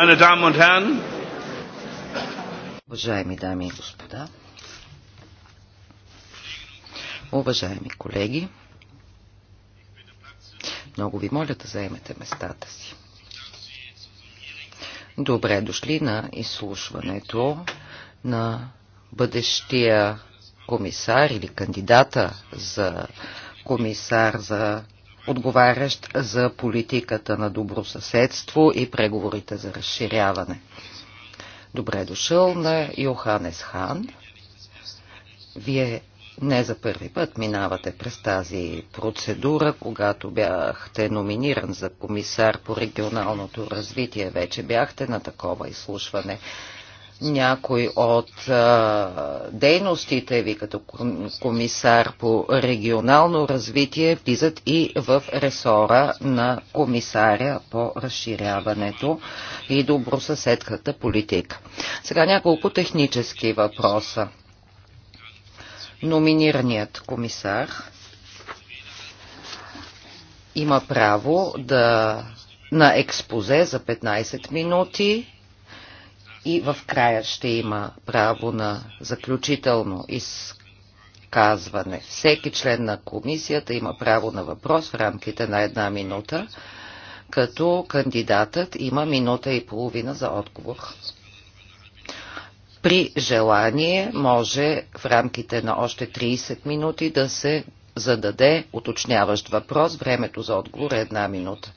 Meine Damen und Herren. Уважаеми дами и господа, уважаеми колеги, много ви моля да заемете местата си. Добре дошли на изслушването на бъдещия комисар или кандидата за комисар за отговарящ за политиката на добросъседство и преговорите за разширяване. Добре дошъл на Йоханес Хан. Вие не за първи път минавате през тази процедура. Когато бяхте номиниран за комисар по регионалното развитие, вече бяхте на такова изслушване някои от а, дейностите ви като комисар по регионално развитие влизат и в ресора на комисаря по разширяването и добросъседката политика. Сега няколко технически въпроса. Номинираният комисар има право да на експозе за 15 минути и в края ще има право на заключително изказване. Всеки член на комисията има право на въпрос в рамките на една минута, като кандидатът има минута и половина за отговор. При желание може в рамките на още 30 минути да се зададе уточняващ въпрос. Времето за отговор е една минута.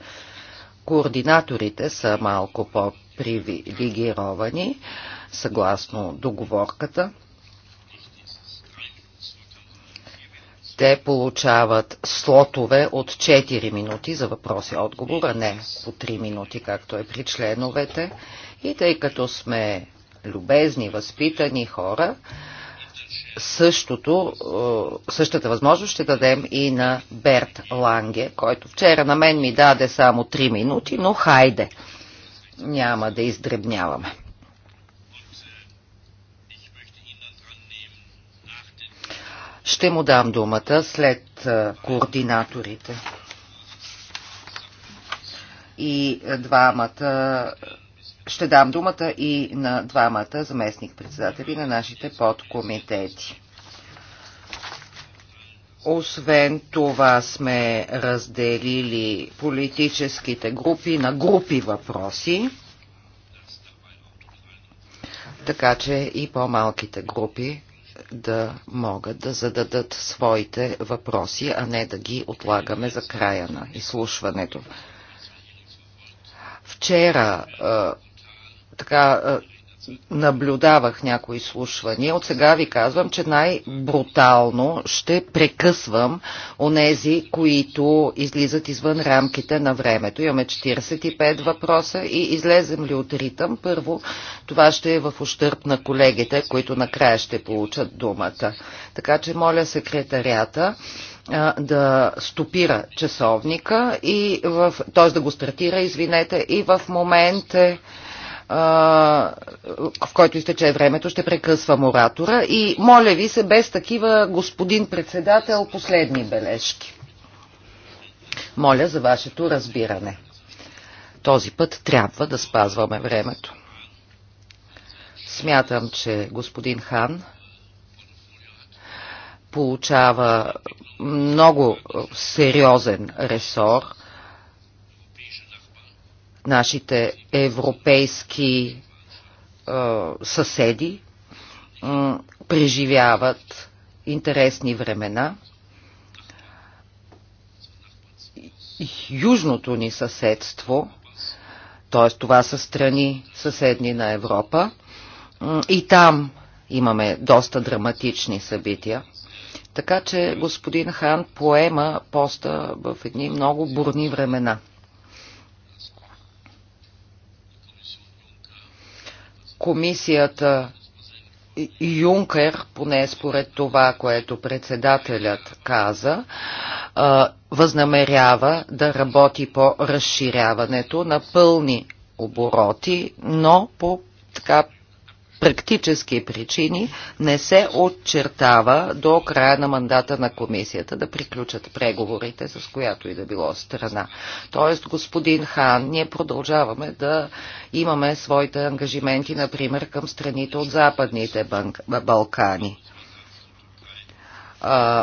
Координаторите са малко под привилегировани съгласно договорката. Те получават слотове от 4 минути за въпрос и отговор, а не по 3 минути, както е при членовете. И тъй като сме любезни, възпитани хора, същото, е, същата възможност ще дадем и на Берт Ланге, който вчера на мен ми даде само 3 минути, но хайде няма да издребняваме. Ще му дам думата след координаторите. И двамата ще дам думата и на двамата заместник-председатели на нашите подкомитети. Освен това сме разделили политическите групи на групи въпроси, така че и по-малките групи да могат да зададат своите въпроси, а не да ги отлагаме за края на изслушването. Вчера така наблюдавах някои слушвания. От сега ви казвам, че най-брутално ще прекъсвам онези, които излизат извън рамките на времето. Имаме 45 въпроса и излезем ли от ритъм, първо това ще е в ущърп на колегите, които накрая ще получат думата. Така че моля секретарята да стопира часовника и в, т.е. да го стартира, извинете, и в момент е в който изтече времето, ще прекъсвам оратора. И моля ви се, без такива, господин председател, последни бележки. Моля за вашето разбиране. Този път трябва да спазваме времето. Смятам, че господин Хан получава много сериозен ресор – нашите европейски съседи преживяват интересни времена. Южното ни съседство, т.е. това са страни съседни на Европа, и там имаме доста драматични събития. Така че господин Хан поема поста в едни много бурни времена. комисията Юнкер, поне според това, което председателят каза, възнамерява да работи по разширяването на пълни обороти, но по така практически причини не се отчертава до края на мандата на комисията да приключат преговорите с която и да било страна. Тоест, господин Хан, ние продължаваме да имаме своите ангажименти, например, към страните от Западните Балкани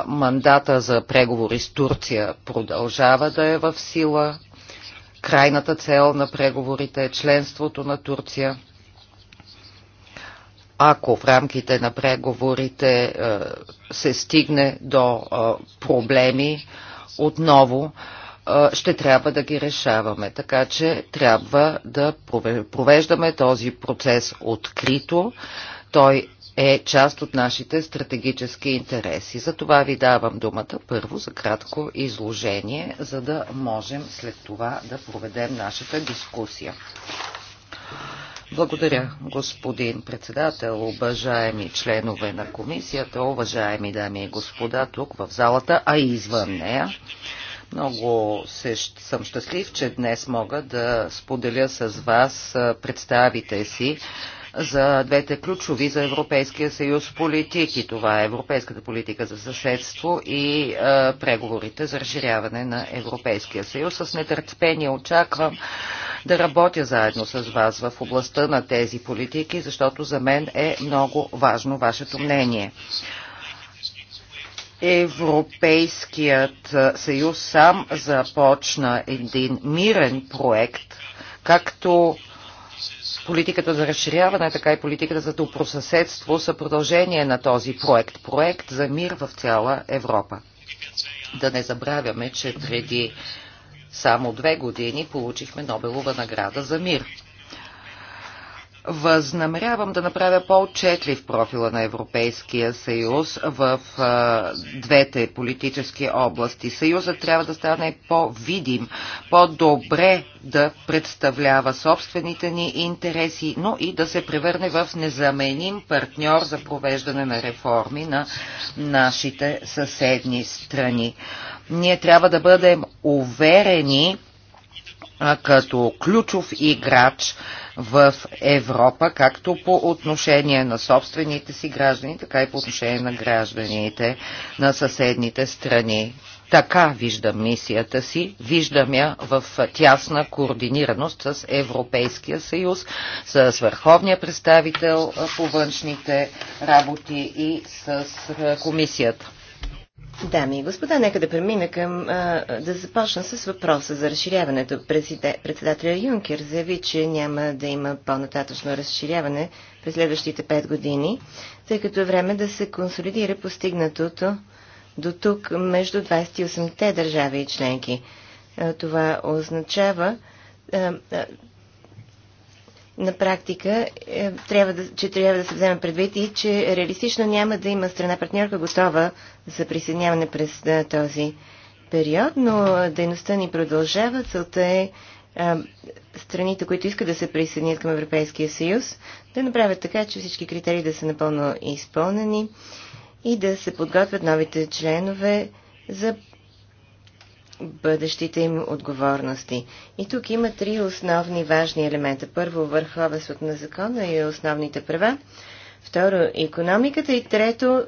мандата за преговори с Турция продължава да е в сила. Крайната цел на преговорите е членството на Турция ако в рамките на преговорите е, се стигне до е, проблеми отново, е, ще трябва да ги решаваме. Така че трябва да провеждаме този процес открито. Той е част от нашите стратегически интереси. За това ви давам думата първо за кратко изложение, за да можем след това да проведем нашата дискусия. Благодаря, господин председател, уважаеми членове на комисията, уважаеми дами и господа тук в залата, а и извън нея. Много се, съм щастлив, че днес мога да споделя с вас представите си за двете ключови за Европейския съюз политики. Това е европейската политика за съседство и е, преговорите за разширяване на Европейския съюз. С нетърпение очаквам да работя заедно с вас в областта на тези политики, защото за мен е много важно вашето мнение. Европейският съюз сам започна един мирен проект, както политиката за разширяване, така и политиката за добросъседство са продължение на този проект. Проект за мир в цяла Европа. Да не забравяме, че преди само две години получихме Нобелова награда за мир. Възнамерявам да направя по-отчетлив профила на Европейския съюз в а, двете политически области. Съюзът трябва да стане по-видим, по-добре да представлява собствените ни интереси, но и да се превърне в незаменим партньор за провеждане на реформи на нашите съседни страни. Ние трябва да бъдем уверени, като ключов играч в Европа, както по отношение на собствените си граждани, така и по отношение на гражданите на съседните страни. Така виждам мисията си, виждам я в тясна координираност с Европейския съюз, с върховния представител по външните работи и с комисията. Дами и господа, нека да премина към а, да започна с въпроса за разширяването. Председателя Юнкер заяви, че няма да има по-нататъчно разширяване през следващите 5 години, тъй като е време да се консолидира постигнатото до тук между 28-те държави и членки. А, това означава а, на практика е, трябва да, че трябва да се вземе предвид и че реалистично няма да има страна партньорка готова за присъединяване през да, е, този период, но е, дейността ни продължава. Целта е, е страните, които искат да се присъединят към Европейския съюз, да направят така, че всички критерии да са напълно изпълнени и да се подготвят новите членове за бъдещите им отговорности. И тук има три основни важни елемента. Първо, върховенството на закона и основните права. Второ, економиката. И трето,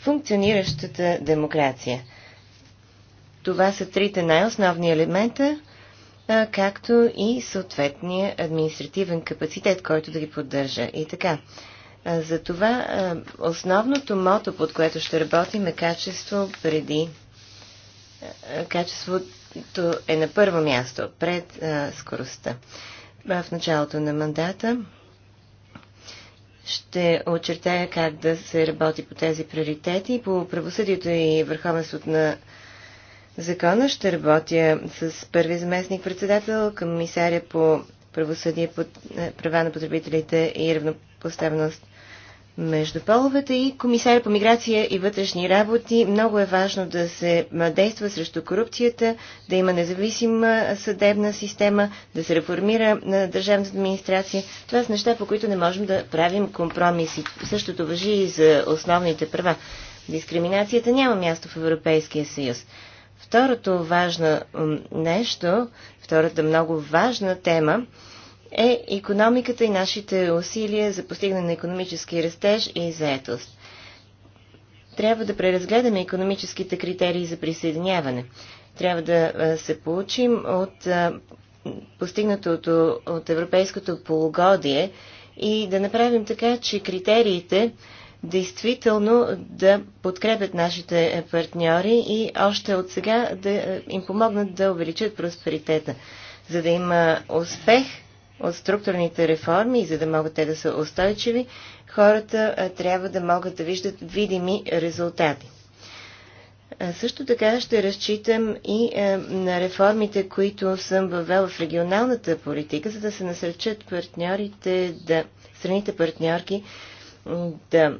функциониращата демокрация. Това са трите най-основни елемента, както и съответния административен капацитет, който да ги поддържа. И така, за това основното мото, под което ще работим е качество преди качеството е на първо място пред скоростта. В началото на мандата ще очертая как да се работи по тези приоритети. По правосъдието и върховенството на закона ще работя с първи заместник председател, комисаря по правосъдие, права на потребителите и равнопоставеност между половете и комисаря по миграция и вътрешни работи. Много е важно да се действа срещу корупцията, да има независима съдебна система, да се реформира на държавната администрация. Това са неща, по които не можем да правим компромиси. Същото въжи и за основните права. Дискриминацията няма място в Европейския съюз. Второто важно нещо, втората много важна тема е економиката и нашите усилия за постигане на економически растеж и заетост. Трябва да преразгледаме економическите критерии за присъединяване. Трябва да се получим от постигнатото от европейското полугодие и да направим така, че критериите действително да подкрепят нашите партньори и още от сега да им помогнат да увеличат просперитета. За да има успех, от структурните реформи и за да могат те да са устойчиви, хората трябва да могат да виждат видими резултати. Също така ще разчитам и на реформите, които съм въвел в регионалната политика, за да се насърчат партньорите, да, страните партньорки да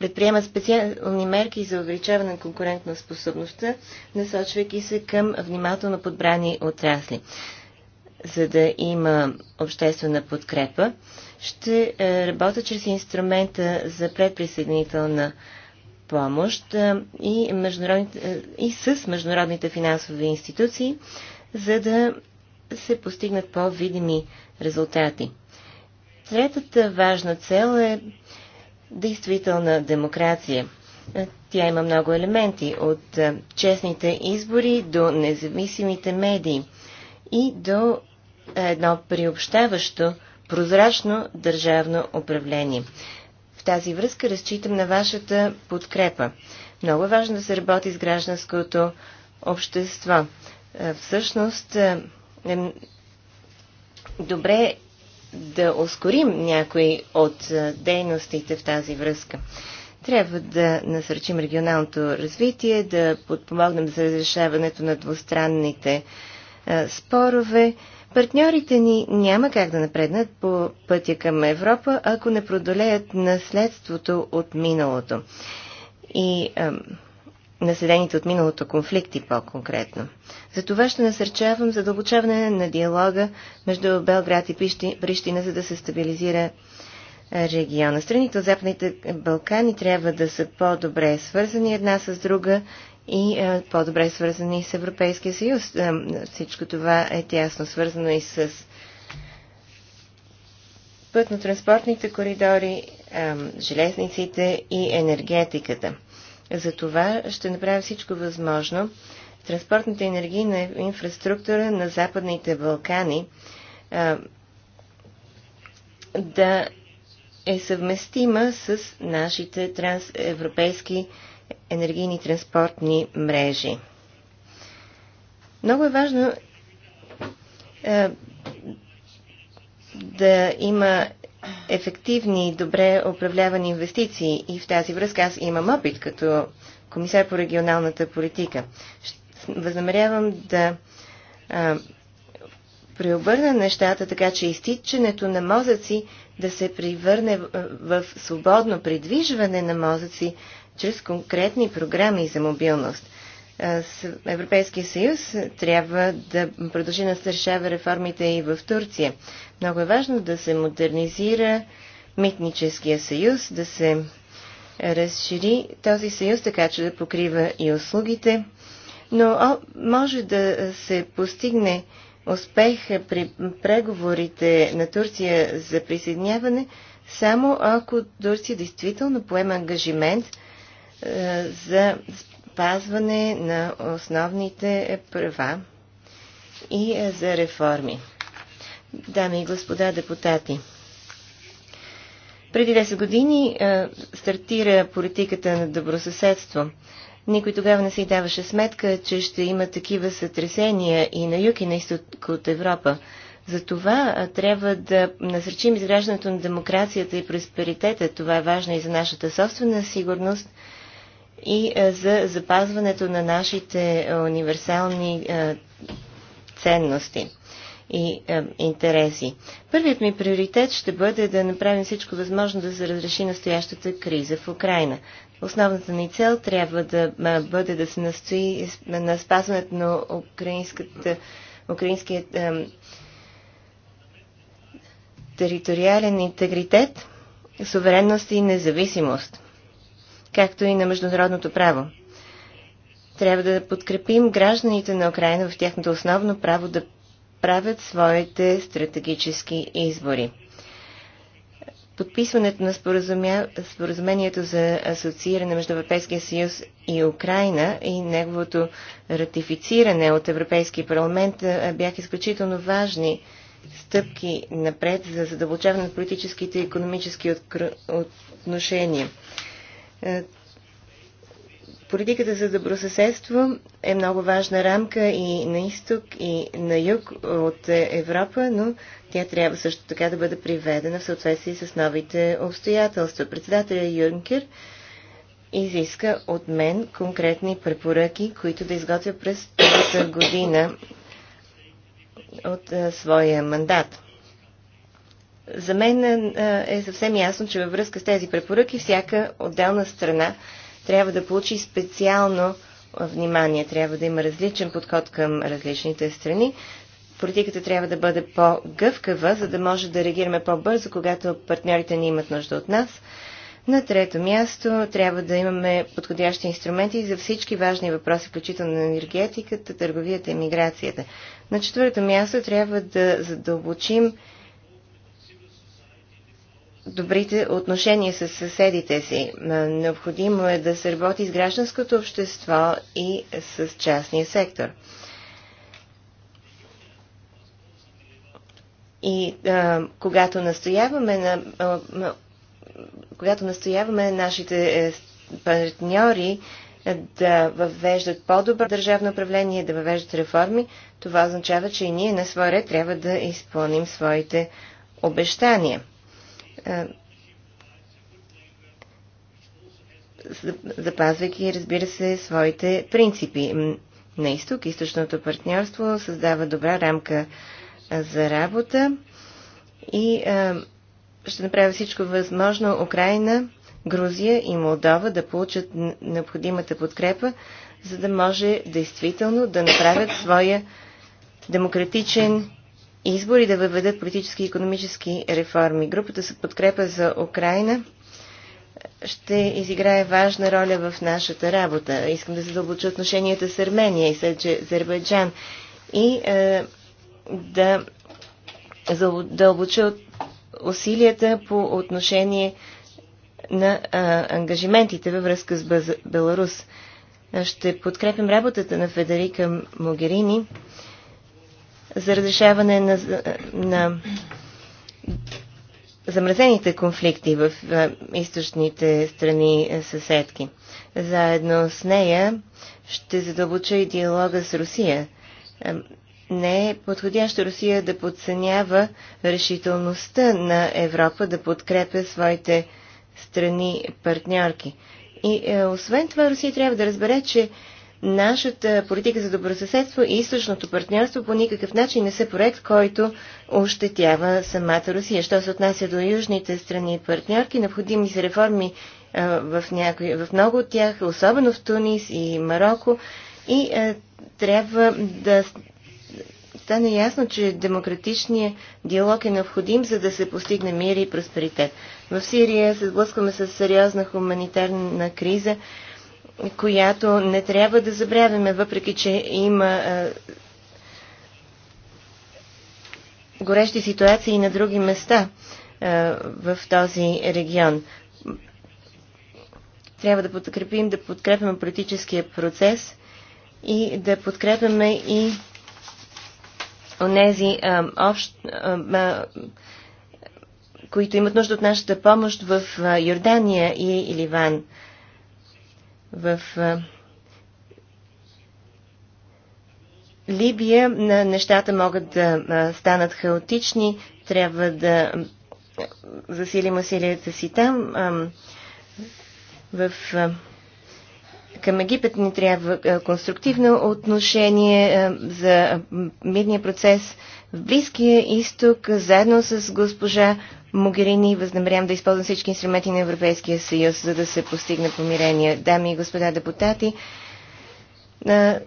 предприемат специални мерки за увеличаване на конкурентна способността, насочвайки се към внимателно подбрани отрасли. За да има обществена подкрепа, ще е, работя чрез инструмента за предприсъединителна помощ е, и, е, и с международните финансови институции, за да се постигнат по-видими резултати. Третата важна цел е действителна демокрация. Е, тя има много елементи, от е, честните избори до независимите медии и до е, едно приобщаващо, прозрачно държавно управление. В тази връзка разчитам на вашата подкрепа. Много е важно да се работи с гражданското общество. Всъщност, добре да ускорим някои от дейностите в тази връзка. Трябва да насърчим регионалното развитие, да подпомогнем за разрешаването на двустранните спорове. Партньорите ни няма как да напреднат по пътя към Европа, ако не продолеят наследството от миналото. И ам, наследените от миналото конфликти по-конкретно. За това ще насърчавам задълбочаване на диалога между Белград и Прищина, за да се стабилизира региона. Страните от Западните Балкани трябва да са по-добре свързани една с друга и по-добре свързани с Европейския съюз. Всичко това е тясно свързано и с пътно-транспортните коридори, железниците и енергетиката. За това ще направя всичко възможно транспортната енергийна инфраструктура на Западните Балкани а, да е съвместима с нашите трансевропейски енергийни транспортни мрежи. Много е важно а, да има ефективни и добре управлявани инвестиции. И в тази връзка аз имам опит като комисар по регионалната политика. Възнамерявам да а, преобърна нещата така, че изтичането на мозъци да се превърне в свободно придвижване на мозъци чрез конкретни програми за мобилност. Е, Европейския съюз трябва да продължи насърчава реформите и в Турция. Много е важно да се модернизира митническия съюз, да се разшири този съюз, така че да покрива и услугите, но може да се постигне успех при преговорите на Турция за присъединяване, само ако Турция действително поема ангажимент е, за спазване на основните права и е, за реформи. Дами и господа депутати, преди 10 години е, стартира политиката на добросъседство. Никой тогава не се даваше сметка, че ще има такива сътресения и на юг и на изток от Европа. Затова е, трябва да насречим изграждането на демокрацията и просперитета. Това е важно и за нашата собствена сигурност – и е, за запазването на нашите е, универсални е, ценности и е, интереси. Първият ми приоритет ще бъде да направим всичко възможно да се разреши настоящата криза в Украина. Основната ни цел трябва да бъде да се настои на спазването на украинската, украинският е, териториален интегритет, суверенност и независимост както и на международното право. Трябва да подкрепим гражданите на Украина в тяхното основно право да правят своите стратегически избори. Подписването на споразумя... споразумението за асоцииране между Европейския съюз и Украина и неговото ратифициране от Европейския парламент бяха изключително важни стъпки напред за задълбочаване на политическите и економически отношения. Е, политиката за добросъседство е много важна рамка и на изток, и на юг от Европа, но тя трябва също така да бъде приведена в съответствие с новите обстоятелства. Председателя Юнкер изиска от мен конкретни препоръки, които да изготвя през първата година от е, своя мандат. За мен е, е съвсем ясно, че във връзка с тези препоръки всяка отделна страна трябва да получи специално внимание. Трябва да има различен подход към различните страни. Политиката трябва да бъде по-гъвкава, за да може да реагираме по-бързо, когато партньорите ни имат нужда от нас. На трето място трябва да имаме подходящи инструменти за всички важни въпроси, включително на енергетиката, търговията и миграцията. На четвърто място трябва да задълбочим добрите отношения с съседите си. Необходимо е да се работи с гражданското общество и с частния сектор. И а, когато настояваме на, а, когато настояваме нашите е, партньори е, да въвеждат по-добро държавно управление, да въвеждат реформи, това означава, че и ние на своя ред трябва да изпълним своите обещания. Е, запазвайки, разбира се, своите принципи. На изток, източното партньорство създава добра рамка за работа и ще направя всичко възможно Украина, Грузия и Молдова да получат необходимата подкрепа, за да може действително да направят своя демократичен избори да въведат политически и економически реформи. Групата за подкрепа за Украина ще изиграе важна роля в нашата работа. Искам да задълбоча отношенията с Армения и с Азербайджан и е, да задълбоча усилията по отношение на е, ангажиментите във връзка с Беларус. Ще подкрепим работата на Федерика Могерини за разрешаване на, на замразените конфликти в източните страни съседки. Заедно с нея ще задълбоча и диалога с Русия. Не е подходящо Русия да подценява решителността на Европа да подкрепя своите страни партньорки. И е, освен това Русия трябва да разбере, че нашата политика за добросъседство и източното партньорство по никакъв начин не са проект, който ощетява самата Русия. Що се отнася до южните страни и партньорки, необходими са реформи в, някои, в много от тях, особено в Тунис и Марокко. И е, трябва да стане ясно, че демократичният диалог е необходим, за да се постигне мир и просперитет. В Сирия се сблъскваме с сериозна хуманитарна криза която не трябва да забравяме, въпреки че има а, е, горещи ситуации на други места а, е, в този регион. Трябва да подкрепим, да подкрепяме политическия процес и да подкрепяме и онези а, е, общ, а, а, които имат нужда от нашата помощ в Йордания и Ливан в Либия нещата могат да станат хаотични, трябва да засилим усилията си там. В, към Египет ни трябва конструктивно отношение за мирния процес в Близкия изток, заедно с госпожа Могерини, възнамерявам да използвам всички инструменти на Европейския съюз, за да се постигне помирение. Дами и господа депутати,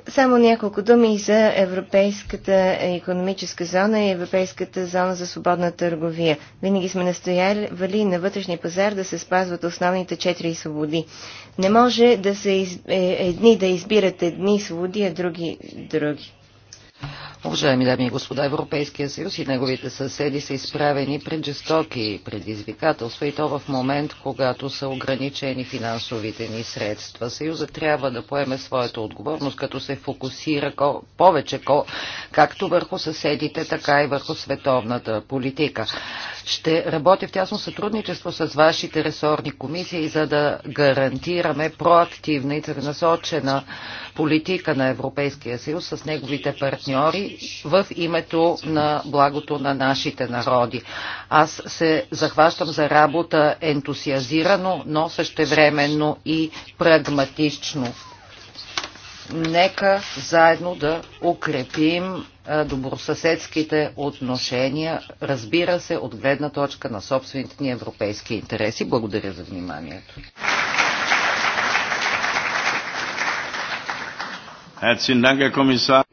само няколко думи за Европейската економическа зона и Европейската зона за свободна търговия. Винаги сме настоявали на вътрешния пазар да се спазват основните четири свободи. Не може да се из... Е, едни да избират едни свободи, а други други. Уважаеми дами и господа, Европейския съюз и неговите съседи са изправени пред жестоки предизвикателства и то в момент, когато са ограничени финансовите ни средства. Съюза трябва да поеме своята отговорност, като се фокусира повече както върху съседите, така и върху световната политика. Ще работя в тясно сътрудничество с вашите ресорни комисии, за да гарантираме проактивна и целенасочена политика на Европейския съюз с неговите партньори в името на благото на нашите народи. Аз се захващам за работа ентусиазирано, но същевременно и прагматично. Нека заедно да укрепим добросъседските отношения, разбира се, от гледна точка на собствените ни европейски интереси. Благодаря за вниманието.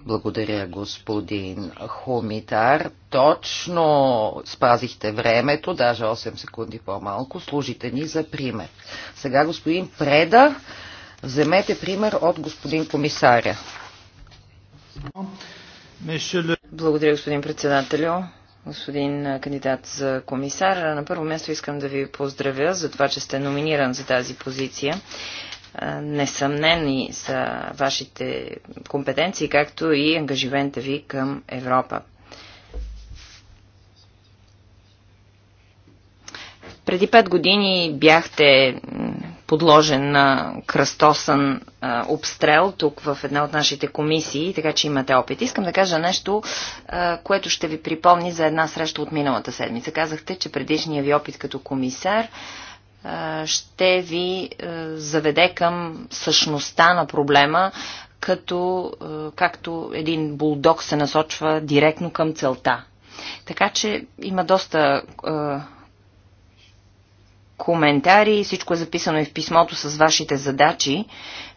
Благодаря, господин Хомитар. Точно спазихте времето, даже 8 секунди по-малко. Служите ни за пример. Сега, господин Преда, вземете пример от господин комисаря. Благодаря, господин председателю. Господин кандидат за комисар, на първо място искам да ви поздравя за това, че сте номиниран за тази позиция несъмнени са вашите компетенции, както и ангажимента ви към Европа. Преди пет години бяхте подложен на кръстосан обстрел тук в една от нашите комисии, така че имате опит. Искам да кажа нещо, което ще ви припомни за една среща от миналата седмица. Казахте, че предишният ви опит като комисар ще ви заведе към същността на проблема, като, както един булдог се насочва директно към целта. Така че има доста коментари, всичко е записано и в писмото с вашите задачи.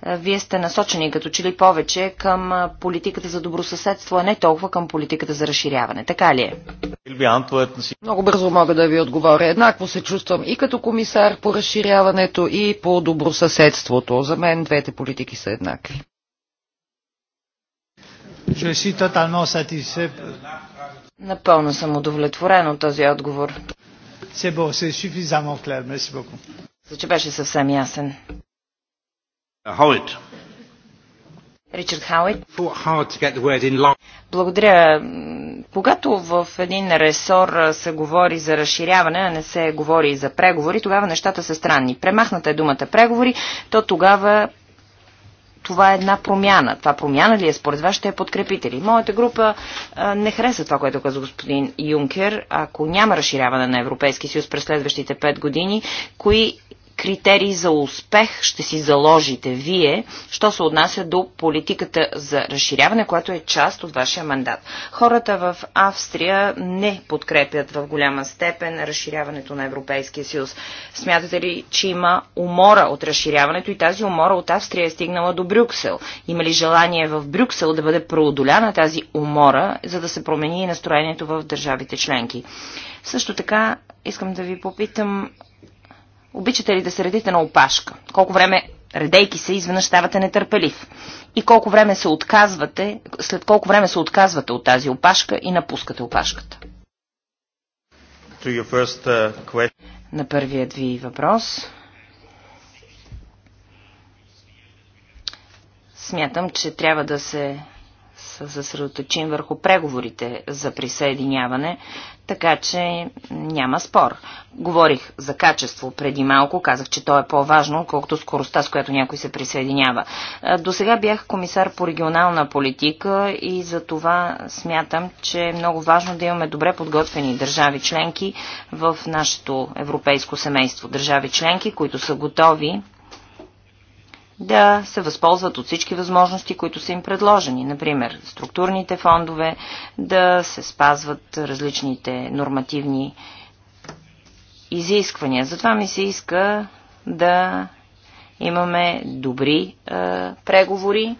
Е, вие сте насочени като че ли повече към е, политиката за добросъседство, а не толкова към политиката за разширяване. Така ли е? Много бързо мога да ви отговоря. Еднакво се чувствам и като комисар по разширяването и по добросъседството. За мен двете политики са еднакви. Напълно съм удовлетворен от този отговор. Се За че беше съвсем ясен. Ричард Хауит. Благодаря. Когато в един ресор се говори за разширяване, а не се говори за преговори, тогава нещата са странни. Премахната е думата преговори, то тогава това е една промяна. Това промяна ли е според вас? Ще я е подкрепите ли? Моята група а, не хареса това, което каза господин Юнкер. Ако няма разширяване на Европейски съюз през следващите 5 години, кои критерии за успех ще си заложите вие, що се отнася до политиката за разширяване, която е част от вашия мандат. Хората в Австрия не подкрепят в голяма степен разширяването на Европейския съюз. Смятате ли, че има умора от разширяването и тази умора от Австрия е стигнала до Брюксел? Има ли желание в Брюксел да бъде преодоляна тази умора, за да се промени и настроението в държавите членки? Също така искам да ви попитам Обичате ли да се редите на опашка? Колко време, редейки се, изведнъж ставате нетърпелив? И колко време се отказвате, след колко време се отказвате от тази опашка и напускате опашката? First, uh, на първият ви въпрос. Смятам, че трябва да се се съсредоточим върху преговорите за присъединяване, така че няма спор. Говорих за качество преди малко, казах, че то е по-важно, отколкото скоростта, с която някой се присъединява. До сега бях комисар по регионална политика и за това смятам, че е много важно да имаме добре подготвени държави членки в нашето европейско семейство. Държави членки, които са готови да се възползват от всички възможности, които са им предложени. Например, структурните фондове, да се спазват различните нормативни изисквания. Затова ми се иска да имаме добри е, преговори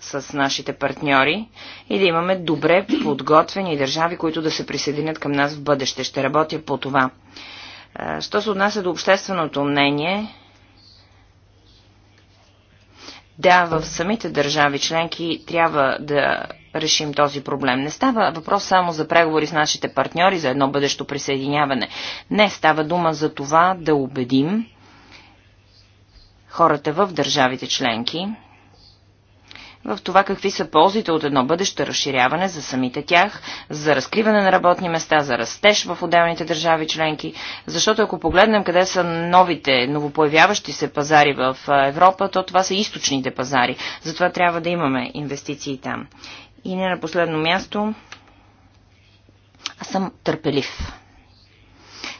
с нашите партньори и да имаме добре подготвени държави, които да се присъединят към нас в бъдеще. Ще работя по това. Що се отнася до общественото мнение, да, в самите държави членки трябва да решим този проблем. Не става въпрос само за преговори с нашите партньори за едно бъдещо присъединяване. Не, става дума за това да убедим хората в държавите членки, в това какви са ползите от едно бъдеще разширяване за самите тях, за разкриване на работни места, за растеж в отделните държави членки. Защото ако погледнем къде са новите, новопоявяващи се пазари в Европа, то това са източните пазари. Затова трябва да имаме инвестиции там. И не на последно място, аз съм търпелив.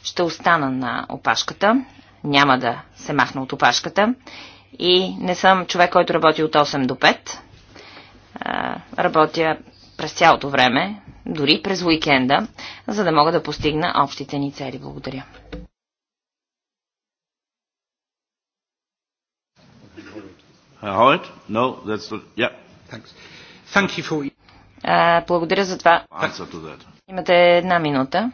Ще остана на опашката, няма да се махна от опашката и не съм човек, който работи от 8 до 5 работя през цялото време, дори през уикенда, за да мога да постигна общите ни цели. Благодаря. благодаря за това. Имате една минута.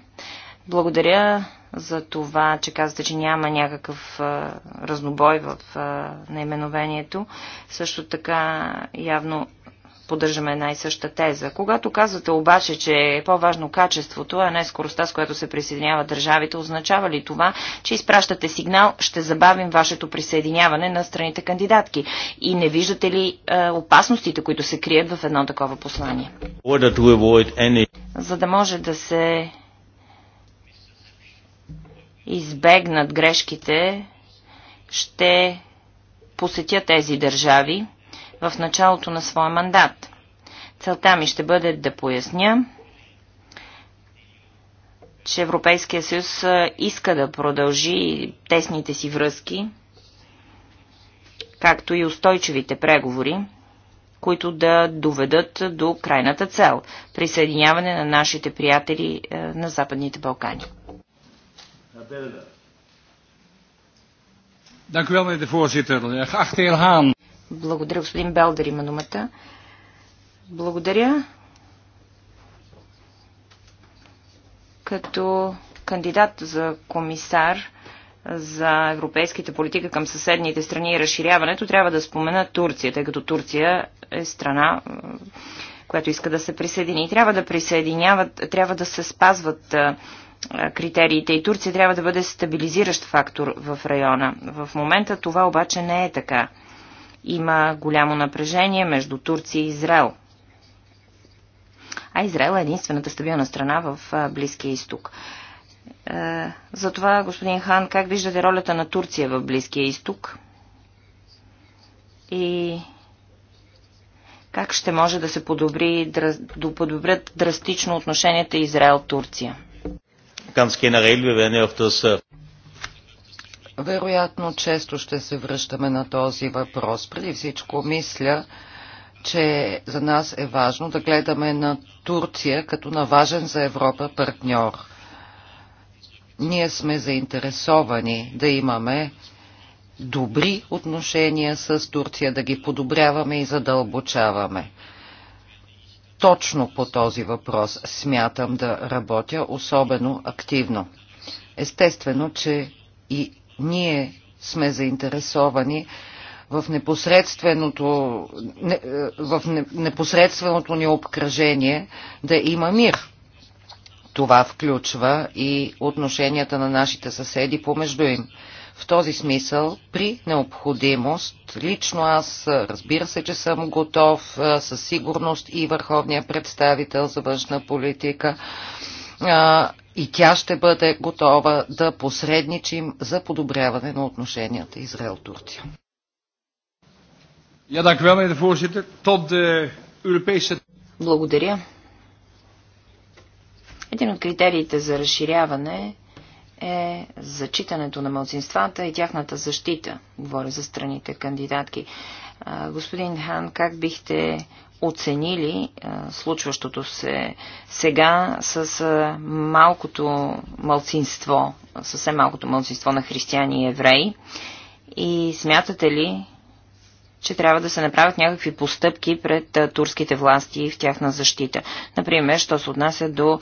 Благодаря за това, че казвате, че няма някакъв а, разнобой в а, наименовението. Също така явно поддържаме една и съща теза. Когато казвате обаче, че е по-важно качеството, а не скоростта, с която се присъединяват държавите, означава ли това, че изпращате сигнал, ще забавим вашето присъединяване на страните кандидатки? И не виждате ли е, опасностите, които се крият в едно такова послание? За да може да се избегнат грешките, ще посетя тези държави в началото на своя мандат. Целта ми ще бъде да поясня, че Европейския съюз иска да продължи тесните си връзки, както и устойчивите преговори, които да доведат до крайната цел – присъединяване на нашите приятели на Западните Балкани. Dank u wel, meneer de voorzitter. Geachte heer Haan, благодаря, господин Белдер има думата. Благодаря. Като кандидат за комисар за европейските политика към съседните страни и разширяването, трябва да спомена Турция, тъй като Турция е страна, която иска да се присъедини. Трябва да присъединяват, трябва да се спазват критериите и Турция трябва да бъде стабилизиращ фактор в района. В момента това обаче не е така. Има голямо напрежение между Турция и Израел. А Израел е единствената стабилна страна в Близкия изток. Е, затова, господин Хан, как виждате ролята на Турция в Близкия изток? И как ще може да се подобри, да подобрят драстично отношенията Израел-Турция? Вероятно, често ще се връщаме на този въпрос. Преди всичко, мисля, че за нас е важно да гледаме на Турция като на важен за Европа партньор. Ние сме заинтересовани да имаме добри отношения с Турция, да ги подобряваме и задълбочаваме. Точно по този въпрос смятам да работя особено активно. Естествено, че и ние сме заинтересовани в непосредственото, не, е, в непосредственото ни обкръжение да има мир. Това включва и отношенията на нашите съседи помежду им. В този смисъл, при необходимост, лично аз разбира се, че съм готов е, със сигурност и върховния представител за външна политика е, и тя ще бъде готова да посредничим за подобряване на отношенията Израел-Турция. Благодаря. Един от критериите за разширяване е зачитането на младсинствата и тяхната защита. Говоря за страните кандидатки. Господин Хан, как бихте оценили е, случващото се сега с е, малкото мълцинство, съвсем малкото мълцинство на християни и евреи? И смятате ли, че трябва да се направят някакви постъпки пред е, турските власти в тяхна защита? Например, що се отнася до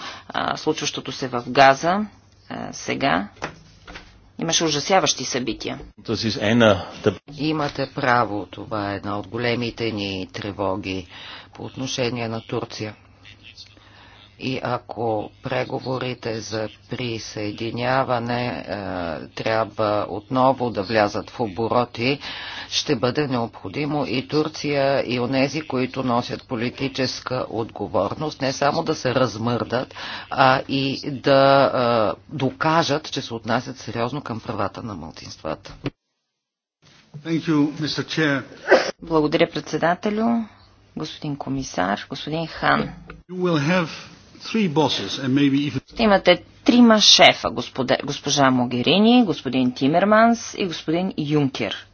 случващото се в Газа сега, Имаше ужасяващи събития. Имате право, това е една от големите ни тревоги по отношение на Турция. И ако преговорите за присъединяване е, трябва отново да влязат в обороти, ще бъде необходимо и Турция и онези, които носят политическа отговорност, не само да се размърдат, а и да е, докажат, че се отнасят сериозно към правата на мълтинствата. You, Благодаря председателю, господин комисар, господин Хан. Ще имате трима шефа, госпожа Могерини, господин Тимерманс и господин Юнкер.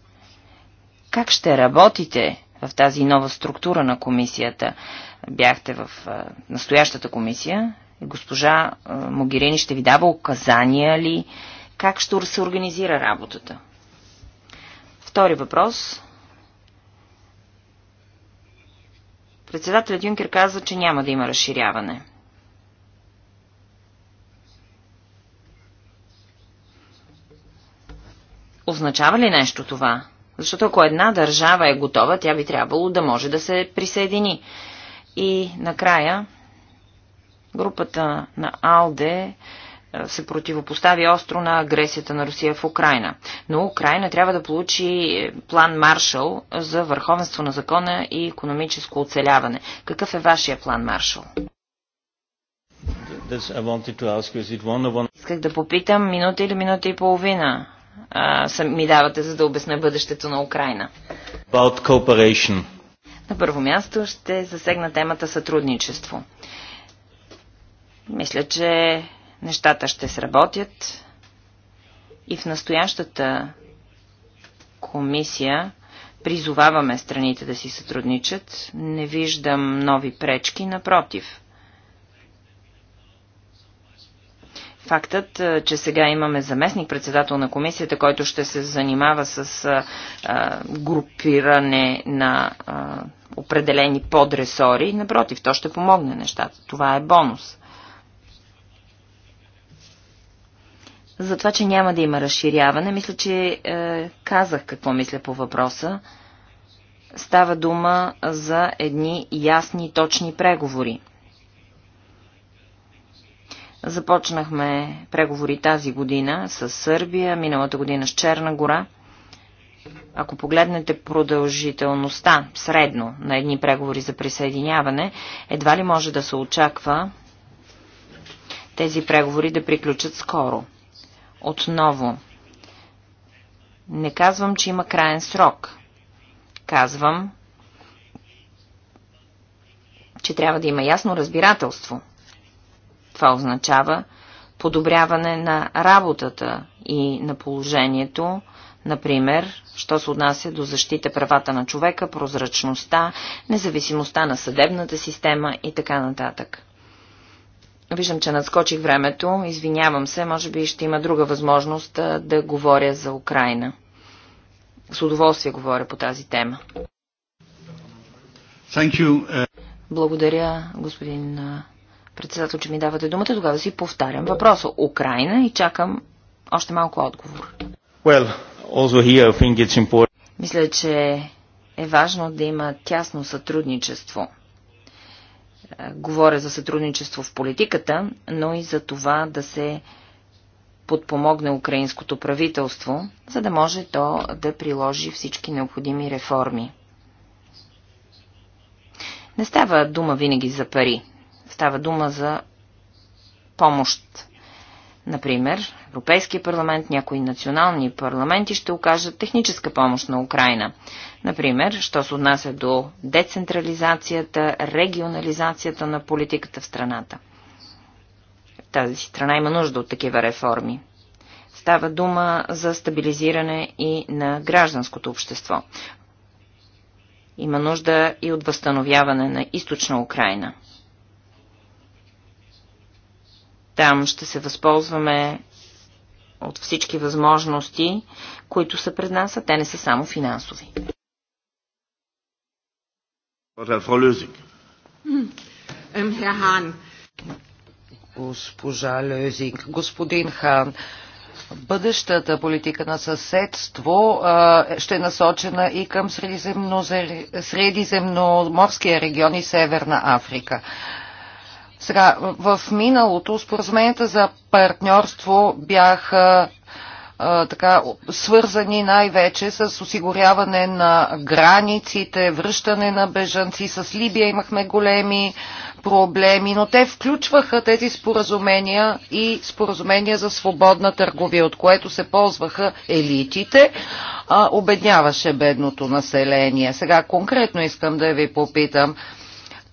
Как ще работите в тази нова структура на комисията? Бяхте в настоящата комисия и госпожа Могерини ще ви дава указания ли? Как ще се организира работата? Втори въпрос. Председателят Юнкер каза, че няма да има разширяване. Означава ли нещо това? Защото ако една държава е готова, тя би трябвало да може да се присъедини. И накрая групата на Алде е, се противопостави остро на агресията на Русия в Украина. Но Украина трябва да получи е, план Маршал за върховенство на закона и економическо оцеляване. Какъв е вашия план Маршал? Исках да попитам минута или минута и половина а, ми давате, за да обясня бъдещето на Украина? About cooperation. На първо място ще засегна темата сътрудничество. Мисля, че нещата ще сработят и в настоящата комисия призоваваме страните да си сътрудничат. Не виждам нови пречки, напротив. Фактът, че сега имаме заместник-председател на комисията, който ще се занимава с а, групиране на а, определени подресори, напротив, то ще помогне нещата. Това е бонус. За това, че няма да има разширяване, мисля, че е, казах какво мисля по въпроса. Става дума за едни ясни, точни преговори. Започнахме преговори тази година с Сърбия, миналата година с Черна гора. Ако погледнете продължителността средно на едни преговори за присъединяване, едва ли може да се очаква тези преговори да приключат скоро. Отново, не казвам, че има краен срок. Казвам, че трябва да има ясно разбирателство това означава подобряване на работата и на положението, например, що се отнася до защита правата на човека, прозрачността, независимостта на съдебната система и така нататък. Виждам, че надскочих времето. Извинявам се, може би ще има друга възможност да говоря за Украина. С удоволствие говоря по тази тема. Uh, Благодаря, господин председател, че ми давате думата, тогава си повтарям въпроса. Украина и чакам още малко отговор. Well, also here I think it's important. Мисля, че е важно да има тясно сътрудничество. Е, говоря за сътрудничество в политиката, но и за това да се подпомогне украинското правителство, за да може то да приложи всички необходими реформи. Не става дума винаги за пари. Става дума за помощ. Например, Европейския парламент, някои национални парламенти ще окажат техническа помощ на Украина. Например, що се отнася до децентрализацията, регионализацията на политиката в страната. Тази страна има нужда от такива реформи. Става дума за стабилизиране и на гражданското общество. Има нужда и от възстановяване на източна Украина. Там ще се възползваме от всички възможности, които са пред нас, а те не са само финансови. Госпожа Лезик, господин Хан, бъдещата политика на съседство а, ще е насочена и към средиземноморския регион и Северна Африка. Сега, в миналото споразуменията за партньорство бяха а, така, свързани най-вече с осигуряване на границите, връщане на бежанци. С Либия имахме големи проблеми, но те включваха тези споразумения и споразумения за свободна търговия, от което се ползваха елитите, а, обедняваше бедното население. Сега конкретно искам да ви попитам,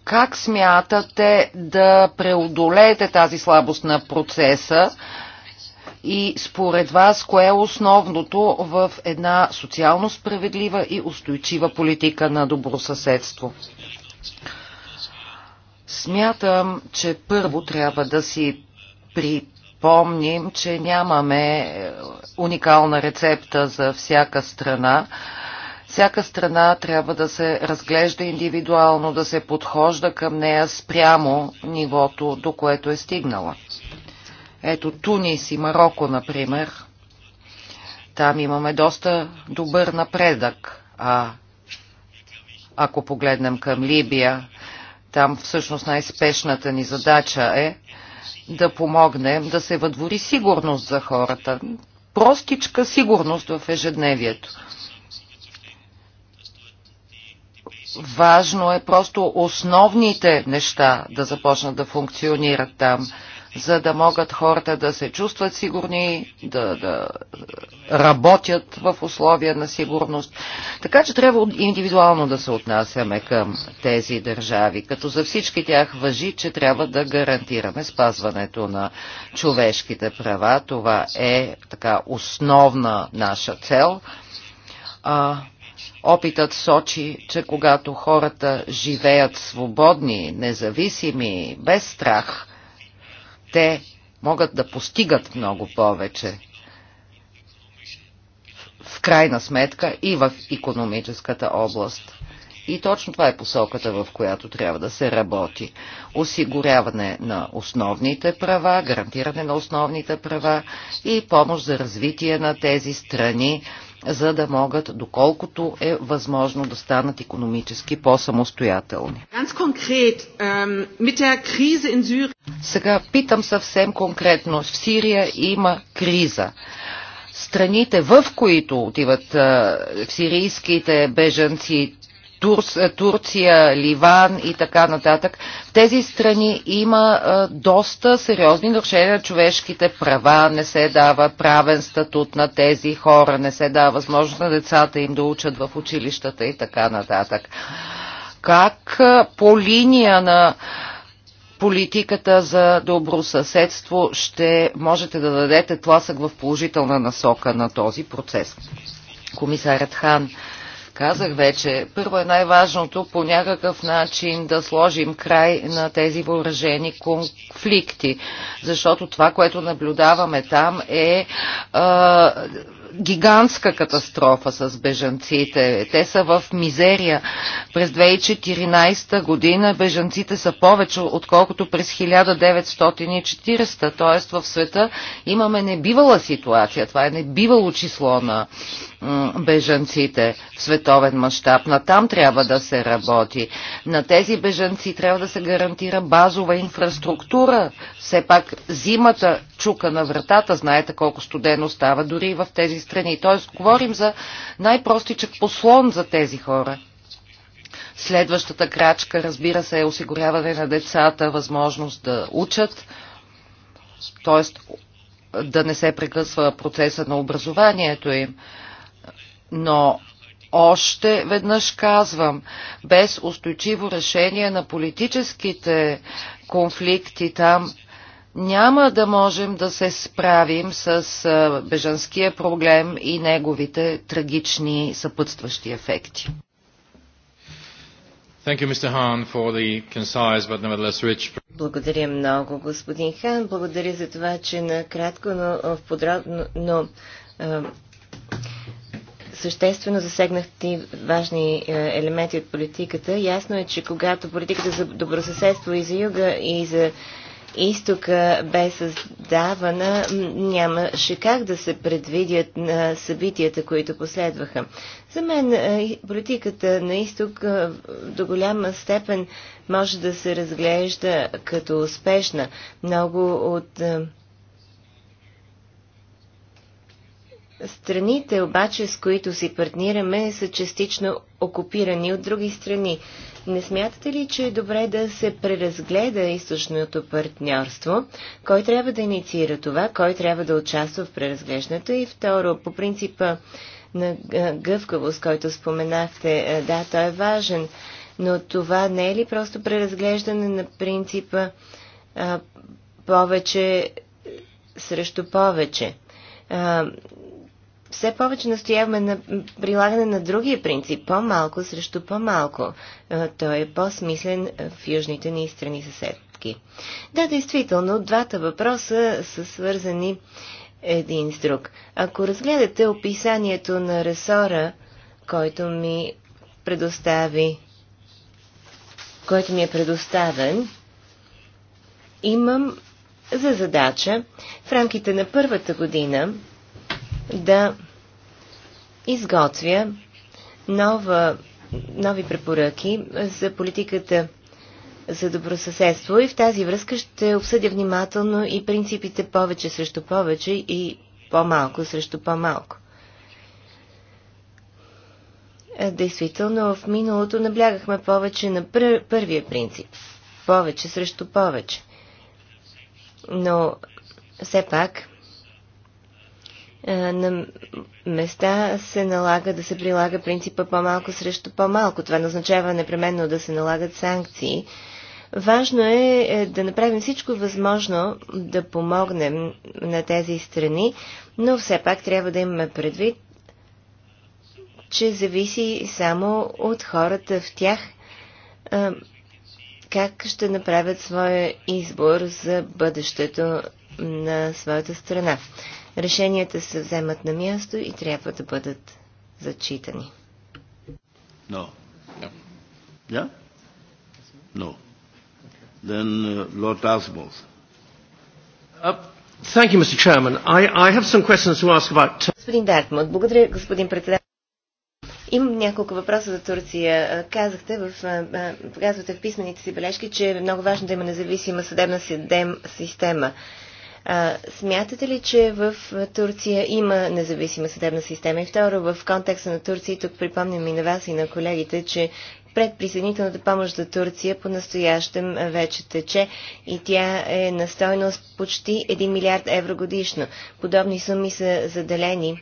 как смятате да преодолеете тази слабост на процеса и според вас кое е основното в една социално справедлива и устойчива политика на добросъседство? Смятам, че първо трябва да си припомним, че нямаме е, уникална рецепта за всяка страна всяка страна трябва да се разглежда индивидуално, да се подхожда към нея спрямо нивото, до което е стигнала. Ето Тунис и Марокко, например. Там имаме доста добър напредък. А ако погледнем към Либия, там всъщност най-спешната ни задача е да помогнем да се въдвори сигурност за хората. Простичка сигурност в ежедневието. важно е просто основните неща да започнат да функционират там, за да могат хората да се чувстват сигурни, да, да работят в условия на сигурност. Така че трябва индивидуално да се отнасяме към тези държави, като за всички тях въжи, че трябва да гарантираме спазването на човешките права. Това е така основна наша цел. А, Опитът сочи, че когато хората живеят свободни, независими, без страх, те могат да постигат много повече. В крайна сметка и в економическата област. И точно това е посоката, в която трябва да се работи. Осигуряване на основните права, гарантиране на основните права и помощ за развитие на тези страни за да могат, доколкото е възможно, да станат економически по-самостоятелни. Ähm, Сега питам съвсем конкретно. В Сирия има криза страните, в които отиват а, сирийските бежанци, Тур, е, Турция, Ливан и така нататък. В тези страни има а, е, доста сериозни нарушения на човешките права, не се дава правен статут на тези хора, не се дава възможност на децата им да учат в училищата и така нататък. Как а, е, по линия на политиката за добросъседство ще можете да дадете тласък в положителна насока на този процес? Комисарят Хан Казах вече, първо е най-важното по някакъв начин да сложим край на тези въоръжени конфликти, защото това, което наблюдаваме там е гигантска катастрофа с бежанците. Те са в мизерия. През 2014 година бежанците са повече, отколкото през 1940. Т.е. в света имаме небивала ситуация. Това е небивало число на бежанците в световен мащаб. На там трябва да се работи. На тези бежанци трябва да се гарантира базова инфраструктура. Все пак зимата чука на вратата. Знаете колко студено става дори в тези страни. Т.е. говорим за най-простичък послон за тези хора. Следващата крачка, разбира се, е осигуряване на децата възможност да учат, т.е. да не се прекъсва процеса на образованието им. Но още веднъж казвам, без устойчиво решение на политическите конфликти там няма да можем да се справим с бежанския проблем и неговите трагични съпътстващи ефекти. Благодаря много, господин Хан. Благодаря за това, че накратко, но в подробно, но съществено засегнахте важни елементи от политиката. Ясно е, че когато политиката за добросъседство и за юга, и за изтока бе създавана, нямаше как да се предвидят на събитията, които последваха. За мен политиката на изток до голяма степен може да се разглежда като успешна. Много от Страните обаче, с които си партнираме, са частично окупирани от други страни. Не смятате ли, че е добре да се преразгледа източното партньорство? Кой трябва да инициира това? Кой трябва да участва в преразглеждането? И второ, по принципа на гъвкавост, който споменахте, е, да, той е важен, но това не е ли просто преразглеждане на принципа а, повече срещу повече? А, все повече настояваме на прилагане на другия принцип по-малко срещу по-малко. Е, той е по-смислен е, в южните ни страни съседки. Да, действително, двата въпроса са свързани един с друг. Ако разгледате описанието на ресора, който ми предостави, който ми е предоставен, имам за задача в рамките на първата година да изготвя нова, нови препоръки за политиката за добросъседство и в тази връзка ще обсъдя внимателно и принципите повече срещу повече и по-малко срещу по-малко. Е, действително, в миналото наблягахме повече на пър първия принцип – повече срещу повече. Но все пак е, на места се налага да се прилага принципа по-малко срещу по-малко. Това не означава непременно да се налагат санкции. Важно е, е да направим всичко възможно да помогнем на тези страни, но все пак трябва да имаме предвид, че зависи само от хората в тях е, как ще направят своя избор за бъдещето на своята страна. Решенията се вземат на място и трябва да бъдат зачитани. No. Yeah? No. Then uh, Lord Asmos. Uh, thank you, Mr. Chairman. I, I have some questions to ask about... Господин Дартмут, благодаря, господин председател. Имам няколко въпроса за Турция. Е, казахте в, показвате е, е, в писмените си бележки, че е много важно да има независима съдебна система. А, смятате ли, че в Турция има независима съдебна система? И второ, в контекста на Турция, тук припомням и на вас и на колегите, че присъединителната помощ за Турция по-настоящем вече тече и тя е на стойност почти 1 милиард евро годишно. Подобни суми са заделени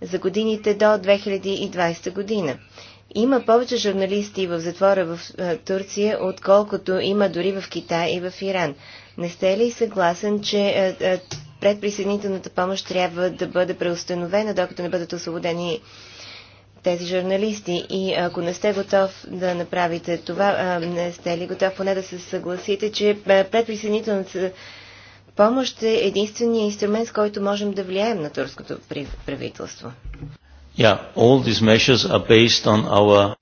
за годините до 2020 година. Има повече журналисти в затвора в Турция, отколкото има дори в Китай и в Иран. Не сте ли съгласен, че предприсъединителната помощ трябва да бъде преустановена, докато не бъдат освободени тези журналисти. И ако не сте готов да направите това, не сте ли готов поне да се съгласите, че предприсъединителната помощ е единствения инструмент, с който можем да влияем на турското правителство? Yeah, all these measures are based on our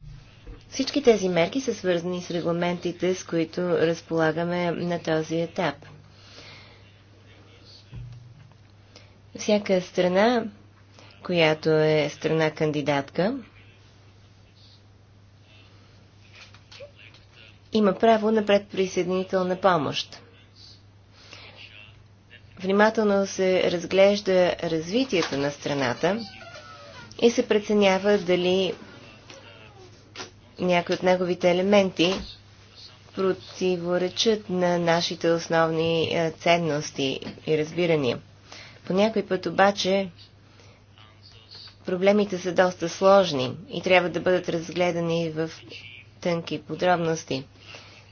всички тези мерки са свързани с регламентите, с които разполагаме на този етап. Всяка страна, която е страна кандидатка, има право на предприсъединителна помощ. Внимателно се разглежда развитието на страната, и се преценява дали някои от неговите елементи противоречат на нашите основни е, ценности и разбирания. По някой път обаче проблемите са доста сложни и трябва да бъдат разгледани в тънки подробности,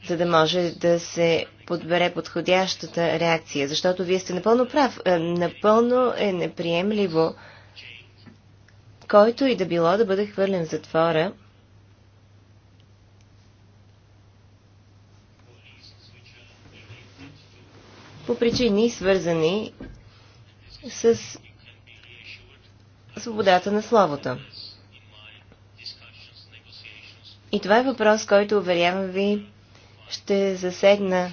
за да може да се подбере подходящата реакция. Защото вие сте напълно прав. Е, напълно е неприемливо който и да било да бъде хвърлен в затвора. по причини, свързани с свободата на словото. И това е въпрос, който, уверявам ви, ще заседна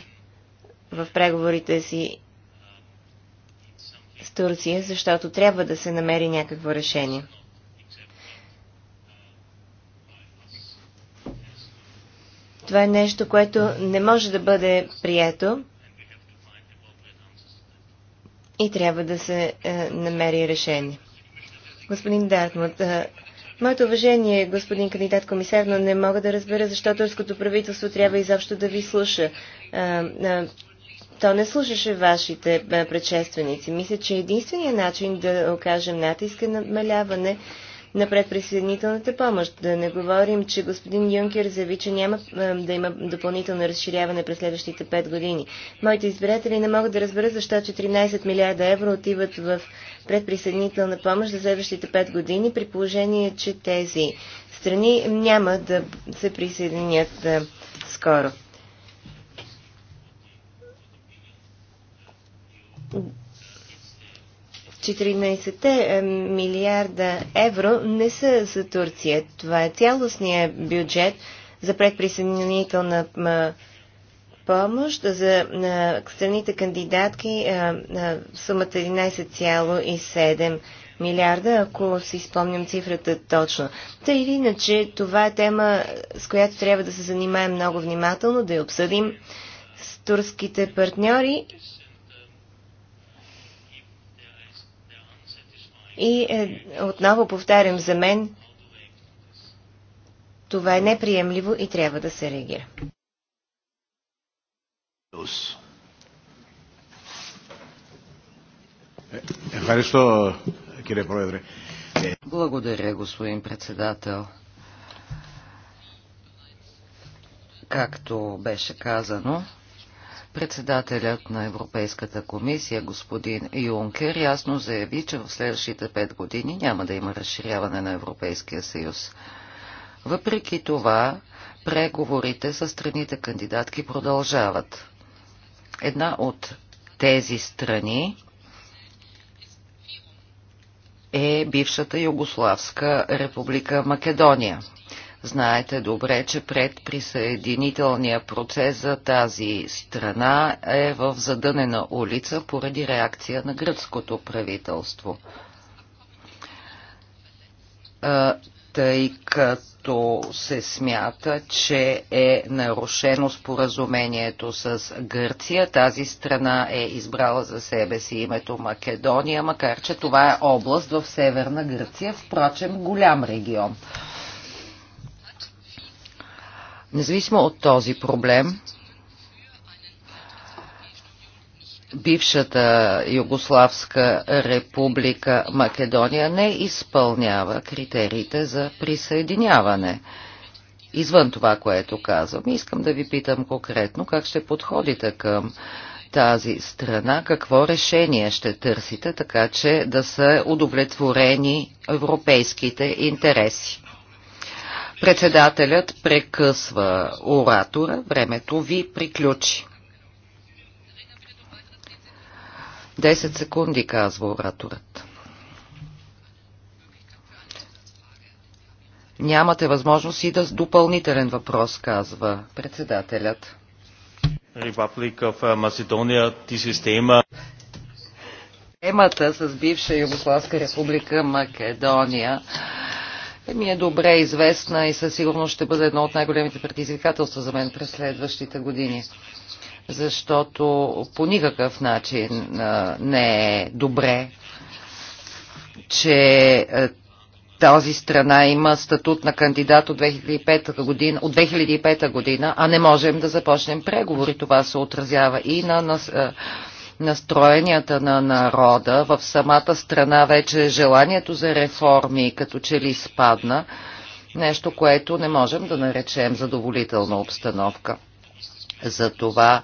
в преговорите си с Турция, защото трябва да се намери някакво решение. Това е нещо, което не може да бъде прието и трябва да се е, намери решение. Господин Дартмут, е, моето уважение, господин кандидат комисар, но не мога да разбера защо турското правителство трябва изобщо да ви слуша. Е, е, то не слушаше вашите е, предшественици. Мисля, че единственият начин да окажем натиска е намаляване на предприсъединителната помощ. Да не говорим, че господин Юнкер заяви, че няма да има допълнително разширяване през следващите 5 години. Моите избиратели не могат да разберат защо 14 милиарда евро отиват в предприсъединителна помощ за следващите 5 години, при положение, че тези страни няма да се присъединят скоро. 14 е, милиарда евро не са за Турция. Това е цялостният бюджет за предприсъединителна помощ за страните кандидатки е, е, сумата 11,7 милиарда, ако си спомням цифрата точно. Та или иначе, това е тема, с която трябва да се занимаем много внимателно, да я обсъдим с турските партньори И е, отново повтарям, за мен това е неприемливо и трябва да се реагира. Благодаря, господин председател. Както беше казано, Председателят на Европейската комисия, господин Юнкер, ясно заяви, че в следващите пет години няма да има разширяване на Европейския съюз. Въпреки това, преговорите с страните кандидатки продължават. Една от тези страни е бившата Югославска република Македония. Знаете добре, че предприсъединителният процес за тази страна е в задънена улица поради реакция на гръцкото правителство. Тъй като се смята, че е нарушено споразумението с Гърция, тази страна е избрала за себе си името Македония, макар че това е област в северна Гърция, впрочем голям регион. Независимо от този проблем, бившата Югославска република Македония не изпълнява критериите за присъединяване. Извън това, което казвам, искам да ви питам конкретно как ще подходите към тази страна, какво решение ще търсите, така че да са удовлетворени европейските интереси. Председателят прекъсва оратора. Времето ви приключи. 10 секунди, казва ораторът. Нямате възможност и да с допълнителен въпрос, казва председателят. Република в Македония, ти система... Темата с бивша Югославска република Македония е, ми е добре известна и със сигурност ще бъде едно от най-големите предизвикателства за мен през следващите години. Защото по никакъв начин не е добре, че тази страна има статут на кандидат от 2005 година, от 2005 година а не можем да започнем преговори. Това се отразява и на, на настроенията на народа в самата страна вече желанието за реформи като че ли спадна, нещо, което не можем да наречем задоволителна обстановка. Затова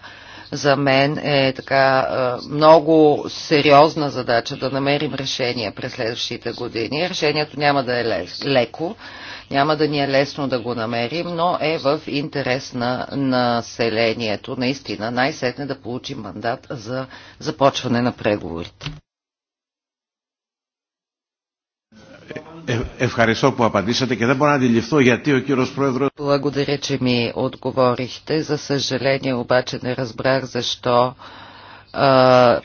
за мен е така много сериозна задача да намерим решение през следващите години. Решението няма да е леко, няма да ни е лесно да го намерим, но е в интерес на населението. Наистина, най-сетне да получим мандат за започване на преговорите. Е, Ευχαριστώ που απαντήσατε και δεν μπορώ να αντιληφθώ γιατί ο κύριος Πρόεδρος... Благодаря, че ми отговорихте. За съжаление обаче не разбрах защо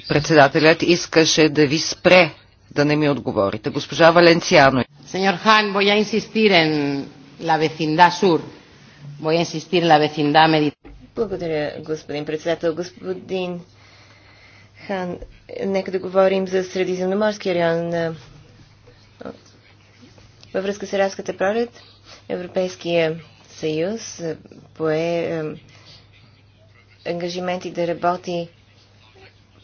председателят искаше да ви спре да не ми отговорите. Госпожа Валенциано. Сеньор Хан, боя инсистир ен ла вецинда сур. Боя инсистир ла вецинда меди. Благодаря, господин председател. Господин Хан, нека да говорим за Средиземноморския район. Във връзка с Арабската пролет, Европейския съюз пое ангажименти да работи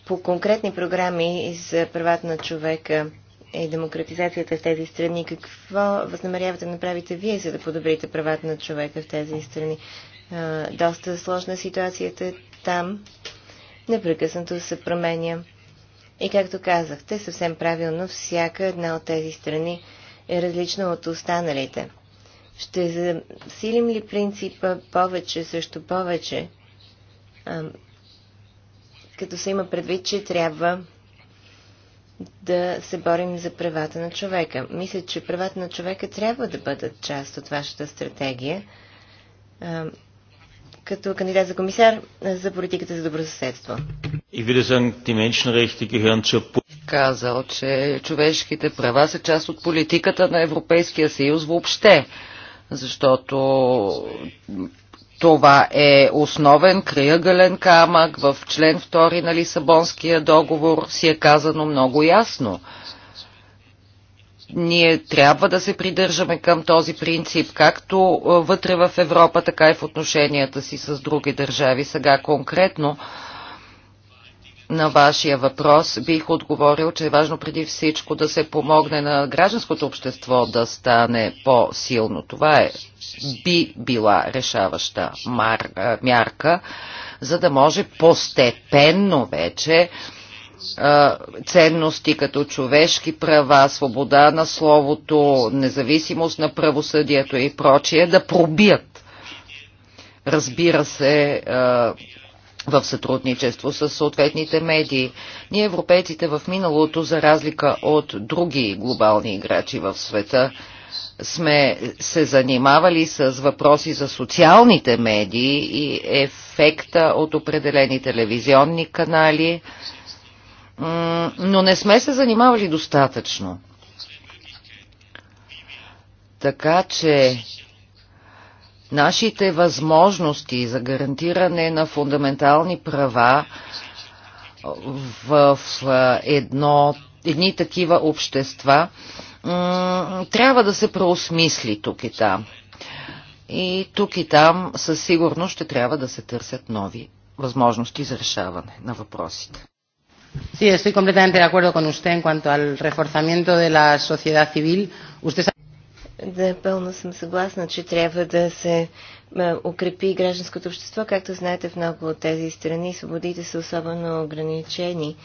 по конкретни програми за правата на човека и демократизацията в тези страни, какво възнамерявате да направите вие, за да подобрите правата на човека в тези страни? Доста сложна ситуацията е там. Непрекъснато се променя. И както казахте, съвсем правилно, всяка една от тези страни е различна от останалите. Ще засилим ли принципа повече срещу повече? като се има предвид, че трябва да се борим за правата на човека. Мисля, че правата на човека трябва да бъдат част от вашата стратегия. Като кандидат за комисар за политиката за добро съседство. Казал, че човешките права са част от политиката на Европейския съюз въобще защото това е основен крайъгълен камък в член 2 на Лисабонския договор си е казано много ясно. Ние трябва да се придържаме към този принцип, както е, вътре в Европа, така и в отношенията си с други държави. Сега конкретно на вашия въпрос бих отговорил, че е важно преди всичко да се помогне на гражданското общество да стане по-силно. Това е, би била решаваща мар, мярка, за да може постепенно вече ценности като човешки права, свобода на словото, независимост на правосъдието и прочие да пробият. Разбира се, в сътрудничество с съответните медии. Ние европейците в миналото, за разлика от други глобални играчи в света, сме се занимавали с въпроси за социалните медии и ефекта от определени телевизионни канали, но не сме се занимавали достатъчно. Така че Нашите възможности за гарантиране на фундаментални права в едно, едни такива общества трябва да се преосмисли тук и там. И тук и там със сигурност ще трябва да се търсят нови възможности за решаване на въпросите. Sí, estoy completamente de acuerdo con usted en cuanto al reforzamiento de la sociedad civil. Usted да, пълно съм съгласна, че трябва да се укрепи гражданското общество. Както знаете, в много от тези страни свободите са особено ограничени.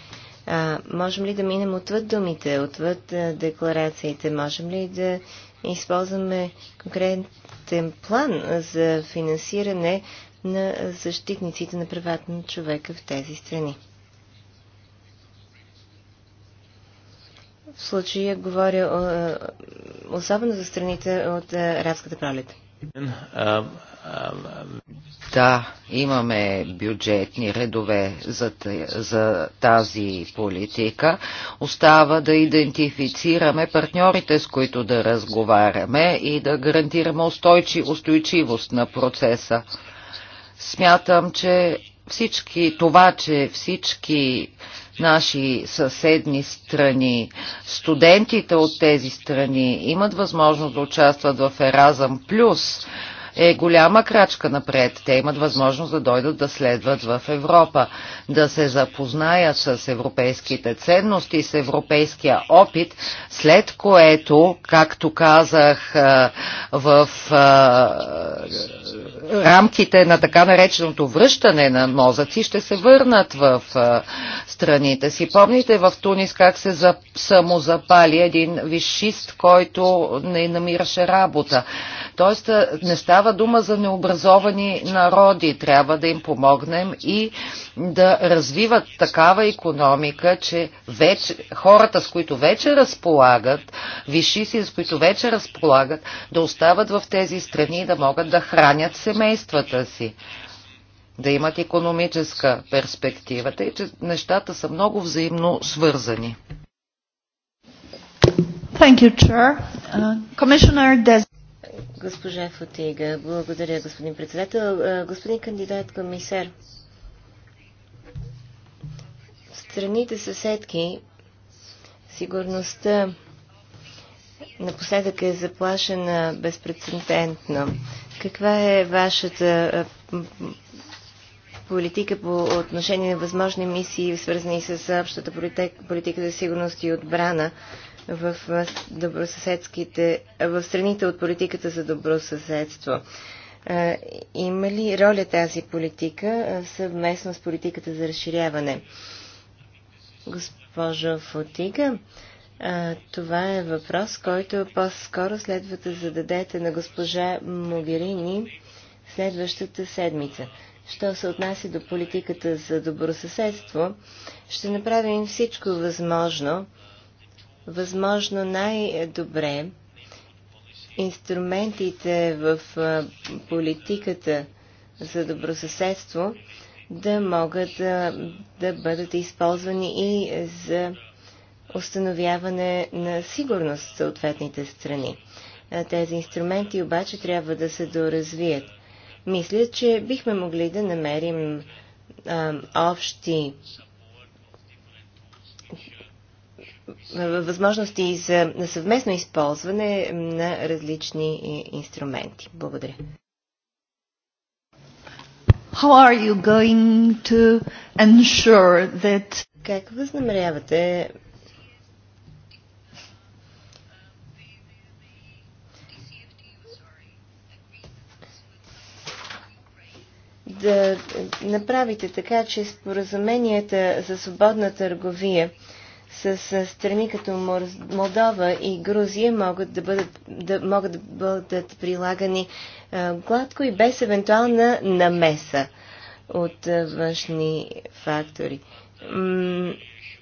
А, можем ли да минем отвъд думите, отвъд а, декларациите? Можем ли да използваме конкретен план за финансиране на защитниците на правата на човека в тези страни? В случая е говоря е, особено за страните от е, арабската пролет. Да, имаме бюджетни редове за, за тази политика. Остава да идентифицираме партньорите, с които да разговаряме и да гарантираме устойчив, устойчивост на процеса. Смятам, че всички, това, че всички наши съседни страни. Студентите от тези страни имат възможност да участват в Еразъм Плюс е голяма крачка напред. Те имат възможност да дойдат да следват в Европа, да се запознаят с европейските ценности, с европейския опит, след което, както казах, в рамките на така нареченото връщане на мозъци ще се върнат в страните си. Помните в Тунис как се самозапали един вишист, който не намираше работа. Тоест не става става дума за необразовани народи. Трябва да им помогнем и да развиват такава економика, че вече, хората, с които вече разполагат, виши си, с които вече разполагат, да остават в тези страни и да могат да хранят семействата си да имат економическа перспектива, тъй че нещата са много взаимно свързани. Thank you, Chair. Uh, Commissioner Des Госпожа Фатига, благодаря, господин председател. Господин кандидат комисар, в страните съседки сигурността напоследък е заплашена безпредседентно. Каква е вашата политика по отношение на възможни мисии, свързани с общата политика за сигурност и отбрана в, добросъседските, в страните от политиката за добросъседство. Има ли роля тази политика съвместно с политиката за разширяване? Госпожо Фотига, това е въпрос, който по-скоро следва да зададете на госпожа Могерини следващата седмица. Що се отнася до политиката за добросъседство, ще направим всичко възможно възможно най-добре инструментите в политиката за добросъседство да могат да, да бъдат използвани и за установяване на сигурност в съответните страни. Тези инструменти обаче трябва да се доразвият. Мисля, че бихме могли да намерим а, общи възможности за съвместно използване на различни е, инструменти. Благодаря. How are you going to ensure that... Как възнамерявате да направите така, че споразуменията за свободна търговия с страни като Молдова и Грузия могат да бъдат, да, могат да бъдат прилагани а, гладко и без евентуална намеса от а, външни фактори. М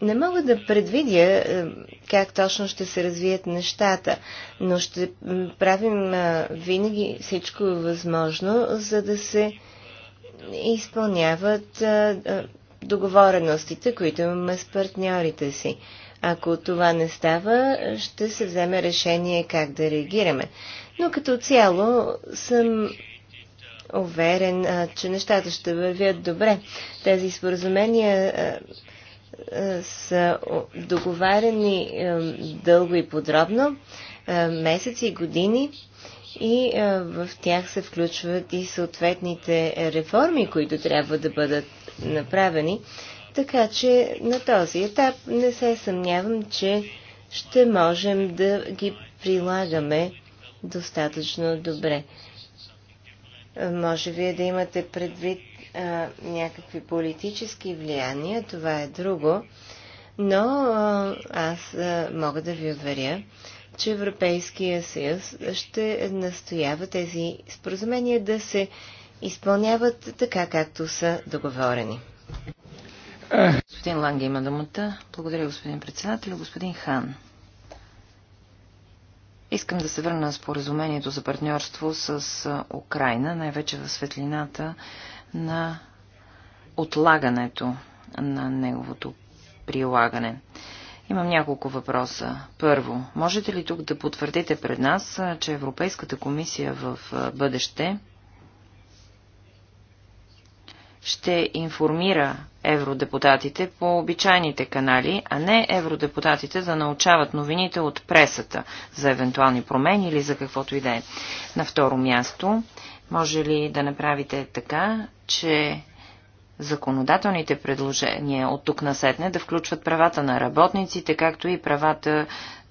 не мога да предвидя а, как точно ще се развият нещата, но ще правим винаги всичко възможно, за да се изпълняват договореностите, които имаме с партньорите си. Ако това не става, ще се вземе решение как да реагираме. Но като цяло съм уверен, че нещата ще вървят добре. Тези споразумения са договарени дълго и подробно, месеци и години и в тях се включват и съответните реформи, които трябва да бъдат направени. Така че на този етап не се съмнявам, че ще можем да ги прилагаме достатъчно добре. Може вие да имате предвид а, някакви политически влияния, това е друго, но а, аз а, мога да ви уверя, че Европейския съюз ще настоява тези споразумения да се изпълняват така, както са договорени. Господин Ланге има думата. Благодаря, господин председател. Господин Хан. Искам да се върна на споразумението за партньорство с Украина, най-вече в светлината на отлагането на неговото прилагане. Имам няколко въпроса. Първо, можете ли тук да потвърдите пред нас, че Европейската комисия в бъдеще ще информира евродепутатите по обичайните канали, а не евродепутатите да научават новините от пресата за евентуални промени или за каквото и да е. На второ място, може ли да направите така, че законодателните предложения от тук насетне да включват правата на работниците, както и правата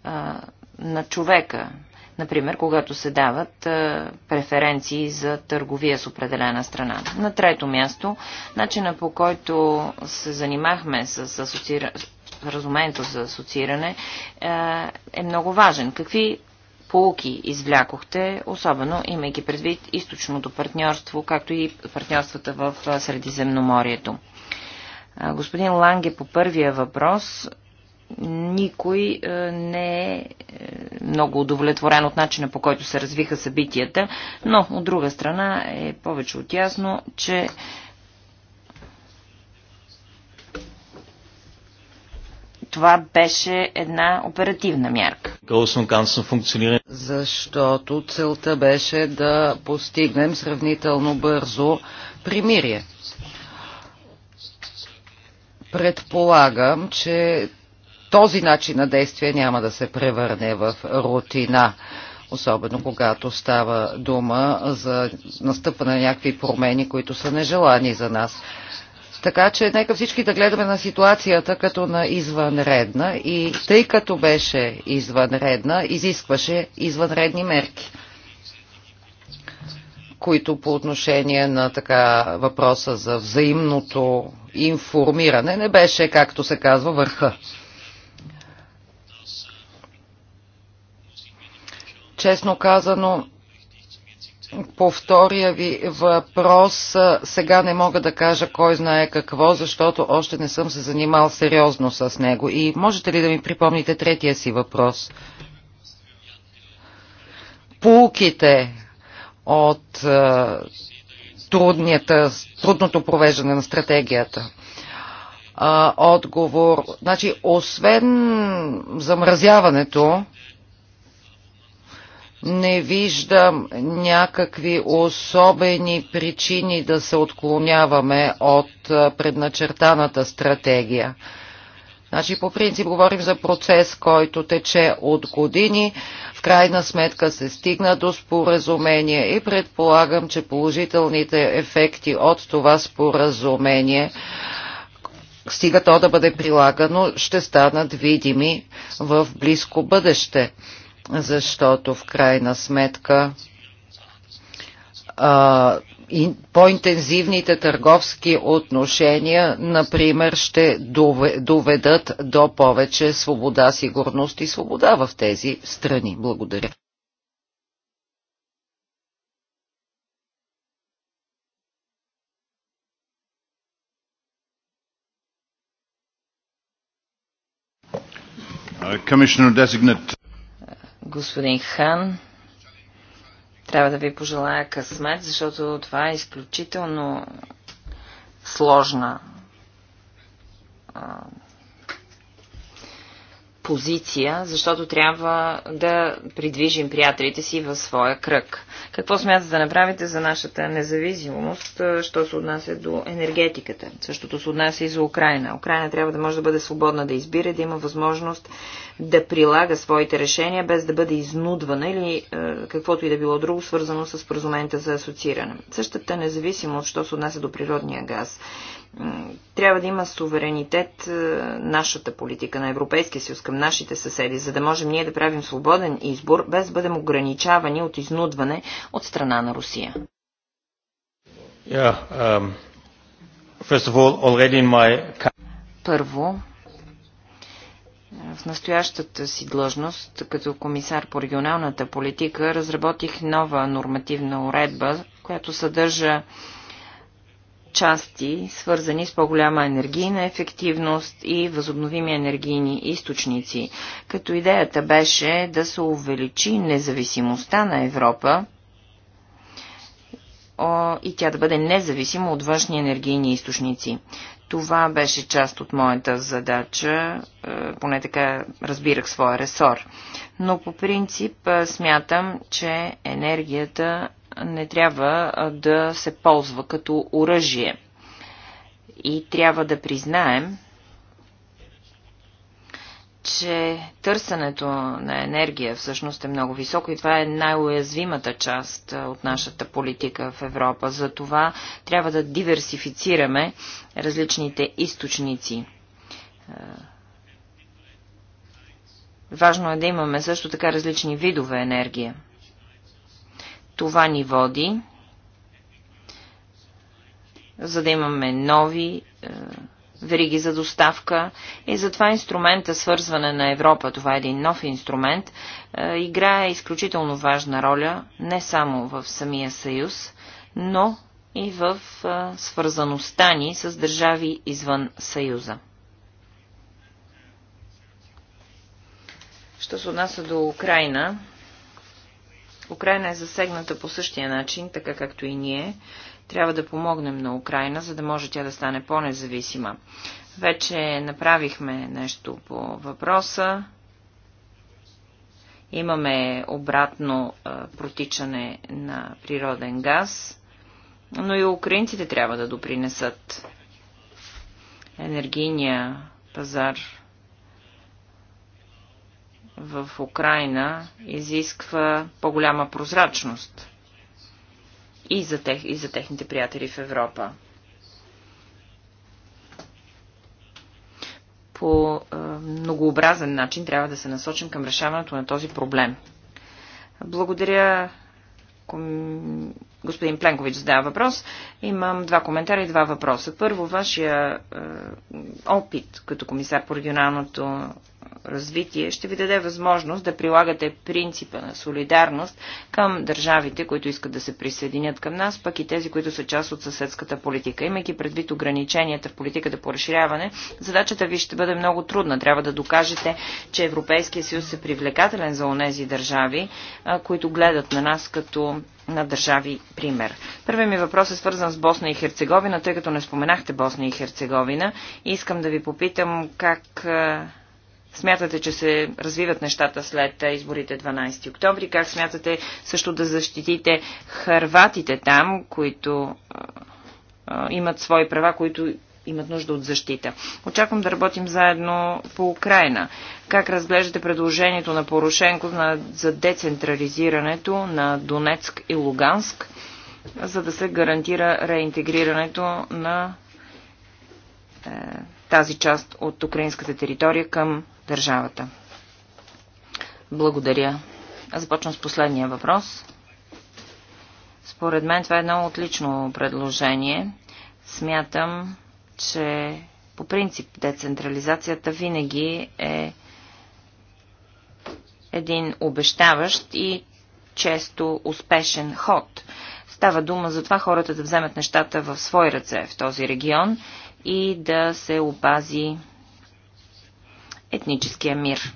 а, на човека, Например, когато се дават а, преференции за търговия с определена страна. На трето място, начина по който се занимахме с асоциира... разумението за асоцииране а, е много важен. Какви полуки извлякохте, особено имайки предвид източното партньорство, както и партньорствата в Средиземноморието? Господин Ланге по първия въпрос никой е, не е, е много удовлетворен от начина по който се развиха събитията, но от друга страна е повече от ясно, че това беше една оперативна мярка. Защото целта беше да постигнем сравнително бързо примирие. Предполагам, че този начин на действие няма да се превърне в рутина особено когато става дума за настъпване на някакви промени, които са нежелани за нас. Така че нека всички да гледаме на ситуацията като на извънредна и тъй като беше извънредна, изискваше извънредни мерки които по отношение на така въпроса за взаимното информиране не беше, както се казва, върха. Честно казано, по втория ви въпрос сега не мога да кажа кой знае какво, защото още не съм се занимал сериозно с него. И можете ли да ми припомните третия си въпрос? Пулките от трудното провеждане на стратегията а, отговор. Значи, освен замразяването, не виждам някакви особени причини да се отклоняваме от предначертаната стратегия. Значи по принцип говорим за процес, който тече от години. В крайна сметка се стигна до споразумение и предполагам, че положителните ефекти от това споразумение стига то да бъде прилагано, ще станат видими в близко бъдеще защото в крайна сметка и по-интензивните търговски отношения, например, ще доведат до повече свобода, сигурност и свобода в тези страни. Благодаря. Uh, Commissioner designate господин Хан. Трябва да ви пожелая късмет, защото това е изключително сложна а, позиция, защото трябва да придвижим приятелите си в своя кръг. Какво смятате да направите за нашата независимост, що се отнася до енергетиката? Същото се отнася и за Украина. Украина трябва да може да бъде свободна да избира, да има възможност да прилага своите решения, без да бъде изнудвана или е, каквото и да било друго, свързано с споразуменията за асоцииране. Същата независимост, що се отнася до природния газ, трябва да има суверенитет е, нашата политика на Европейския съюз към нашите съседи, за да можем ние да правим свободен избор, без да бъдем ограничавани от изнудване от страна на Русия. Yeah, um, all, my... Първо, в настоящата си длъжност като комисар по регионалната политика разработих нова нормативна уредба, която съдържа части, свързани с по-голяма енергийна ефективност и възобновими енергийни източници, като идеята беше да се увеличи независимостта на Европа о, и тя да бъде независима от външни енергийни източници. Това беше част от моята задача, е, поне така разбирах своя ресор. Но по принцип е, смятам, че енергията не трябва е, да се ползва като оръжие. И трябва да признаем, че търсенето на енергия всъщност е много високо и това е най-уязвимата част от нашата политика в Европа. За това трябва да диверсифицираме различните източници. Важно е да имаме също така различни видове енергия. Това ни води, за да имаме нови вериги за доставка и затова инструмента свързване на Европа, това е един нов инструмент, е, играе изключително важна роля не само в самия съюз, но и в е, свързаността ни с държави извън съюза. Що се отнася до Украина, Украина е засегната по същия начин, така както и ние, трябва да помогнем на Украина, за да може тя да стане по-независима. Вече направихме нещо по въпроса. Имаме обратно протичане на природен газ, но и украинците трябва да допринесат енергийния пазар в Украина изисква по-голяма прозрачност и за, тех, и за техните приятели в Европа. По е, многообразен начин трябва да се насочим към решаването на този проблем. Благодаря ком господин Пленкович задава въпрос. Имам два коментара и два въпроса. Първо, вашия е, опит като комисар по регионалното развитие ще ви даде възможност да прилагате принципа на солидарност към държавите, които искат да се присъединят към нас, пък и тези, които са част от съседската политика. Имайки предвид ограниченията в политиката по разширяване, задачата ви ще бъде много трудна. Трябва да докажете, че Европейския съюз е привлекателен за онези държави, които гледат на нас като на държави пример. Първият ми въпрос е свързан с Босна и Херцеговина, тъй като не споменахте Босна и Херцеговина. искам да ви попитам как смятате, че се развиват нещата след изборите 12 октомври, как смятате също да защитите хърватите там, които имат свои права, които имат нужда от защита. Очаквам да работим заедно по Украина. Как разглеждате предложението на Порошенко за децентрализирането на Донецк и Луганск, за да се гарантира реинтегрирането на е, тази част от украинската територия към държавата? Благодаря. Аз започвам с последния въпрос. Според мен това е едно отлично предложение. Смятам, че по принцип децентрализацията винаги е един обещаващ и често успешен ход. Става дума за това хората да вземат нещата в свои ръце в този регион и да се опази етническия мир.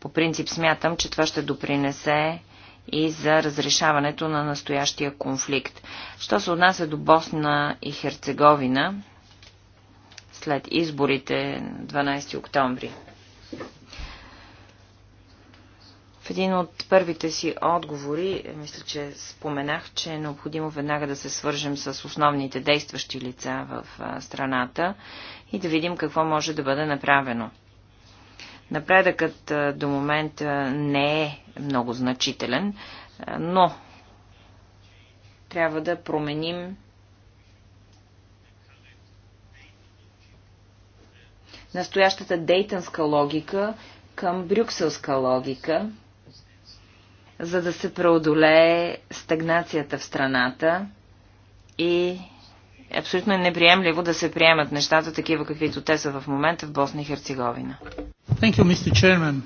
По принцип смятам, че това ще допринесе и за разрешаването на настоящия конфликт. Що се отнася до Босна и Херцеговина след изборите 12 октомври? В един от първите си отговори, е, мисля, че споменах, че е необходимо веднага да се свържем с основните действащи лица в страната и да видим какво може да бъде направено. Напредъкът до момента не е много значителен, но трябва да променим настоящата дейтанска логика към брюкселска логика, за да се преодолее стагнацията в страната и абсолютно е неприемливо да се приемат нещата такива, каквито те са в момента в Босна и Херцеговина. You,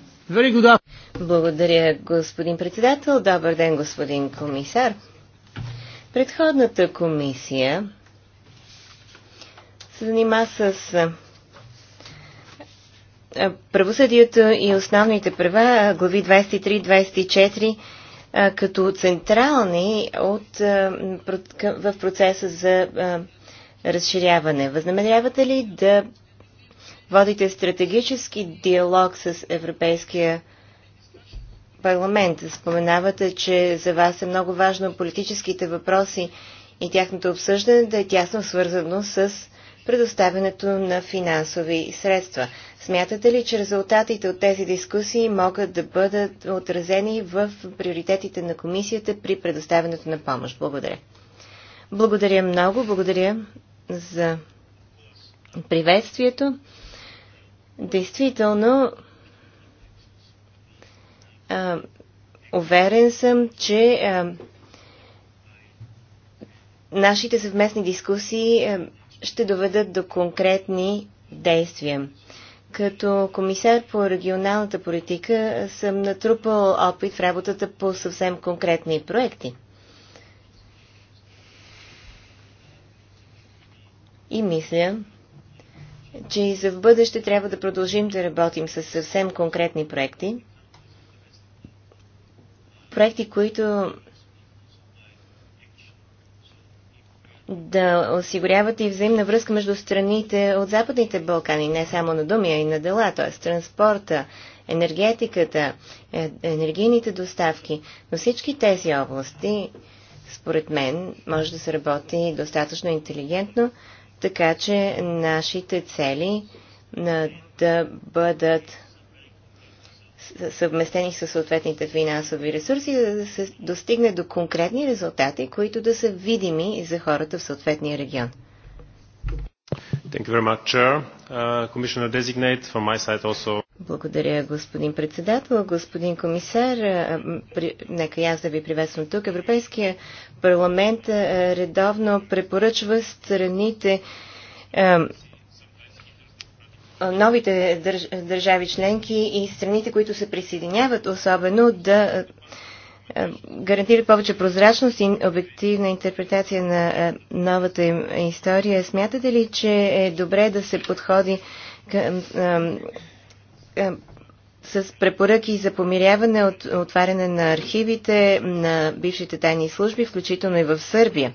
Благодаря, господин председател. Добър ден, господин комисар. Предходната комисия се занима с правосъдието и основните права, глави 23-24 като централни от, в процеса за разширяване. Възнамерявате ли да водите стратегически диалог с Европейския парламент? Споменавате, че за вас е много важно политическите въпроси и тяхното обсъждане да е тясно свързано с предоставянето на финансови средства. Смятате ли, че резултатите от тези дискусии могат да бъдат отразени в приоритетите на комисията при предоставянето на помощ? Благодаря. Благодаря много. Благодаря за приветствието. Действително, а, уверен съм, че а, нашите съвместни дискусии а, ще доведат до конкретни действия. Като комисар по регионалната политика съм натрупал опит в работата по съвсем конкретни проекти. И мисля, че и за в бъдеще трябва да продължим да работим с съвсем конкретни проекти. Проекти, които да осигуряват и взаимна връзка между страните от Западните Балкани, не само на думи, а и на дела, т.е. транспорта, енергетиката, е, енергийните доставки. Но всички тези области, според мен, може да се работи достатъчно интелигентно, така че нашите цели да бъдат съвместени с съответните финансови ресурси, за да се достигне до конкретни резултати, които да са видими за хората в съответния регион. Thank you very much, Chair. Uh, Commissioner Designate, from my side also. Благодаря, господин председател. Господин комисар, uh, при... нека аз да ви приветствам тук. Европейския парламент uh, редовно препоръчва страните uh, новите държ, държави членки и страните, които се присъединяват, особено да е, е, гарантират повече прозрачност и обективна интерпретация на е, новата им история. Смятате ли, че е добре да се подходи към, към, с препоръки за помиряване от отваряне на архивите на бившите тайни служби, включително и в Сърбия?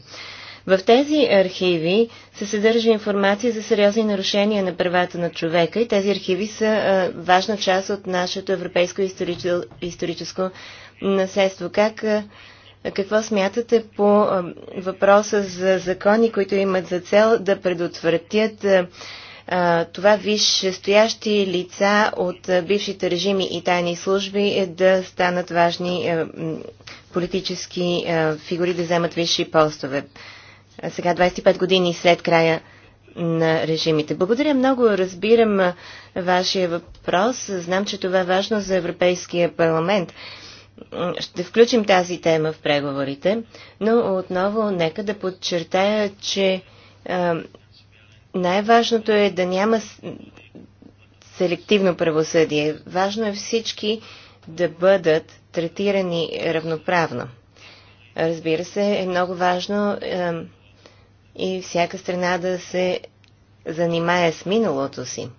В тези архиви се съдържа информация за сериозни нарушения на правата на човека и тези архиви са а, важна част от нашето европейско историческо, историческо наследство. Как, а, какво смятате по а, въпроса за закони, които имат за цел да предотвратят това висшестоящи лица от бившите режими и тайни служби е, да станат важни политически фигури, да вземат висши постове сега 25 години след края на режимите. Благодаря много. Разбирам вашия въпрос. Знам, че това е важно за Европейския парламент. Ще включим тази тема в преговорите, но отново нека да подчертая, че най-важното е да няма селективно правосъдие. Важно е всички да бъдат третирани равноправно. Разбира се, е много важно и всяка страна да се занимае с миналото си.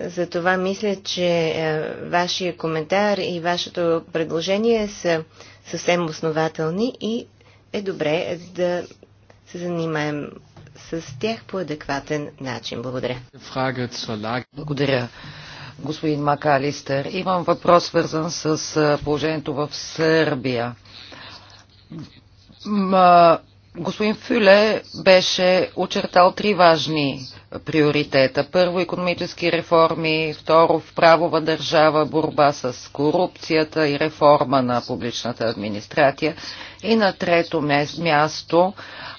Затова мисля, че е, вашия коментар и вашето предложение са съвсем основателни и е добре да се занимаем с тях по адекватен начин. Благодаря. Благодаря. Господин Макалистър, имам въпрос свързан с е, положението в Сърбия господин Фюле беше очертал три важни приоритета. Първо, економически реформи, второ, в правова държава, борба с корупцията и реформа на публичната администрация и на трето място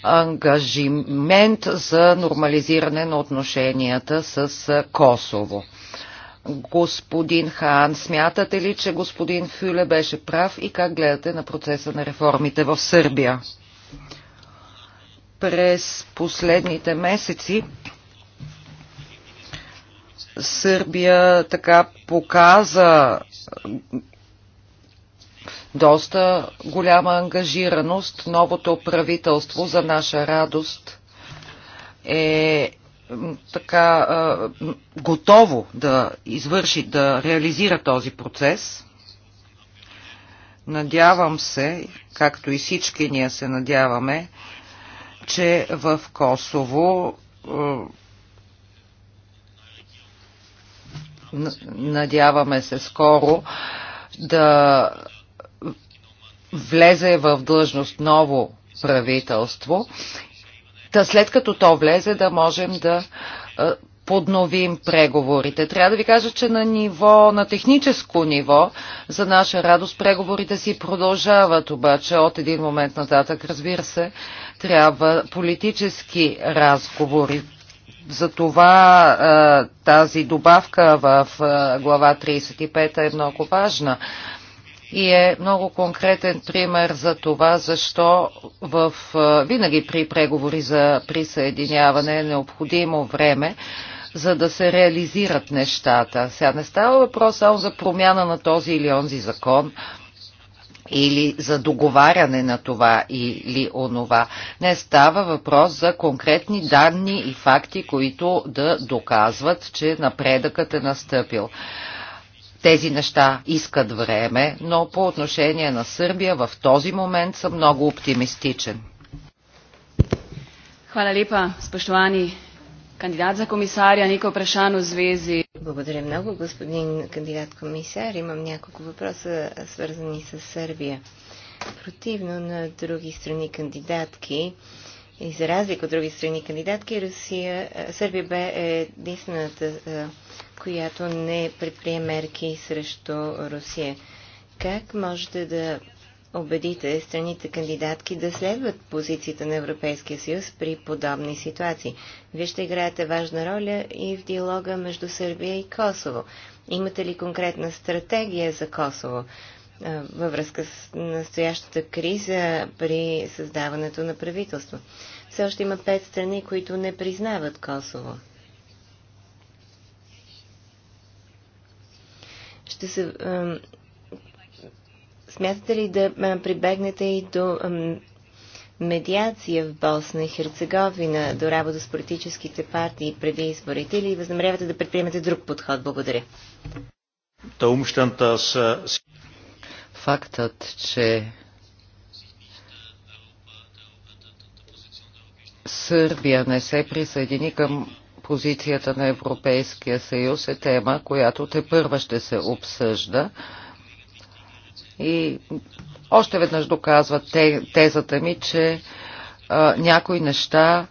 ангажимент за нормализиране на отношенията с Косово господин Хаан. Смятате ли, че господин Фюле беше прав и как гледате на процеса на реформите в Сърбия? През последните месеци Сърбия така показа доста голяма ангажираност. Новото правителство за наша радост е така готово да извърши, да реализира този процес. Надявам се, както и всички ние се надяваме, че в Косово надяваме се скоро да влезе в длъжност ново правителство Та след като то влезе, да можем да подновим преговорите. Трябва да ви кажа, че на ниво, на техническо ниво, за наша радост, преговорите си продължават, обаче от един момент нататък, разбира се, трябва политически разговори. Затова тази добавка в глава 35 е много важна, и е много конкретен пример за това, защо в, винаги при преговори за присъединяване е необходимо време, за да се реализират нещата. Сега не става въпрос само за промяна на този или онзи закон, или за договаряне на това или онова. Не става въпрос за конкретни данни и факти, които да доказват, че напредъкът е настъпил. Тези неща искат време, но по отношение на Сърбия в този момент съм много оптимистичен. Хвала лепа, spoštovani кандидат за komisarja. Нико vprašanje v Благодаря много, господин кандидат комисар. Имам няколко въпроса, свързани с Сърбия. Противно на други страни кандидатки, и за разлика от други страни кандидатки, Русия, Сърбия бе единствената която не предприе мерки срещу Русия. Как можете да убедите страните кандидатки да следват позицията на Европейския съюз при подобни ситуации? Вие ще играете важна роля и в диалога между Сърбия и Косово. Имате ли конкретна стратегия за Косово във връзка с настоящата криза при създаването на правителство? Все още има пет страни, които не признават Косово. ще се... Смятате ли да прибегнете и до медиация в Босна и Херцеговина, до работа с политическите партии преди изборите или възнамерявате да предприемете друг подход? Благодаря. Фактът, че Сърбия не се присъедини към позицията на Европейския съюз е тема, която те първа ще се обсъжда. И още веднъж доказва тезата ми, че а, някои неща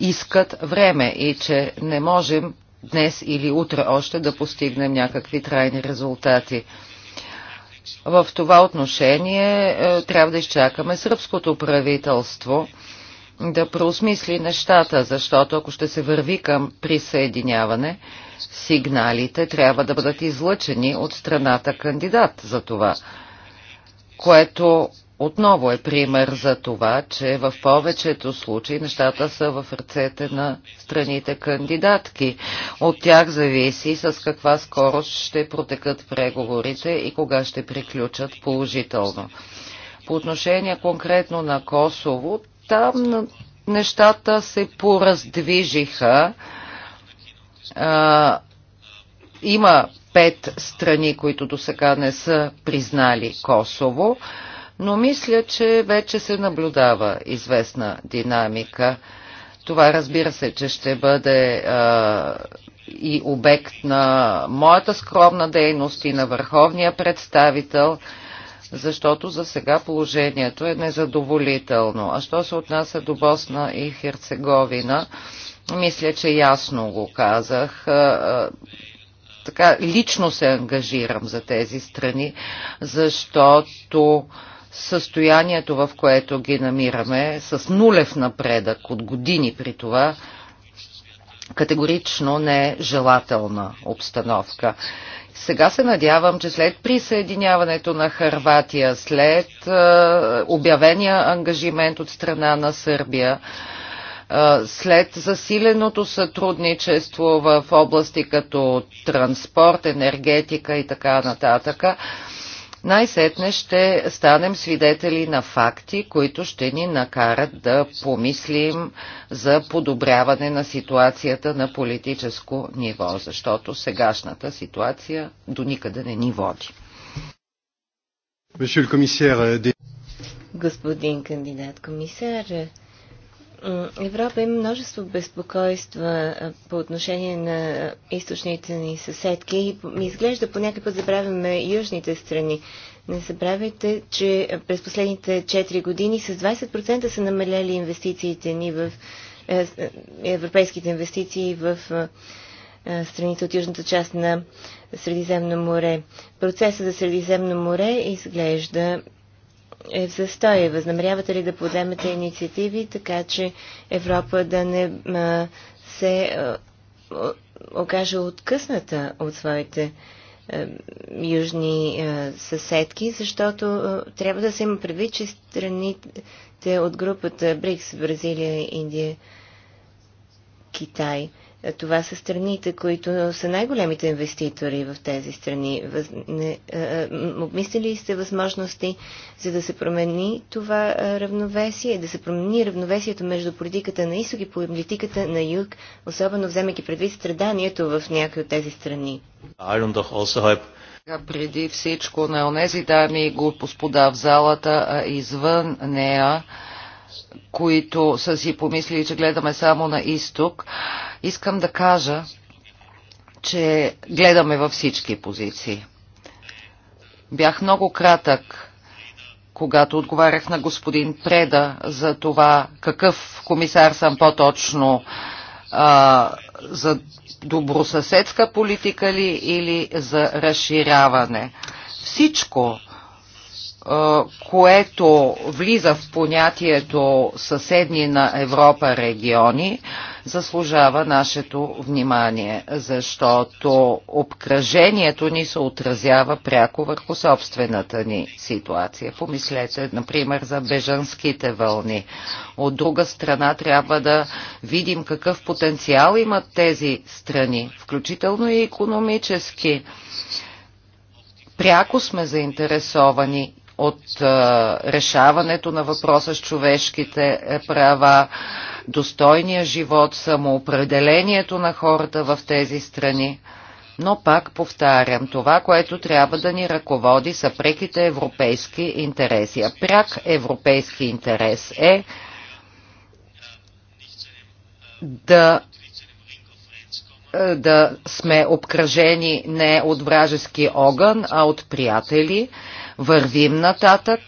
искат време и че не можем днес или утре още да постигнем някакви трайни резултати. В това отношение е, трябва да изчакаме сръбското правителство да проусмисли нещата, защото ако ще се върви към присъединяване, сигналите трябва да бъдат излъчени от страната кандидат за това, което отново е пример за това, че в повечето случаи нещата са в ръцете на страните кандидатки. От тях зависи с каква скорост ще протекат преговорите и кога ще приключат положително. По отношение конкретно на Косово, там нещата се пораздвижиха. А, има пет страни, които до сега не са признали Косово, но мисля, че вече се наблюдава известна динамика. Това разбира се, че ще бъде а, и обект на моята скромна дейност и на върховния представител – защото за сега положението е незадоволително. А що се отнася до Босна и Херцеговина, мисля, че ясно го казах. Така, лично се ангажирам за тези страни, защото състоянието, в което ги намираме, с нулев напредък от години при това, категорично не е желателна обстановка. Сега се надявам, че след присъединяването на Харватия, след обявения ангажимент от страна на Сърбия, след засиленото сътрудничество в области като транспорт, енергетика и така нататък, най-сетне ще станем свидетели на факти, които ще ни накарат да помислим за подобряване на ситуацията на политическо ниво, защото сегашната ситуация до никъде не ни води. Господин кандидат комисар, Европа има множество безпокойства по отношение на източните ни съседки и ми изглежда по някакъв път забравяме южните страни. Не забравяйте, че през последните 4 години с 20% са намаляли инвестициите ни в е, е, европейските инвестиции в страните от южната част на Средиземно море. Процесът за Средиземно море изглежда е в застоя. Възнамерявате ли да подемете инициативи, така че Европа да не а, се а, окаже откъсната от своите а, южни а, съседки, защото а, трябва да се има предвид, че страните от групата БРИКС, Бразилия, Индия, Китай – това са страните, които са най-големите инвеститори в тези страни. Въз... Не... Обмислили сте възможности за да се промени това равновесие, да се промени равновесието между политиката на изток и политиката на юг, особено вземайки предвид страданието в някои от тези страни. Преди всичко на онези дами и господа в залата, а извън нея, които са си помислили, че гледаме само на изток, искам да кажа, че гледаме във всички позиции. Бях много кратък, когато отговарях на господин Преда за това какъв комисар съм по-точно за добросъседска политика ли или за разширяване. Всичко което влиза в понятието съседни на Европа региони, заслужава нашето внимание, защото обкръжението ни се отразява пряко върху собствената ни ситуация. Помислете, например, за бежанските вълни. От друга страна трябва да видим какъв потенциал имат тези страни, включително и економически пряко сме заинтересовани от решаването на въпроса с човешките е, права, достойния живот, самоопределението на хората в тези страни. Но пак повтарям, това, което трябва да ни ръководи са преките европейски интереси. А пряк европейски интерес е да е, да сме обкръжени не от вражески огън, а от приятели, Вървим нататък,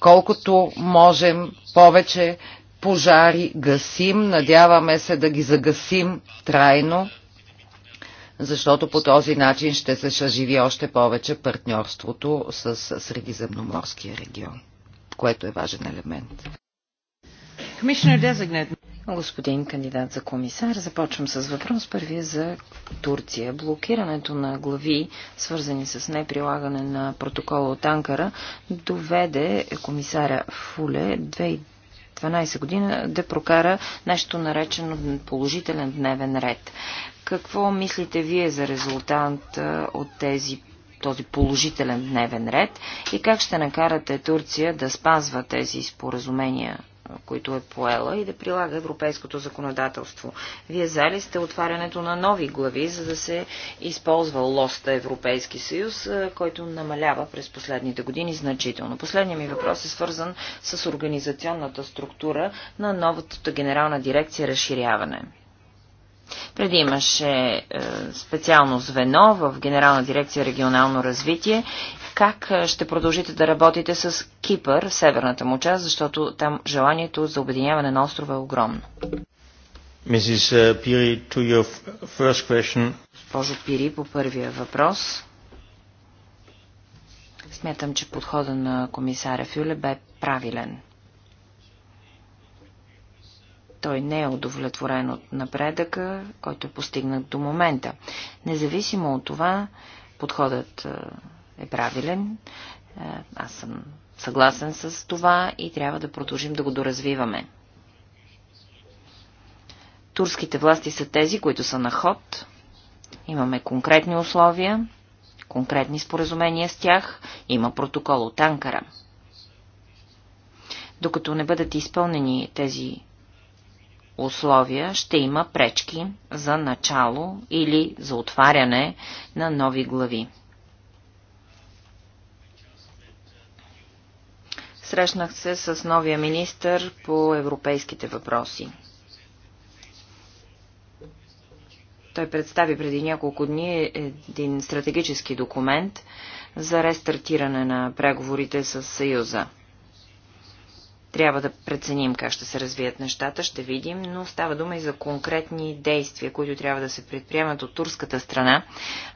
колкото можем повече пожари гасим, надяваме се да ги загасим трайно, защото по този начин ще се съживи още повече партньорството с Средиземноморския регион, което е важен елемент. Господин кандидат за комисар, започвам с въпрос. Първия е за Турция. Блокирането на глави, свързани с неприлагане на протокола от Анкара, доведе комисаря Фуле 2012 година да прокара нещо наречено положителен дневен ред. Какво мислите вие за резултат от тези този положителен дневен ред и как ще накарате Турция да спазва тези споразумения които е поела и да прилага европейското законодателство. Вие зали сте отварянето на нови глави, за да се използва лоста Европейски съюз, който намалява през последните години значително. Последният ми въпрос е свързан с организационната структура на новата генерална дирекция разширяване. Преди имаше е, специално звено в Генерална дирекция регионално развитие. Как е, ще продължите да работите с Кипър, северната му част, защото там желанието за обединяване на острова е огромно? Mrs. Piri, е, to your first question. Госпожо Пири, по първия въпрос. Смятам, че подхода на комисаря Фюле бе правилен. Той не е удовлетворен от напредъка, който е постигнат до момента. Независимо от това, подходът е правилен. Аз съм съгласен с това и трябва да продължим да го доразвиваме. Турските власти са тези, които са на ход. Имаме конкретни условия, конкретни споразумения с тях, има протокол от Анкара. Докато не бъдат изпълнени тези условия ще има пречки за начало или за отваряне на нови глави. Срещнах се с новия министр по европейските въпроси. Той представи преди няколко дни един стратегически документ за рестартиране на преговорите с Съюза. Трябва да преценим как ще се развият нещата, ще видим, но става дума и за конкретни действия, които трябва да се предприемат от турската страна,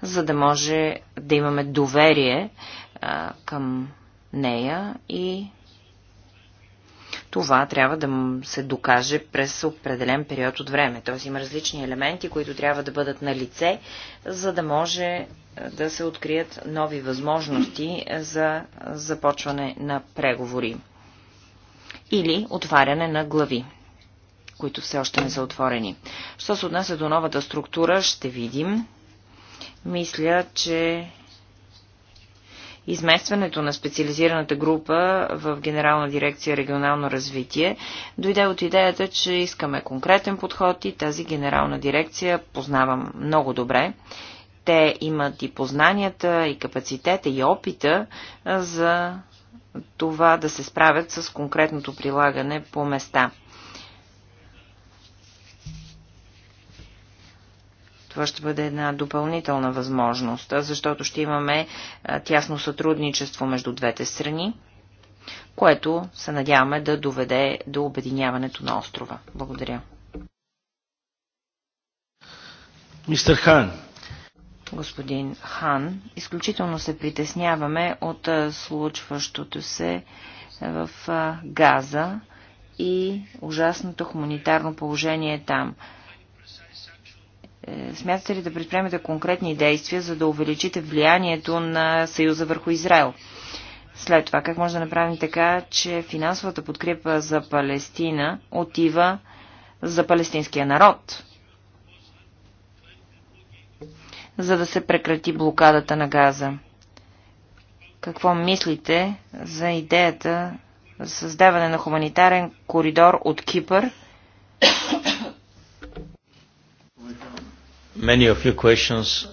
за да може да имаме доверие а, към нея и това трябва да се докаже през определен период от време. Т.е. има различни елементи, които трябва да бъдат на лице, за да може да се открият нови възможности за започване на преговори или отваряне на глави, които все още не са отворени. Що се отнася до новата структура, ще видим. Мисля, че Изместването на специализираната група в Генерална дирекция регионално развитие дойде от идеята, че искаме конкретен подход и тази генерална дирекция познавам много добре. Те имат и познанията, и капацитета, и опита за това да се справят с конкретното прилагане по места. Това ще бъде една допълнителна възможност, защото ще имаме тясно сътрудничество между двете страни, което се надяваме да доведе до обединяването на острова. Благодаря. Мистер Хан господин Хан. Изключително се притесняваме от случващото се в Газа и ужасното хуманитарно положение е там. Е, смятате ли да предприемете конкретни действия, за да увеличите влиянието на Съюза върху Израел? След това, как може да направим така, че финансовата подкрепа за Палестина отива за палестинския народ? за да се прекрати блокадата на газа. Какво мислите за идеята за създаване на хуманитарен коридор от Кипър? Many of your questions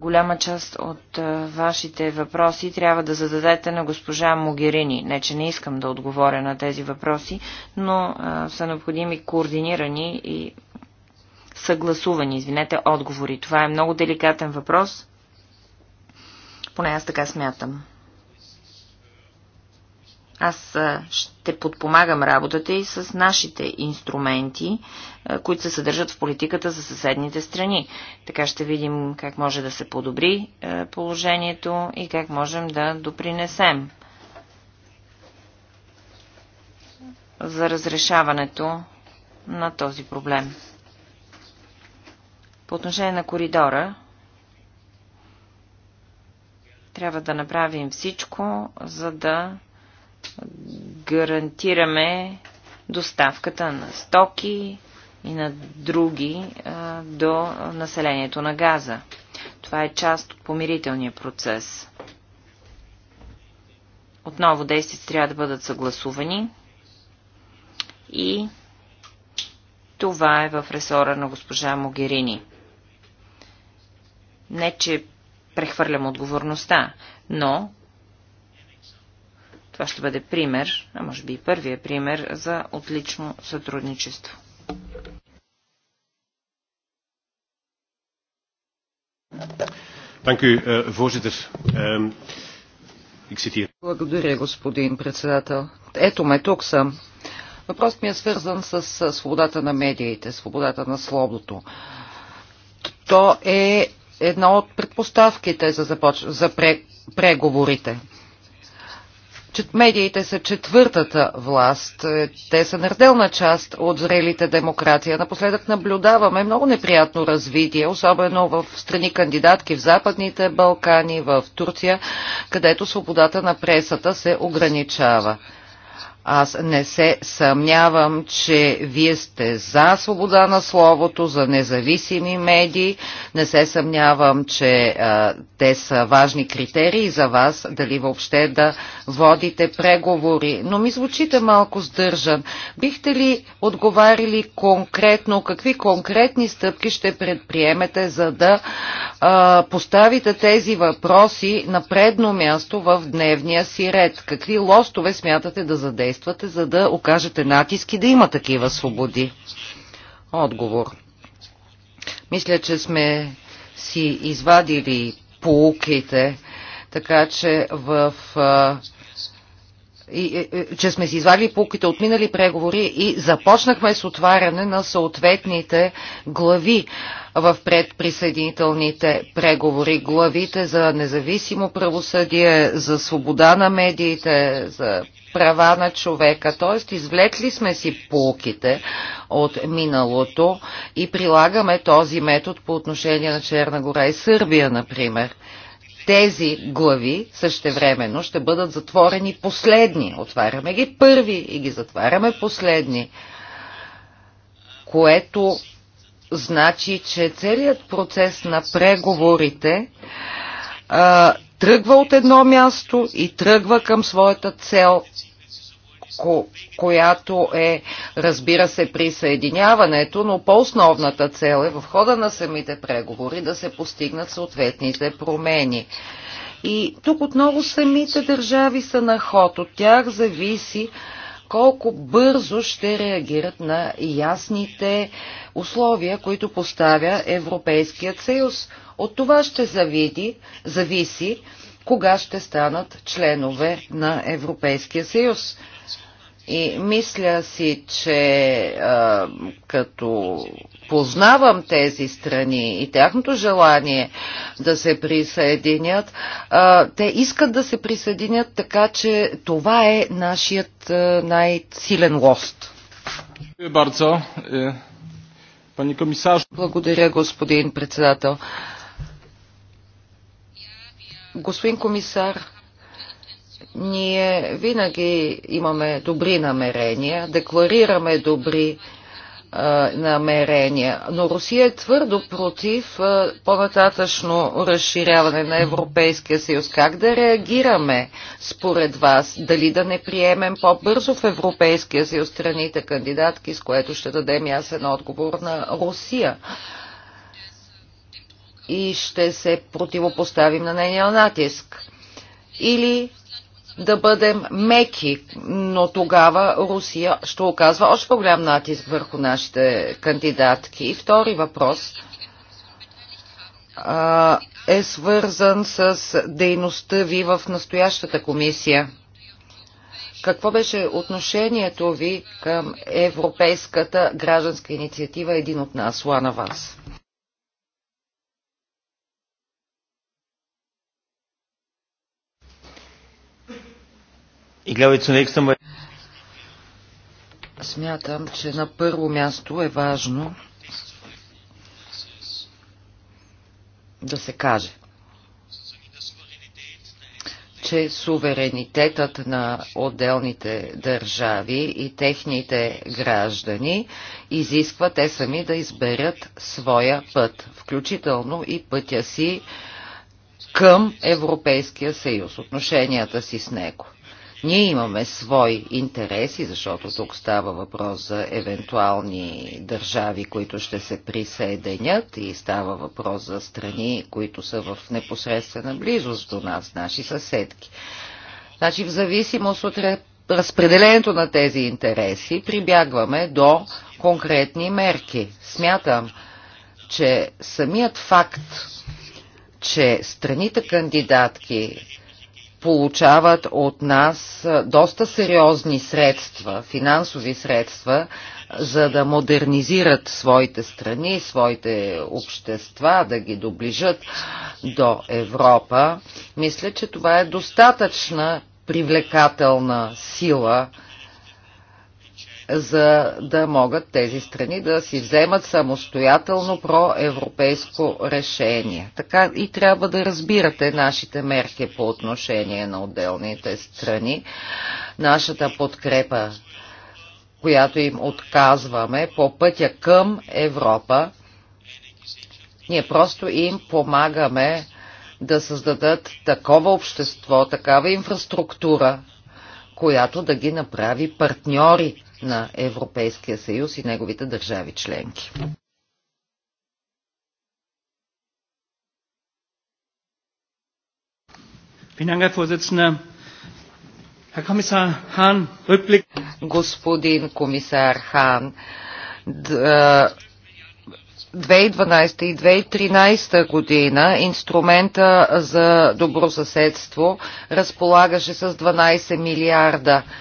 голяма част от вашите въпроси трябва да зададете на госпожа Могерини. Не, че не искам да отговоря на тези въпроси, но а, са необходими координирани и съгласувани, извинете, отговори. Това е много деликатен въпрос. Поне аз така смятам. Аз ще подпомагам работата и с нашите инструменти, които се съдържат в политиката за съседните страни. Така ще видим как може да се подобри положението и как можем да допринесем за разрешаването на този проблем. По отношение на коридора, трябва да направим всичко, за да гарантираме доставката на стоки и на други а, до населението на газа. Това е част от помирителния процес. Отново действията трябва да бъдат съгласувани и това е в ресора на госпожа Могерини. Не, че прехвърлям отговорността, но това ще бъде пример, а може би и първия пример за отлично сътрудничество. Eh, ehm, Благодаря, господин председател. Ето ме, тук съм. Въпросът ми е свързан с свободата на медиите, свободата на словото. То е една от предпоставките за, започ... за преговорите. Медиите са четвъртата власт. Те са неразделна част от зрелите демокрация. Напоследък наблюдаваме много неприятно развитие, особено в страни кандидатки в Западните Балкани, в Турция, където свободата на пресата се ограничава. Аз не се съмнявам, че вие сте за свобода на словото, за независими медии. Не се съмнявам, че а, те са важни критерии за вас, дали въобще да водите преговори. Но ми звучите малко сдържан. Бихте ли отговарили конкретно, какви конкретни стъпки ще предприемете, за да а, поставите тези въпроси на предно място в дневния си ред? Какви лостове смятате да задействате? действате, за да окажете натиски да има такива свободи? Отговор. Мисля, че сме си извадили полуките, така че в и, е, е, че сме си извадили полките от минали преговори и започнахме с отваряне на съответните глави в предприсъединителните преговори. Главите за независимо правосъдие, за свобода на медиите, за права на човека. т.е. извлекли сме си полките от миналото и прилагаме този метод по отношение на Черна гора и Сърбия, например. Тези глави същевременно ще бъдат затворени последни. Отваряме ги първи и ги затваряме последни, което значи, че целият процес на преговорите а, тръгва от едно място и тръгва към своята цел ко, която е, разбира се, присъединяването, но по-основната цел е в хода на самите преговори да се постигнат съответните промени. И тук отново самите държави са на ход. От тях зависи колко бързо ще реагират на ясните условия, които поставя Европейският съюз. От това ще завиди, зависи кога ще станат членове на Европейския съюз. И мисля си, че а, като познавам тези страни и тяхното желание да се присъединят, а, те искат да се присъединят, така че това е нашият най-силен лост. Благодаря, е, господин председател. Господин комисар, ние винаги имаме добри намерения, декларираме добри намерения. Но Русия е твърдо против по-нататъчно разширяване на Европейския съюз. Как да реагираме според вас? Дали да не приемем по-бързо в Европейския съюз страните кандидатки, с което ще дадем ясен отговор на Русия? и ще се противопоставим на нейния натиск. Или да бъдем меки, но тогава Русия ще оказва още по-голям натиск върху нашите кандидатки. И втори въпрос а, е свързан с дейността ви в настоящата комисия. Какво беше отношението ви към Европейската гражданска инициатива Един от нас, Лана Вас? Смятам, че на първо място е важно да се каже, че суверенитетът на отделните държави и техните граждани изисква те сами да изберат своя път, включително и пътя си към Европейския съюз, отношенията си с него. Ние имаме свои интереси, защото тук става въпрос за евентуални държави, които ще се присъединят и става въпрос за страни, които са в непосредствена близост до нас, наши съседки. Значи в зависимост от разпределението на тези интереси прибягваме до конкретни мерки. Смятам, че самият факт, че страните кандидатки получават от нас доста сериозни средства, финансови средства, за да модернизират своите страни, своите общества, да ги доближат до Европа. Мисля, че това е достатъчна привлекателна сила за да могат тези страни да си вземат самостоятелно проевропейско решение. Така и трябва да разбирате нашите мерки по отношение на отделните страни. Нашата подкрепа, която им отказваме по пътя към Европа, ние просто им помагаме да създадат такова общество, такава инфраструктура, която да ги направи партньори на Европейския съюз и неговите държави членки. Господин комисар Хан, 2012 и 2013 година инструмента за добросъседство разполагаше с 12 милиарда евро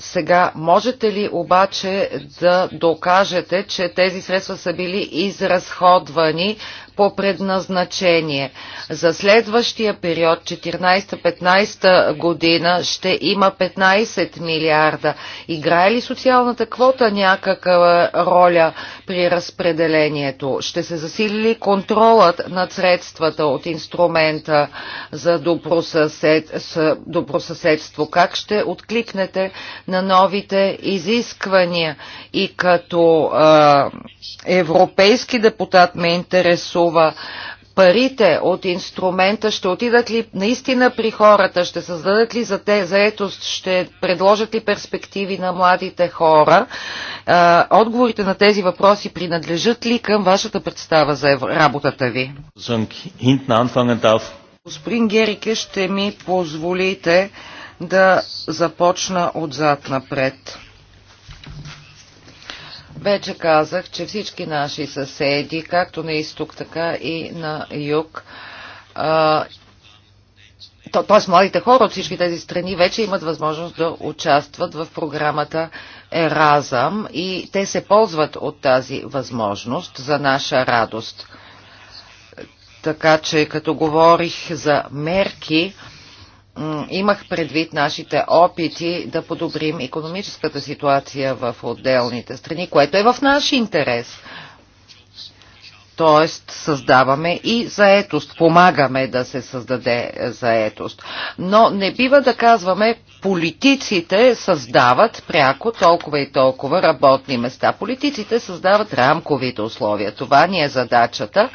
сега, можете ли обаче да докажете, че тези средства са били изразходвани по предназначение. За следващия период, 14-15 година, ще има 15 милиарда. Играе ли социалната квота някаква роля при разпределението? Ще се засили ли контролът над средствата от инструмента за добросъсед, добросъседство? Как ще откликнете на новите изисквания? И като а, европейски депутат ме интересува, толкова парите от инструмента ще отидат ли наистина при хората, ще създадат ли за те заетост, ще предложат ли перспективи на младите хора? Отговорите на тези въпроси принадлежат ли към вашата представа за работата ви? Господин Герике, ще ми позволите да започна отзад напред. Вече казах, че всички наши съседи, както на изток, така и на юг, т.е. младите хора от всички тези страни вече имат възможност да участват в програмата Еразъм и те се ползват от тази възможност за наша радост. Така че, като говорих за мерки, имах предвид нашите опити да подобрим економическата ситуация в отделните страни, което е в наш интерес. Тоест създаваме и заетост, помагаме да се създаде е, заетост. Но не бива да казваме политиците създават пряко толкова и толкова работни места. Политиците създават рамковите условия. Това ни е задачата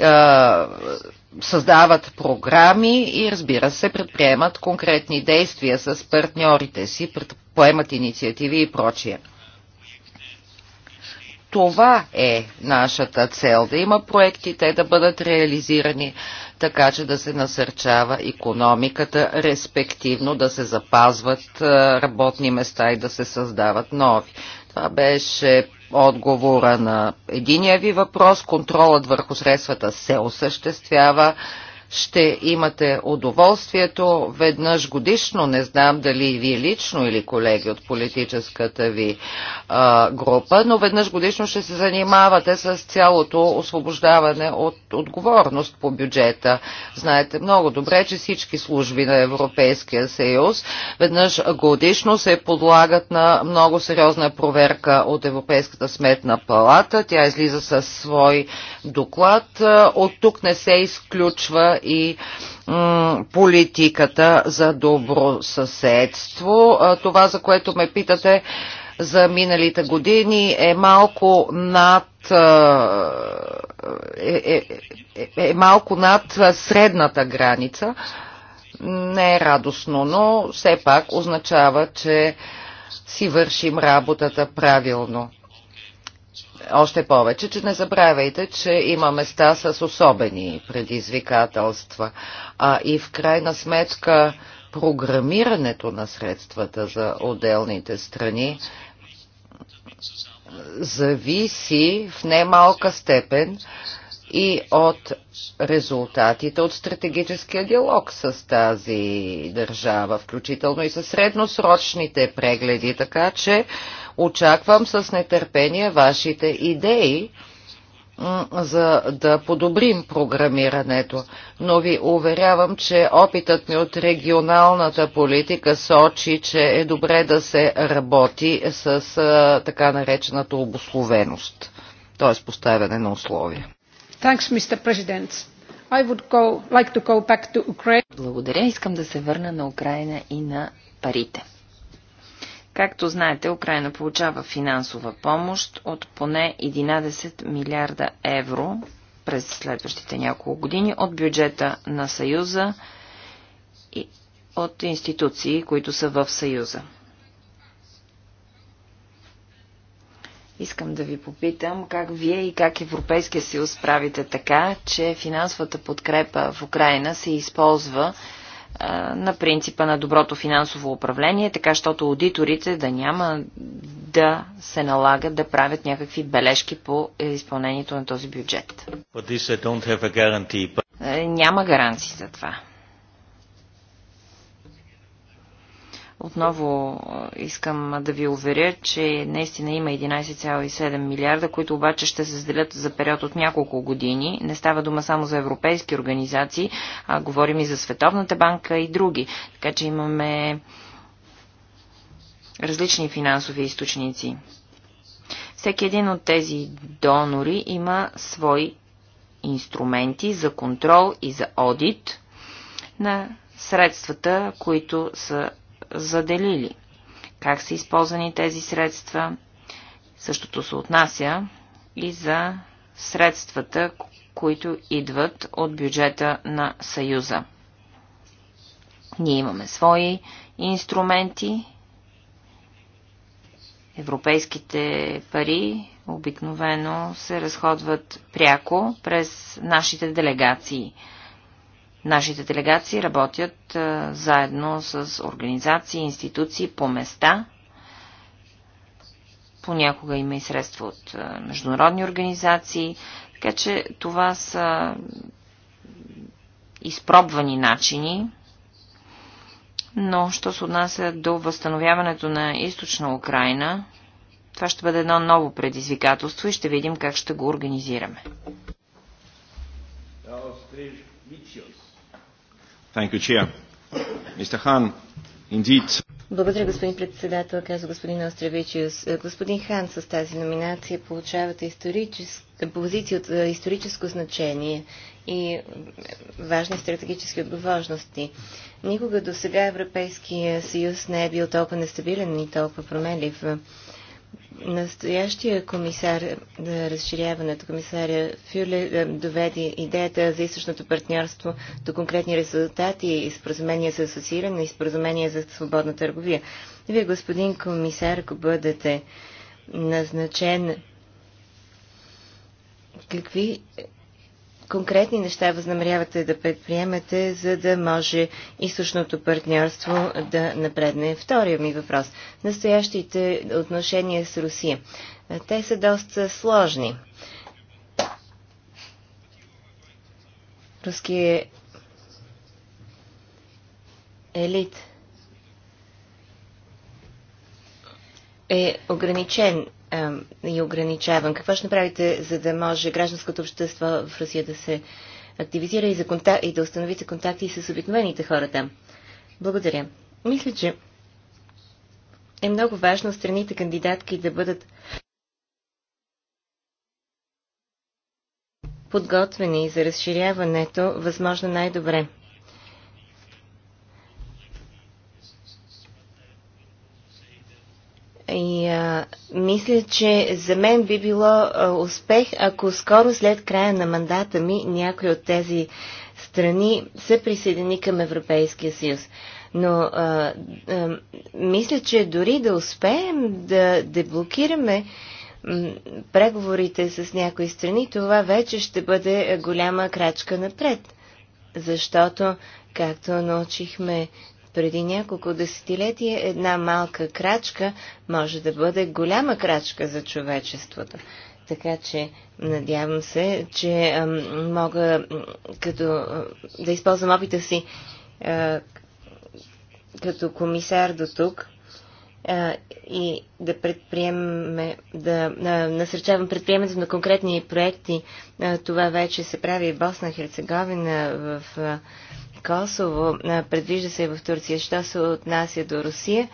е, създават програми и разбира се, предприемат конкретни действия с партньорите си, поемат инициативи и прочие. Това е нашата цел, да има проекти, те да бъдат реализирани, така че да се насърчава економиката, респективно да се запазват работни места и да се създават нови. Това беше отговора на единия ви въпрос. Контролът върху средствата се осъществява ще имате удоволствието веднъж годишно, не знам дали и вие лично или колеги от политическата ви а, група, но веднъж годишно ще се занимавате с цялото освобождаване от отговорност по бюджета. Знаете много добре, че всички служби на Европейския съюз веднъж годишно се подлагат на много сериозна проверка от Европейската сметна палата. Тя излиза със свой доклад. От тук не се изключва и политиката за добро съседство. Това, за което ме питате за миналите години, е малко над е, е, е, е малко над средната граница. Не е радостно, но все пак означава, че си вършим работата правилно. Още повече, че не забравяйте, че има места с особени предизвикателства. А и в крайна сметка програмирането на средствата за отделните страни зависи в немалка степен и от резултатите от стратегическия диалог с тази държава, включително и с средносрочните прегледи. Така че Очаквам с нетърпение вашите идеи за да подобрим програмирането. Но ви уверявам, че опитът ми от регионалната политика сочи, че е добре да се работи с така наречената обословеност, т.е. поставяне на условия. Thanks, Mr. President. I would go, like to go back to Ukraine. Благодаря. Искам да се върна на Украина и на парите. Както знаете, Украина получава финансова помощ от поне 11 милиарда евро през следващите няколко години от бюджета на Съюза и от институции, които са в Съюза. Искам да ви попитам как вие и как Европейския съюз правите така, че финансовата подкрепа в Украина се използва на принципа на доброто финансово управление, така щото аудиторите да няма да се налагат да правят някакви бележки по изпълнението на този бюджет. But... Е, няма гаранции за това. Отново искам да ви уверя, че наистина има 11,7 милиарда, които обаче ще се заделят за период от няколко години. Не става дума само за европейски организации, а говорим и за Световната банка и други. Така че имаме различни финансови източници. Всеки един от тези донори има свои инструменти за контрол и за одит на средствата, които са заделили, как са използвани тези средства. Същото се отнася и за средствата, които идват от бюджета на Съюза. Ние имаме свои инструменти. Европейските пари обикновено се разходват пряко през нашите делегации – Нашите делегации работят заедно с организации, институции по места. Понякога има и средства от международни организации. Така че това са изпробвани начини. Но, що се отнася до възстановяването на източна Украина, това ще бъде едно ново предизвикателство и ще видим как ще го организираме. Австриж Мичиос. Благодаря, господин председател, каза господин Остревичиус. Е, господин Хан, с тази номинация получавате позиция от е, историческо значение и е, важни стратегически отговорности. Никога до сега Европейския съюз не е бил толкова нестабилен и толкова променлив настоящия комисар на е, разширяването, комисаря Фюле, е, доведе идеята за източното партньорство до конкретни резултати и споразумение за асоцииране и споразумение за свободна търговия. Вие, господин комисар, ако бъдете назначен, какви конкретни неща възнамерявате да предприемете, за да може източното партньорство да напредне? Втория ми въпрос. Настоящите отношения с Русия. Те са доста сложни. Руският елит е ограничен и ограничаван. Какво ще направите, за да може гражданското общество в Русия да се активизира и, за контакт, и да установите контакти с обикновените хора там? Благодаря. Мисля, че е много важно страните кандидатки да бъдат подготвени за разширяването възможно най-добре. И а, мисля, че за мен би било а, успех, ако скоро след края на мандата ми някой от тези страни се присъедини към Европейския съюз. Но а, а, мисля, че дори да успеем да деблокираме преговорите с някои страни, това вече ще бъде голяма крачка напред. Защото, както научихме преди няколко десетилетия една малка крачка може да бъде голяма крачка за човечеството. Така че надявам се, че а, мога като, а, да използвам опита си а, като комисар до тук и да предприемаме, да насърчавам предприемането на конкретни проекти. Това вече се прави в Босна, Херцеговина, в Косово, предвижда се и в Турция. Що се отнася до Русия,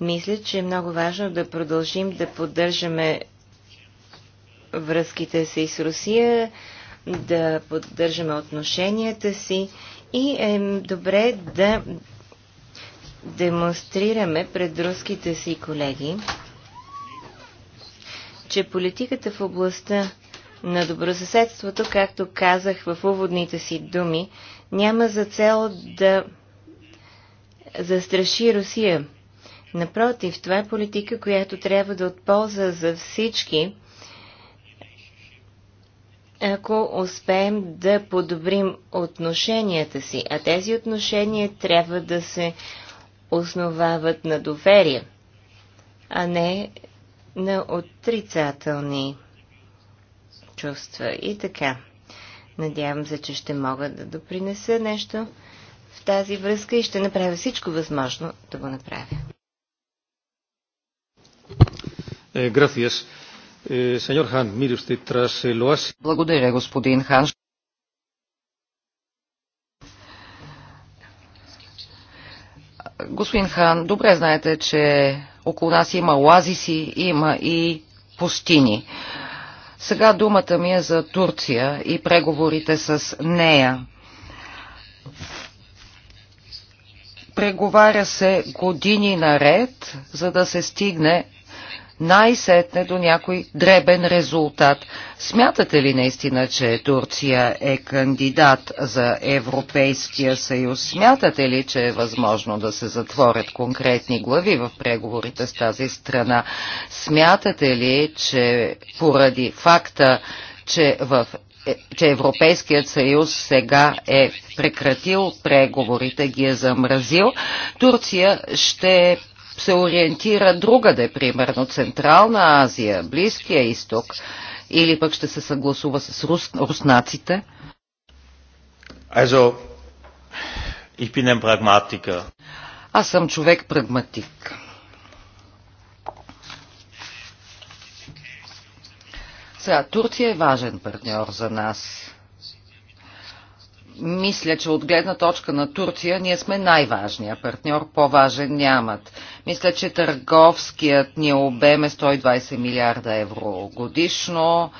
мисля, че е много важно да продължим да поддържаме връзките си с Русия, да поддържаме отношенията си и е добре да демонстрираме пред руските си колеги, че политиката в областта на добросъседството, както казах в уводните си думи, няма за цел да застраши Русия. Напротив, това е политика, която трябва да отполза за всички, ако успеем да подобрим отношенията си. А тези отношения трябва да се основават на доверие, а не на отрицателни чувства. И така. Надявам се, че ще мога да допринеса нещо в тази връзка и ще направя всичко възможно да го направя. Е, е, е Благодаря, господин Хан. Господин Хан, добре знаете, че около нас има оазиси, има и пустини. Сега думата ми е за Турция и преговорите с нея. Преговаря се години наред, за да се стигне най-сетне до някой дребен резултат. Смятате ли наистина, че Турция е кандидат за Европейския съюз? Смятате ли, че е възможно да се затворят конкретни глави в преговорите с тази страна? Смятате ли, че поради факта, че в че Европейският съюз сега е прекратил преговорите, ги е замразил, Турция ще се ориентира другаде, примерно Централна Азия, Близкия изток, или пък ще се съгласува с рус, руснаците? Also, ich bin ein Pragmatiker. Аз съм човек прагматик. Сега, Турция е важен партньор за нас мисля, че от гледна точка на Турция ние сме най-важния партньор, по-важен нямат. Мисля, че търговският ни обем е 120 милиарда евро годишно,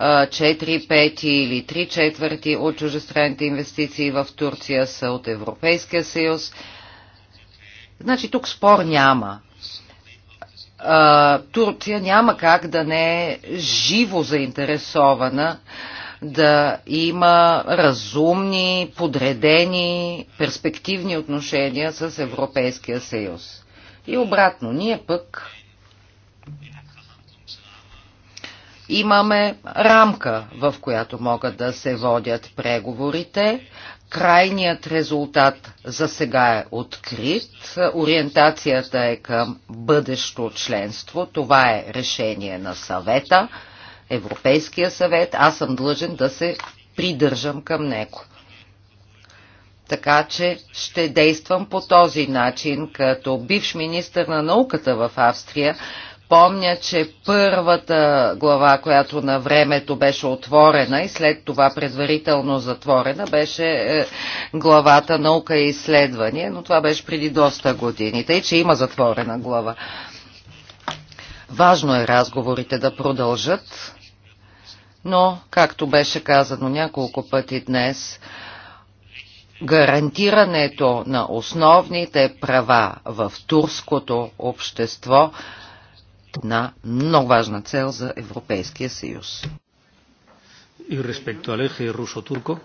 4 пети или 3 четвърти от чужестранните инвестиции в Турция са от Европейския съюз. Значи тук спор няма. Турция няма как да не е живо заинтересована да има разумни, подредени, перспективни отношения с Европейския съюз. И обратно, ние пък имаме рамка, в която могат да се водят преговорите. Крайният резултат за сега е открит. Ориентацията е към бъдещо членство. Това е решение на съвета. Европейския съвет, аз съм длъжен да се придържам към него. Така че ще действам по този начин, като бивш министр на науката в Австрия, Помня, че първата глава, която на времето беше отворена и след това предварително затворена, беше е, главата наука и изследвания, но това беше преди доста години, тъй че има затворена глава. Важно е разговорите да продължат, но, както беше казано няколко пъти днес, гарантирането на основните права в турското общество на много важна цел за Европейския съюз. И респекто Алехе и Русо Турко?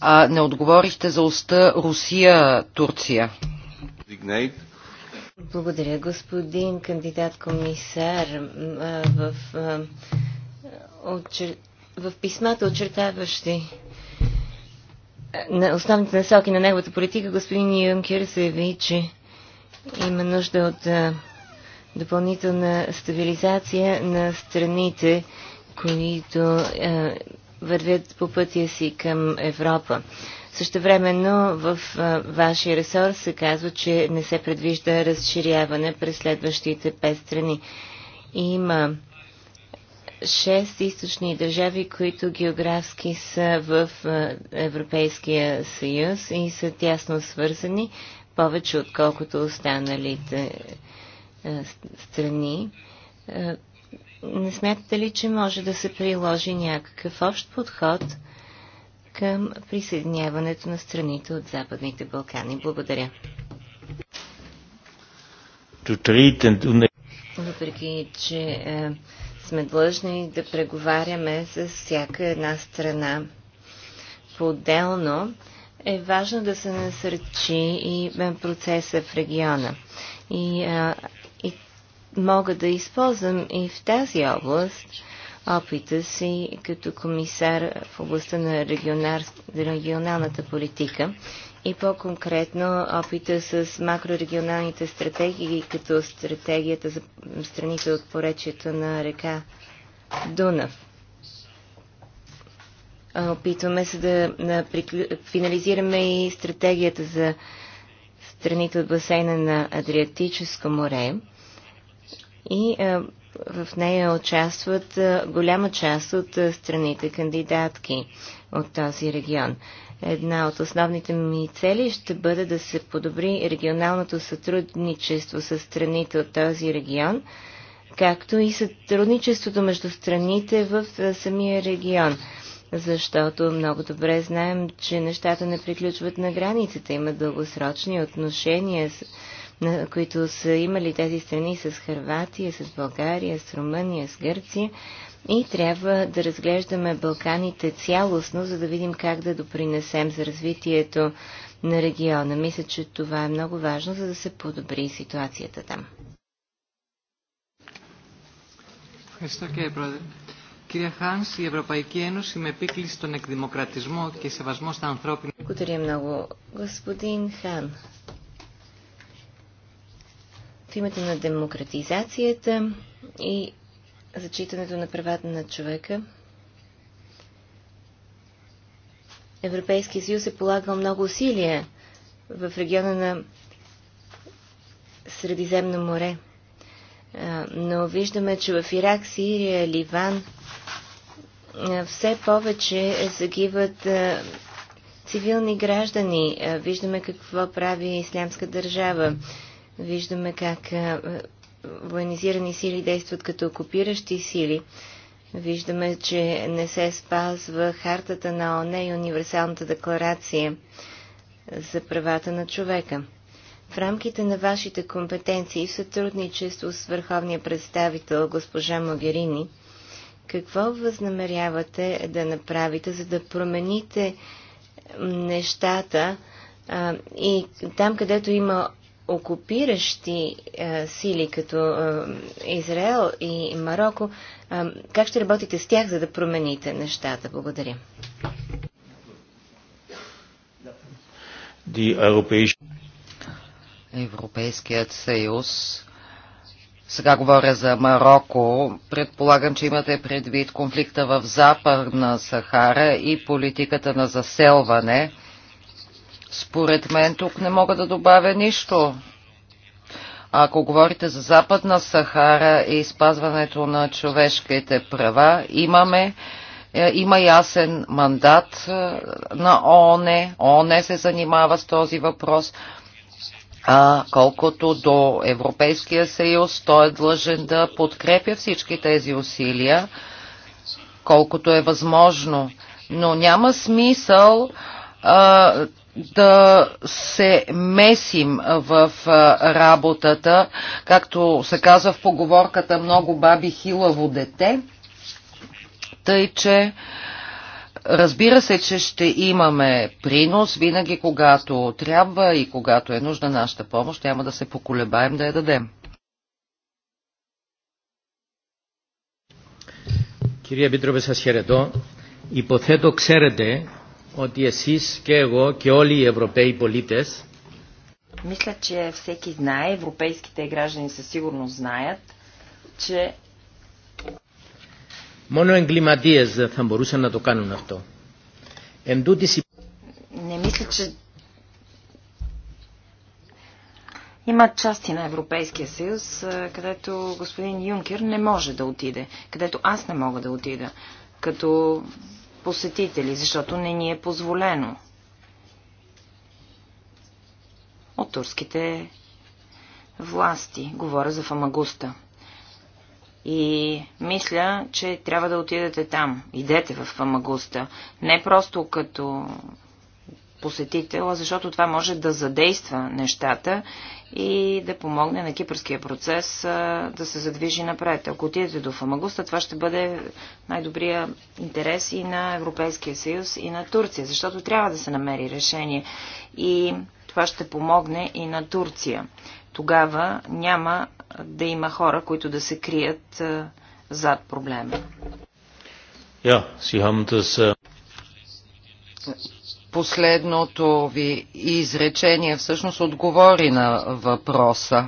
А не отговорихте за уста Русия-Турция. Благодаря, господин кандидат комисар. В, в, в писмата, очертаващи на основните насоки на неговата политика, господин Юнкер заяви, че има нужда от допълнителна стабилизация на страните, които вървят по пътя си към Европа. Същевременно в вашия ресор се казва, че не се предвижда разширяване през следващите пет страни. Има шест източни държави, които географски са в Европейския съюз и са тясно свързани, повече отколкото останалите страни. Не смятате ли, че може да се приложи някакъв общ подход – към присъединяването на страните от Западните Балкани. Благодаря. Въпреки, че е, сме длъжни да преговаряме с всяка една страна по-отделно, е важно да се насърчи и е, процеса в региона. И, а, е, и мога да използвам и в тази област опита си като комисар в областта на регионар... регионалната политика и по-конкретно опита с макрорегионалните стратегии, като стратегията за страните от поречието на река Дунав. Опитваме се да, приклю... финализираме и стратегията за страните от басейна на Адриатическо море. И в нея участват голяма част от страните кандидатки от този регион. Една от основните ми цели ще бъде да се подобри регионалното сътрудничество с страните от този регион, както и сътрудничеството между страните в самия регион. Защото много добре знаем, че нещата не приключват на границата. Има дългосрочни отношения с на които са имали тези страни с Харватия, с България, с Румъния, с Гърция. И трябва да разглеждаме Балканите цялостно, за да видим как да допринесем за развитието на региона. Мисля, че това е много важно, за да се подобри ситуацията там. Благодаря много, господин Хан в името на демократизацията и зачитането на правата на човека. Европейския съюз е полагал много усилия в региона на Средиземно море. Но виждаме, че в Ирак, Сирия, Ливан все повече загиват цивилни граждани. Виждаме какво прави Ислямска държава. Виждаме как военизирани сили действат като окупиращи сили. Виждаме, че не се спазва хартата на ОНЕ и Универсалната декларация за правата на човека. В рамките на вашите компетенции и сътрудничество с върховния представител госпожа Могерини, какво възнамерявате да направите, за да промените нещата а, и там, където има окупиращи а, е, сили като а, е, Израел и Марокко, а, е, как ще работите с тях, за да промените нещата? Благодаря. Европейският съюз сега говоря за Марокко. Предполагам, че имате предвид конфликта в Западна Сахара и политиката на заселване според мен тук не мога да добавя нищо. Ако говорите за Западна Сахара и спазването на човешките права, имаме е, има ясен мандат е, на ООН. ООН се занимава с този въпрос. А колкото до Европейския съюз, той е длъжен да подкрепя всички тези усилия, колкото е възможно. Но няма смисъл а, да се месим в работата, както се казва в поговорката много баби хилаво дете, тъй че Разбира се, че ще имаме принос винаги, когато трябва и когато е нужна нашата помощ, няма да се поколебаем да я дадем. Кирия Επίτροπε, σας χαιρετώ. Υποθέτω ξέρετε ότι εσείς και εγώ και όλοι οι Ευρωπαίοι πολίτες Мисля, че всеки знае, европейските граждани със сигурност знаят, че Μόνο εγκληματίες δεν θα μπορούσαν να το κάνουν αυτό. Εν τούτης... Не мисля, че има части на Европейския съюз, където господин Юнкер не може да отиде, където аз не мога да отида, като посетители, защото не ни е позволено от турските власти. Говоря за Фамагуста. И мисля, че трябва да отидете там. Идете в Фамагуста. Не просто като посетител, защото това може да задейства нещата и да помогне на кипърския процес да се задвижи напред. Ако отидете до Фамагуста, това ще бъде най-добрия интерес и на Европейския съюз, и на Турция, защото трябва да се намери решение. И това ще помогне и на Турция. Тогава няма да има хора, които да се крият зад проблема. Ja, Sie haben das последното ви изречение всъщност отговори на въпроса.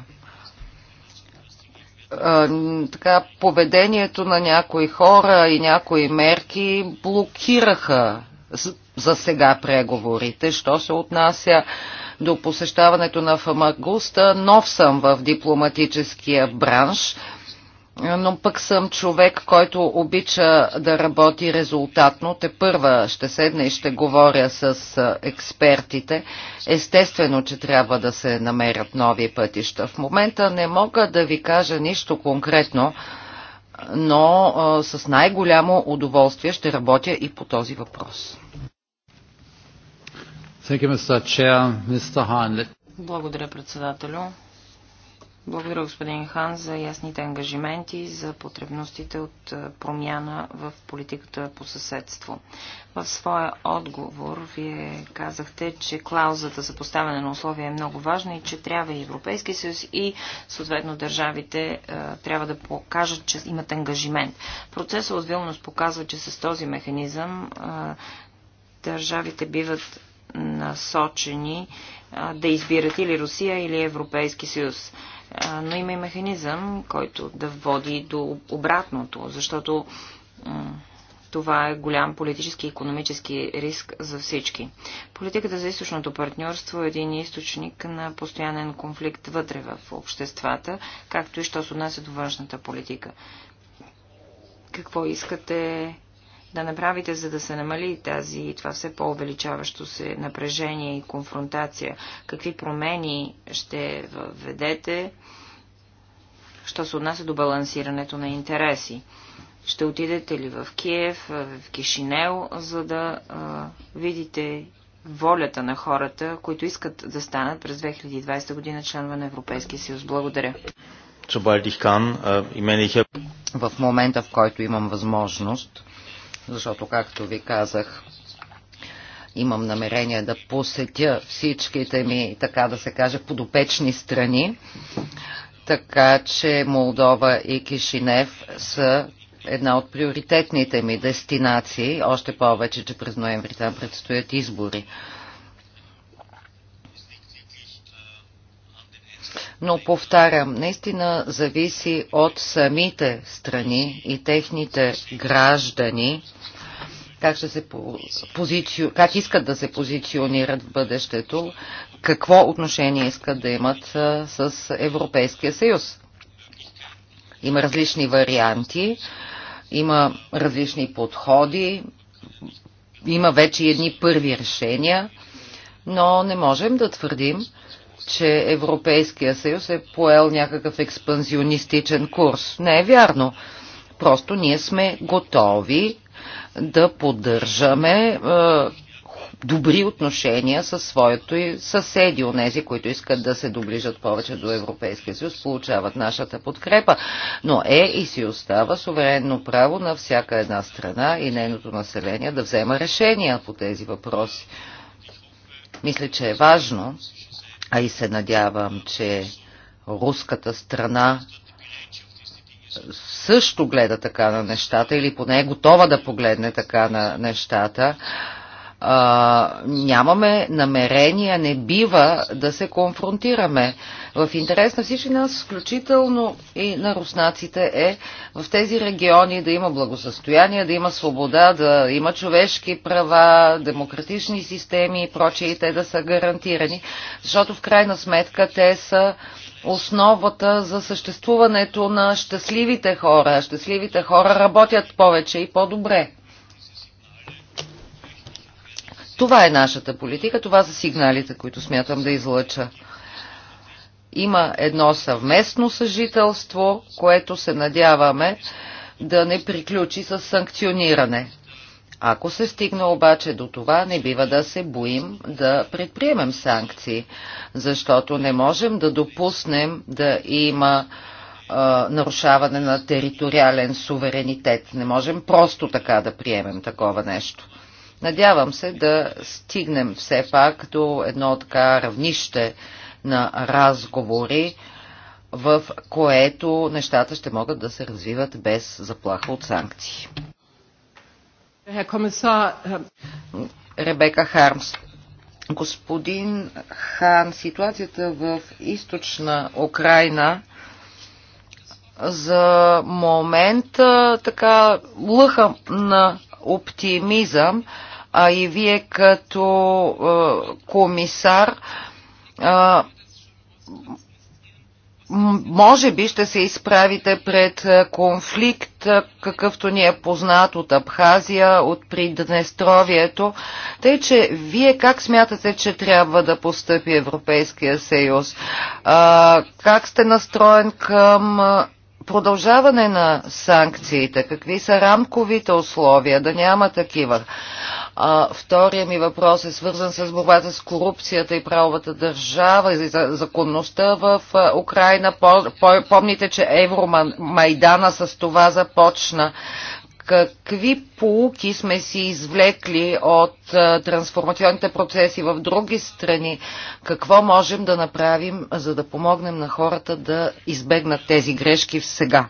Така, поведението на някои хора и някои мерки блокираха за сега преговорите. Що се отнася до посещаването на Фамагуста, нов съм в дипломатическия бранш – но пък съм човек, който обича да работи резултатно. Те първа ще седна и ще говоря с експертите. Естествено, че трябва да се намерят нови пътища. В момента не мога да ви кажа нищо конкретно, но а, с най-голямо удоволствие ще работя и по този въпрос. Благодаря, председателю. Благодаря, господин Хан, за ясните ангажименти, за потребностите от промяна в политиката по съседство. В своя отговор вие казахте, че клаузата за поставяне на условия е много важна и че трябва и Европейски съюз и съответно държавите трябва да покажат, че имат ангажимент. Процесът от Вилнус показва, че с този механизъм държавите биват насочени да избират или Русия, или Европейски съюз но има и механизъм, който да води до обратното, защото това е голям политически и економически риск за всички. Политиката за източното партньорство е един източник на постоянен конфликт вътре в обществата, както и що се отнася до външната политика. Какво искате да направите, за да се намали тази, и това все по-увеличаващо се напрежение и конфронтация? Какви промени ще введете, що се отнася до балансирането на интереси? Ще отидете ли в Киев, в Кишинел, за да а, видите волята на хората, които искат да станат през 2020 година членове на Европейския съюз? Благодаря. Äh, в момента, в който имам възможност, защото, както ви казах, имам намерение да посетя всичките ми, така да се каже, подопечни страни. Така че Молдова и Кишинев са една от приоритетните ми дестинации, още повече, че през ноември там предстоят избори. но повтарям, наистина зависи от самите страни и техните граждани, как, ще се позицио... как искат да се позиционират в бъдещето, какво отношение искат да имат с Европейския съюз. Има различни варианти, има различни подходи, има вече едни първи решения, но не можем да твърдим, че Европейския съюз е поел някакъв експанзионистичен курс. Не е вярно. Просто ние сме готови да поддържаме е, добри отношения със своето и съседи, онези, които искат да се доближат повече до Европейския съюз, получават нашата подкрепа, но е и си остава суверенно право на всяка една страна и нейното население да взема решения по тези въпроси. Мисля, че е важно а и се надявам, че руската страна също гледа така на нещата или поне е готова да погледне така на нещата а, нямаме намерения, не бива да се конфронтираме. В интерес на всички нас, включително и на руснаците, е в тези региони да има благосъстояние, да има свобода, да има човешки права, демократични системи и прочие, и те да са гарантирани, защото в крайна сметка те са основата за съществуването на щастливите хора. Щастливите хора работят повече и по-добре. Това е нашата политика, това са сигналите, които смятам да излъча. Има едно съвместно съжителство, което се надяваме да не приключи с санкциониране. Ако се стигне обаче до това, не бива да се боим да предприемем санкции, защото не можем да допуснем да има а, нарушаване на териториален суверенитет. Не можем просто така да приемем такова нещо. Надявам се да стигнем все пак до едно така равнище на разговори, в което нещата ще могат да се развиват без заплаха от санкции. Ребека Хармс. Господин Хан, ситуацията в източна Украина за момента така лъха на оптимизъм, а и вие като комисар може би ще се изправите пред конфликт, какъвто ни е познат от Абхазия, от Приднестровието. Тъй, че вие как смятате, че трябва да постъпи Европейския съюз? как сте настроен към продължаване на санкциите, какви са рамковите условия, да няма такива. А, втория ми въпрос е свързан с борбата с корупцията и правовата държава и законността в Украина. Помните, че Евромайдана с това започна. Какви полуки сме си извлекли от трансформационните процеси в други страни? Какво можем да направим, за да помогнем на хората да избегнат тези грешки в сега?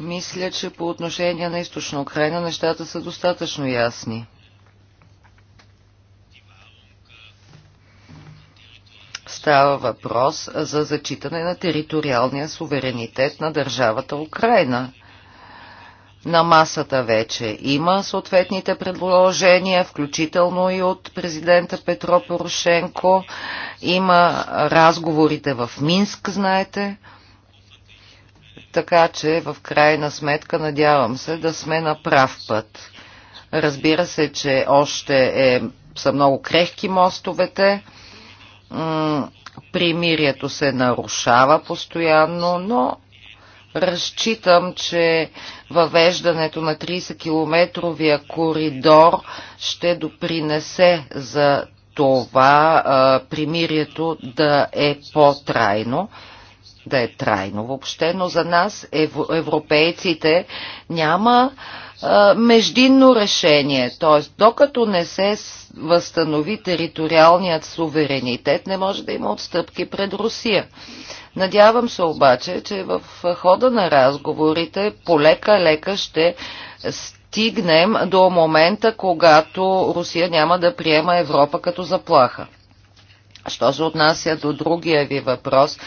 Мисля, че по отношение на източна Украина нещата са достатъчно ясни. Става въпрос за зачитане на териториалния суверенитет на държавата Украина. На масата вече има съответните предложения, включително и от президента Петро Порошенко. Има разговорите в Минск, знаете. Така че в крайна сметка надявам се да сме на прав път. Разбира се, че още е, са много крехки мостовете примирието се нарушава постоянно, но разчитам, че въвеждането на 30-километровия коридор ще допринесе за това примирието да е по-трайно, да е трайно въобще, но за нас, европейците, няма междинно решение, т.е. докато не се възстанови териториалният суверенитет, не може да има отстъпки пред Русия. Надявам се обаче, че в хода на разговорите полека-лека ще стигнем до момента, когато Русия няма да приема Европа като заплаха. Що се отнася до другия ви въпрос,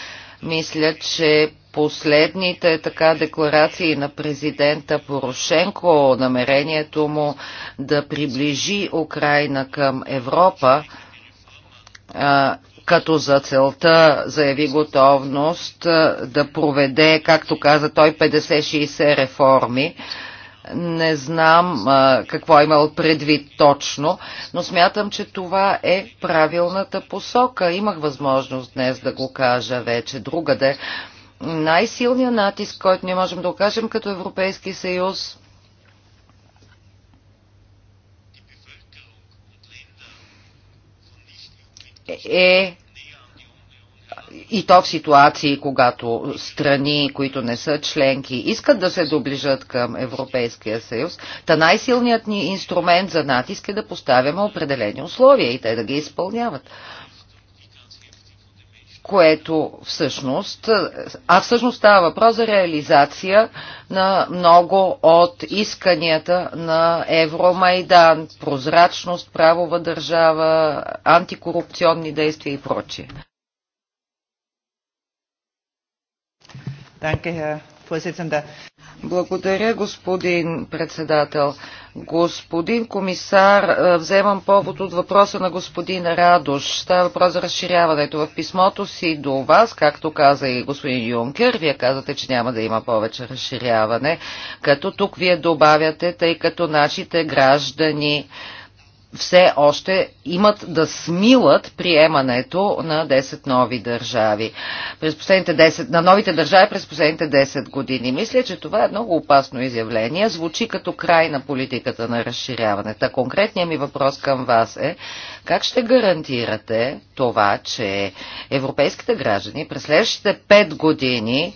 мисля, че последните така декларации на президента Порошенко, намерението му да приближи Украина към Европа, а, като за целта заяви готовност а, да проведе, както каза той, 50-60 реформи. Не знам а, какво е имал предвид точно, но смятам, че това е правилната посока. Имах възможност днес да го кажа вече другаде. Да най-силният натиск, който ние можем да окажем като Европейски съюз е и то в ситуации, когато страни, които не са членки, искат да се доближат към Европейския съюз, та най-силният ни инструмент за натиск е да поставяме определени условия и те да ги изпълняват което всъщност, а всъщност става въпрос за реализация на много от исканията на Евромайдан, прозрачност, правова държава, антикорупционни действия и прочие. Danke, Herr благодаря, господин председател. Господин комисар, е, вземам повод от въпроса на господин Радош. Става въпрос за разширяването. В писмото си до вас, както каза и господин Юнкер, вие казвате, че няма да има повече разширяване, като тук вие добавяте, тъй като нашите граждани все още имат да смилат приемането на 10 нови държави. През 10, на новите държави през последните 10 години. Мисля, че това е много опасно изявление. Звучи като край на политиката на разширяването. Конкретният ми въпрос към вас е как ще гарантирате това, че европейските граждани през следващите 5 години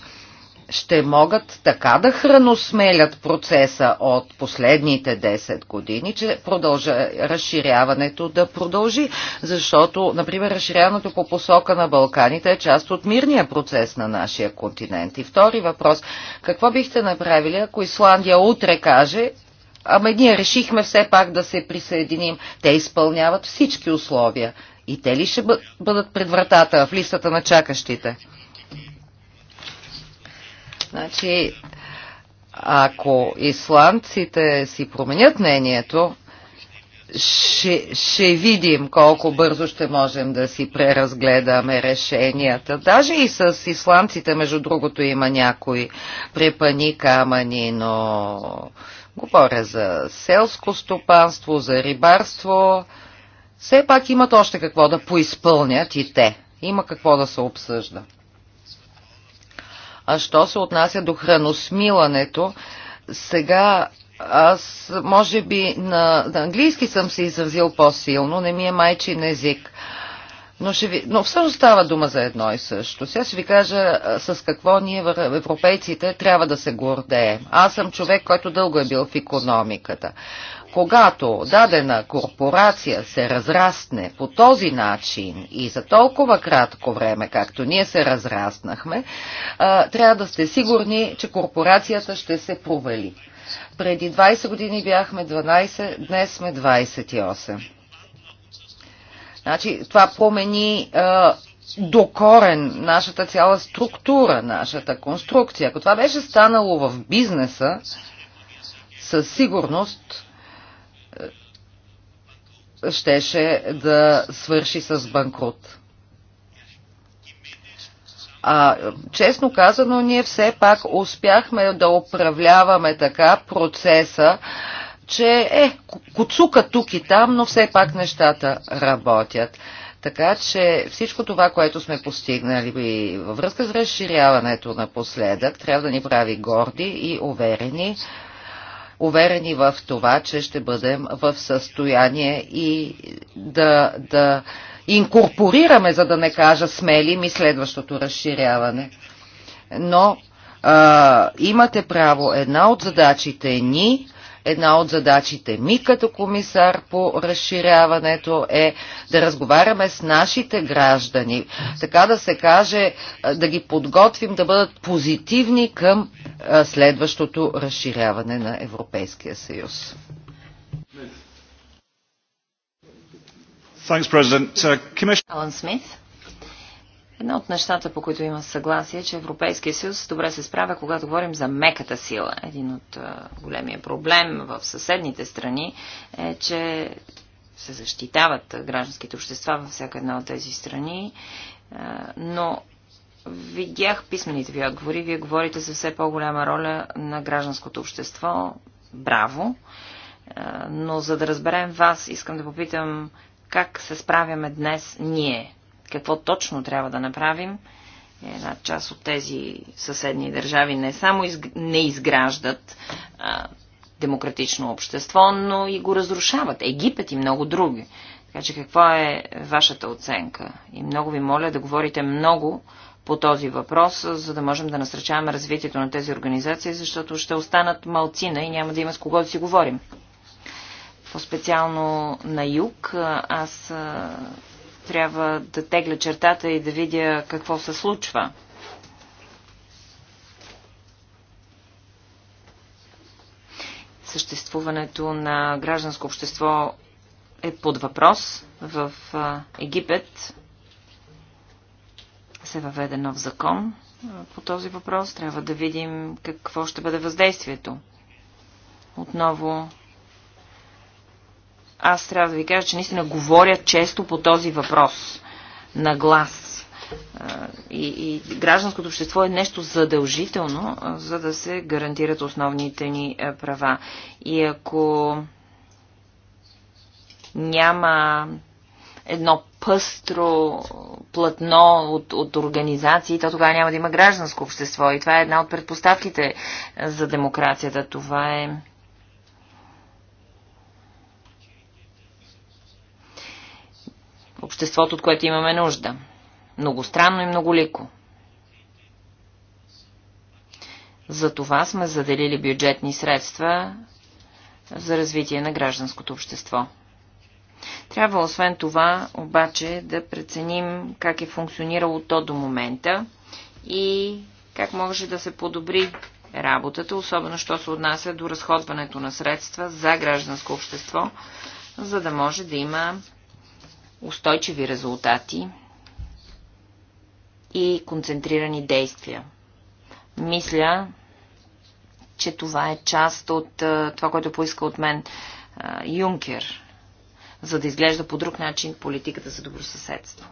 ще могат така да храносмелят процеса от последните 10 години, че продължа, разширяването да продължи. Защото, например, разширяването по посока на Балканите е част от мирния процес на нашия континент. И втори въпрос. Какво бихте направили, ако Исландия утре каже, ама ние решихме все пак да се присъединим. Те изпълняват всички условия. И те ли ще бъдат пред вратата в листата на чакащите? Значи, ако исландците си променят мнението, ще, ще видим колко бързо ще можем да си преразгледаме решенията. Даже и с исландците, между другото, има някои препани камъни, но говоря за селско стопанство, за рибарство. Все пак имат още какво да поизпълнят и те. Има какво да се обсъжда. А що се отнася до храносмилането, сега аз може би на, на английски съм се изразил по-силно, не ми е майчин език. Но, ще ви, но всъщност става дума за едно и също. Сега ще ви кажа с какво ние, европейците, трябва да се гордеем. Аз съм човек, който дълго е бил в економиката. Когато дадена корпорация се разрастне по този начин и за толкова кратко време, както ние се разраснахме, трябва да сте сигурни, че корпорацията ще се провали. Преди 20 години бяхме 12, днес сме 28. Значи, това промени до корен нашата цяла структура, нашата конструкция. Ако това беше станало в бизнеса, със сигурност щеше да свърши с банкрут. А, честно казано, ние все пак успяхме да управляваме така процеса, че е, куцука тук и там, но все пак нещата работят. Така че всичко това, което сме постигнали във връзка с разширяването напоследък, трябва да ни прави горди и уверени, уверени в това, че ще бъдем в състояние и да, да инкорпорираме, за да не кажа смели ми следващото разширяване. Но а, имате право, една от задачите ни Една от задачите ми като комисар по разширяването е да разговаряме с нашите граждани, така да се каже, да ги подготвим да бъдат позитивни към следващото разширяване на Европейския съюз. Thanks, President. Uh, Commissioner Alan Smith. Една от нещата, по които има съгласие, е, че Европейския съюз добре се справя, когато говорим за меката сила. Един от големия проблем в съседните страни е, че се защитават гражданските общества във всяка една от тези страни, но видях писмените ви отговори. Вие говорите за все по-голяма роля на гражданското общество. Браво! Но за да разберем вас, искам да попитам как се справяме днес ние, какво точно трябва да направим. Е, една част от тези съседни държави не само изг... не изграждат а, демократично общество, но и го разрушават. Египет и много други. Така че каква е вашата оценка? И много ви моля да говорите много по този въпрос, за да можем да насръчаваме развитието на тези организации, защото ще останат малцина и няма да има с кого да си говорим. По-специално на юг аз трябва да тегля чертата и да видя какво се случва. Съществуването на гражданско общество е под въпрос. В Египет се въведе нов закон по този въпрос. Трябва да видим какво ще бъде въздействието. Отново аз трябва да ви кажа, че наистина говоря често по този въпрос на глас. И, и гражданското общество е нещо задължително, за да се гарантират основните ни права. И ако няма едно пъстро платно от, от организации, то тогава няма да има гражданско общество. И това е една от предпоставките за демокрацията. Това е обществото, от което имаме нужда. Многостранно и многолико. За това сме заделили бюджетни средства за развитие на гражданското общество. Трябва освен това обаче да преценим как е функционирало то до момента и как може да се подобри работата, особено що се отнася до разходването на средства за гражданско общество, за да може да има устойчиви резултати и концентрирани действия. Мисля, че това е част от това, което поиска от мен Юнкер, за да изглежда по друг начин политиката за добросъседство.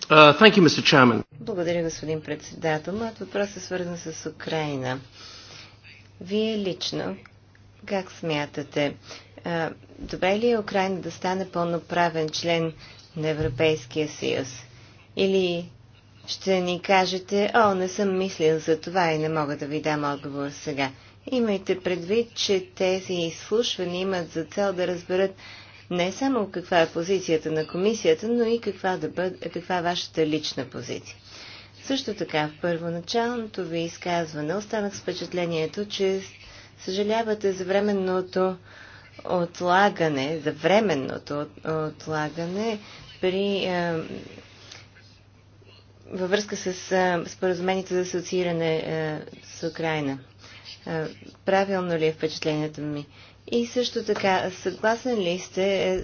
Uh, thank you, Mr. Chairman. Благодаря, господин председател. Моят въпрос е свързан с Украина. Вие лично как смятате добре ли е Украина да стане пълноправен член на Европейския съюз? Или ще ни кажете, о, не съм мислил за това и не мога да ви дам отговор сега. Имайте предвид, че тези изслушвания имат за цел да разберат не само каква е позицията на комисията, но и каква, да бъде, каква е вашата лична позиция. Също така, в първоначалното ви изказване останах с впечатлението, че съжалявате за временното отлагане, за временното отлагане при е, във връзка с споразумените споразумението за асоцииране е, с Украина. Е, правилно ли е впечатлението ми? И също така, съгласен ли сте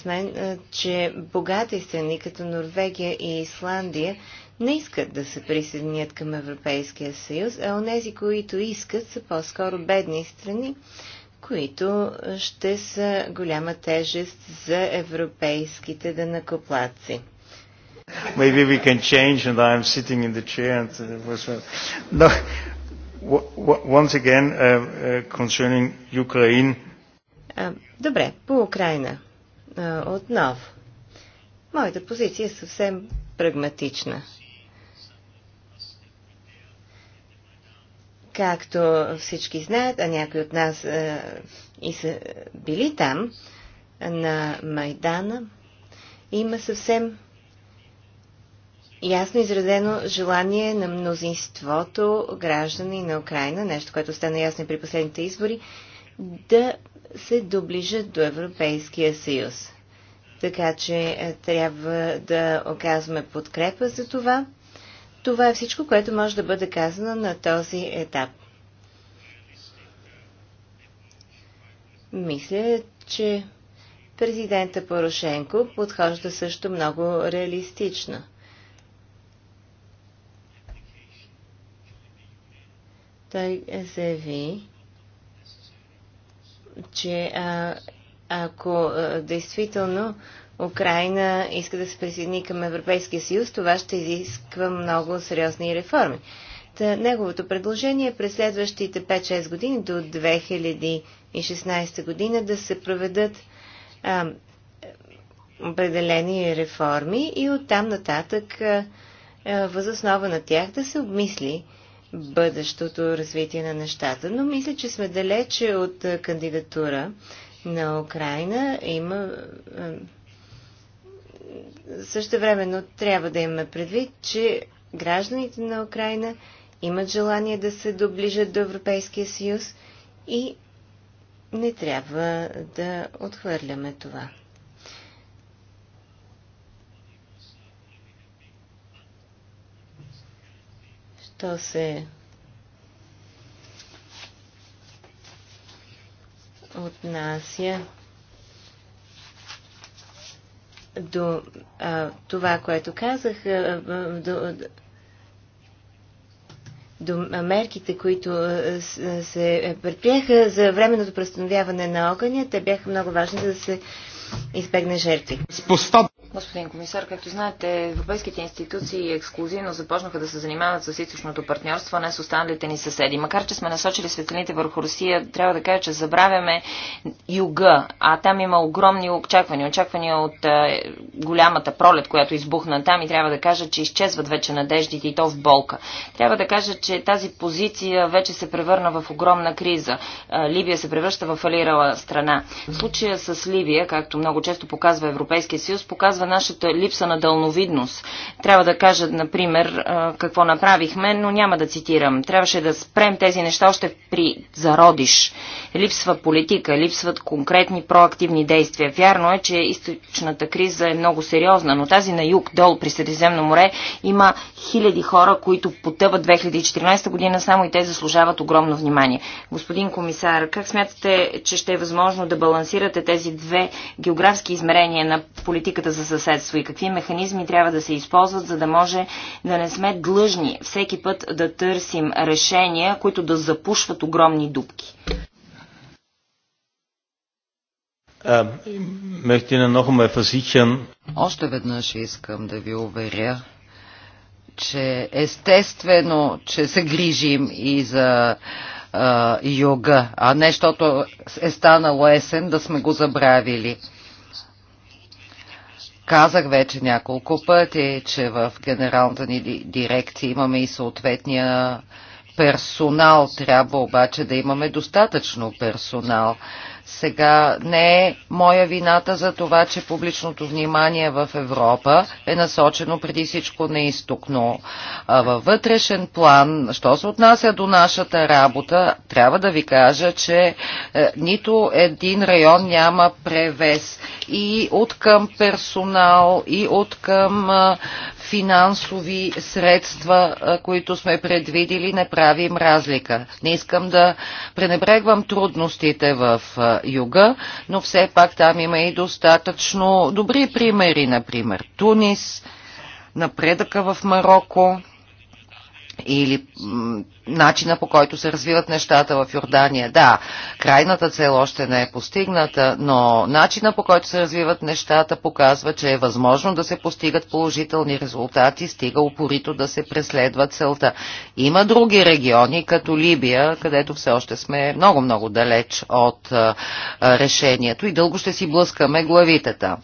с мен, че богати страни като Норвегия и Исландия не искат да се присъединят към Европейския съюз, а онези, които искат, са по-скоро бедни страни, които ще са голяма тежест за европейските данакоплаци. Maybe we can change and I'm sitting in the chair and it uh, was uh, no once again uh, uh, concerning Ukraine. Добре, по Украина. Отново. Моята позиция е съвсем прагматична. Както всички знаят, а някои от нас е, и са били там, на Майдана, има съвсем ясно изразено желание на мнозинството граждани на Украина, нещо, което стана ясно и при последните избори, да се доближат до Европейския съюз. Така че е, трябва да оказваме подкрепа за това това е всичко, което може да бъде казано на този етап. Мисля, че президента Порошенко подхожда също много реалистично. Той заяви, че а, ако а, действително Украина иска да се присъедини към Европейския съюз, това ще изисква много сериозни реформи. Та, неговото предложение е през следващите 5-6 години до 2016 година да се проведат а, определени реформи и оттам нататък възоснова на тях да се обмисли бъдещото развитие на нещата. Но мисля, че сме далече от кандидатура на Украина. Има също времено трябва да имаме предвид, че гражданите на Украина имат желание да се доближат до Европейския съюз и не трябва да отхвърляме това. Що се отнася до а, това, което казах, а, до, до мерките, които се предприеха за временното престановяване на огъня, те бяха много важни, за да се избегне жертви. Господин комисар, както знаете, европейските институции ексклюзивно започнаха да се занимават с източното партньорство, не с останалите ни съседи. Макар, че сме насочили светлините върху Русия, трябва да кажа, че забравяме юга, а там има огромни очаквания. Очаквания от а, е, голямата пролет, която избухна там и трябва да кажа, че изчезват вече надеждите и то в болка. Трябва да кажа, че тази позиция вече се превърна в огромна криза. А, е, Либия се превръща в фалирала страна. В случая с Ливия, както много често показва Европейския съюз, показва за нашата липса на дълновидност. Трябва да кажа, например, какво направихме, но няма да цитирам. Трябваше да спрем тези неща още при зародиш. Липсва политика, липсват конкретни проактивни действия. Вярно е, че източната криза е много сериозна, но тази на юг, долу при Средиземно море, има хиляди хора, които потъват 2014 година, само и те заслужават огромно внимание. Господин комисар, как смятате, че ще е възможно да балансирате тези две географски измерения на политиката за съседство и какви механизми трябва да се използват, за да може да не сме длъжни всеки път да търсим решения, които да запушват огромни дубки. Е, Още веднъж искам да ви уверя, че естествено, че се грижим и за а, е, юга, а не защото е станало есен да сме го забравили. Казах вече няколко пъти, че в генералната ни дирекция имаме и съответния персонал. Трябва обаче да имаме достатъчно персонал. Сега не е моя вината за това, че публичното внимание в Европа е насочено преди всичко на изток, но във вътрешен план, що се отнася до нашата работа, трябва да ви кажа, че е, нито един район няма превес и от към персонал, и от към финансови средства, които сме предвидили, не правим разлика. Не искам да пренебрегвам трудностите в юга, но все пак там има и достатъчно добри примери, например Тунис, напредъка в Марокко или начина по който се развиват нещата в Йордания. Да, крайната цел още не е постигната, но начина по който се развиват нещата показва, че е възможно да се постигат положителни резултати, стига упорито да се преследва целта. Има други региони, като Либия, където все още сме много-много далеч от решението и дълго ще си блъскаме главите там.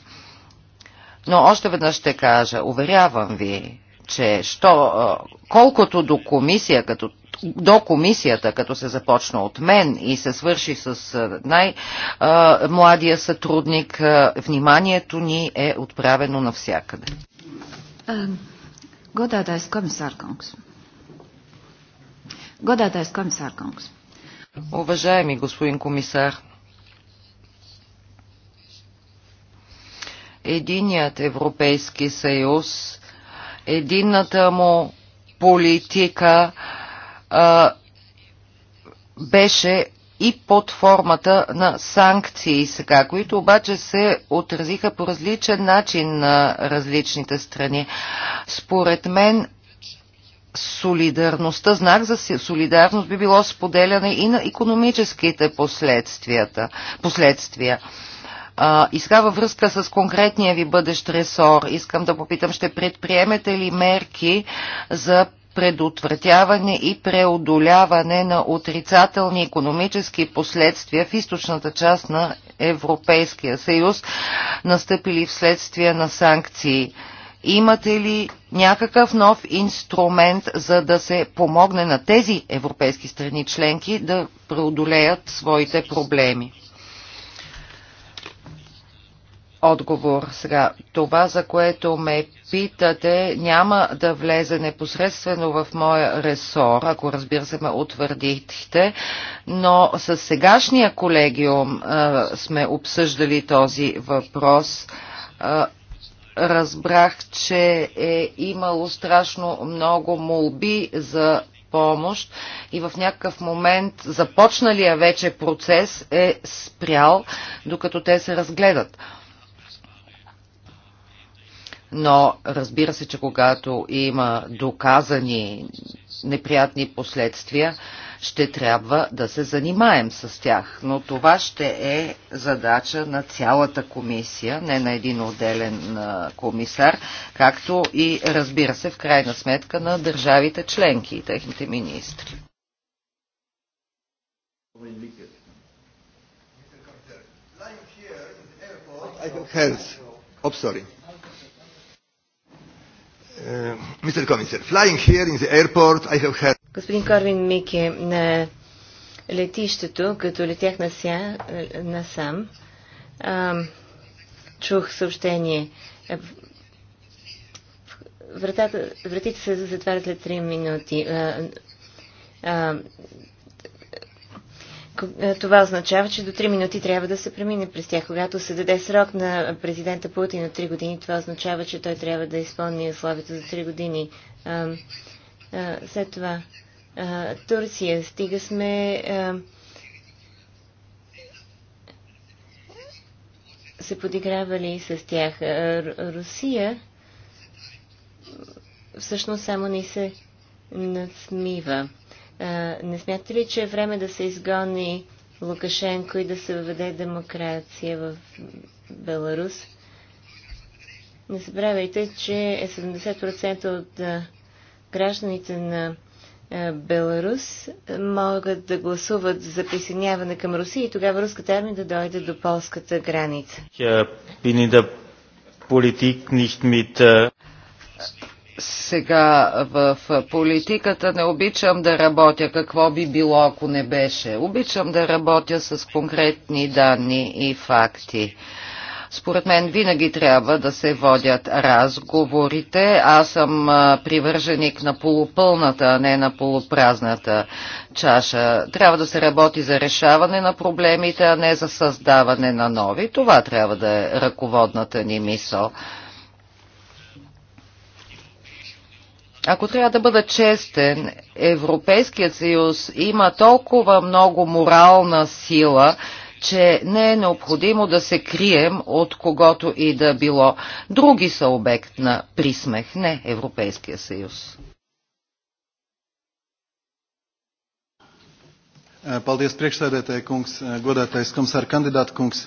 Но още веднъж ще кажа, уверявам ви, че що Колкото до комисия, като до комисията, като се започна от мен и се свърши с най-младия сътрудник, вниманието ни е отправено навсякъде. Е е Уважаеми господин комисар, единият Европейски съюз, единната му политика а, беше и под формата на санкции сега, които обаче се отразиха по различен начин на различните страни. Според мен солидарността, знак за солидарност би било споделяне и на економическите последствията, последствия. А, и сега във връзка с конкретния ви бъдещ ресор, искам да попитам, ще предприемете ли мерки за предотвратяване и преодоляване на отрицателни економически последствия в източната част на Европейския съюз, настъпили вследствие на санкции. Имате ли някакъв нов инструмент, за да се помогне на тези европейски страни членки да преодолеят своите проблеми? отговор. Сега, това, за което ме питате, няма да влезе непосредствено в моя ресор, ако разбира се ме утвърдихте, но с сегашния колегиум а, сме обсъждали този въпрос. А, разбрах, че е имало страшно много молби за помощ и в някакъв момент започналия вече процес е спрял, докато те се разгледат. Но разбира се, че когато има доказани неприятни последствия, ще трябва да се занимаем с тях. Но това ще е задача на цялата комисия, не на един отделен комисар, както и, разбира се, в крайна сметка на държавите членки и техните министри. I have hands. Oh, sorry. Mr. Uh, Commissioner, flying here in the airport, I have had... Господин Корвин Мики, е на летището, като летях на ся, насам, а, чух съобщение. Е, вратата, вратите се затварят след 3 минути. А, а, е, това означава, че до 3 минути трябва да се премине през тях. Когато се даде срок на президента Путин от 3 години, това означава, че той трябва да изпълни условията за 3 години. А, а, след това а, Турция. Стига сме. А, се подигравали с тях. Русия всъщност само ни се надсмива. Е, не смятате ли, че е време да се изгони Лукашенко и да се въведе демокрация в Беларус? Не забравяйте, че 70% е от е, гражданите на Беларус могат да гласуват за присъединяване към Русия и тогава руската армия да дойде до полската граница. Политик, сега в политиката не обичам да работя какво би било, ако не беше. Обичам да работя с конкретни данни и факти. Според мен винаги трябва да се водят разговорите. Аз съм привърженик на полупълната, а не на полупразната чаша. Трябва да се работи за решаване на проблемите, а не за създаване на нови. Това трябва да е ръководната ни мисъл. Ако трябва да бъда честен, Европейският съюз има толкова много морална сила, че не е необходимо да се крием от когото и да било. Други са обект на присмех, не Европейския съюз. Paldies, priekšsēdētāji kungs, godātais komisāra kandidāta kungs.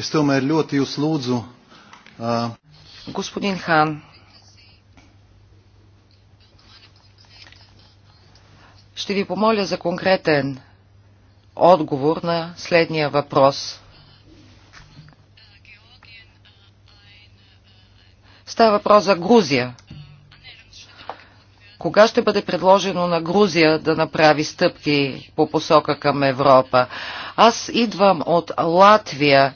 Es tomēr ļoti jūs lūdzu. Господин Хан, Ще ви помоля за конкретен отговор на следния въпрос. Става въпрос за Грузия. Кога ще бъде предложено на Грузия да направи стъпки по посока към Европа? Аз идвам от Латвия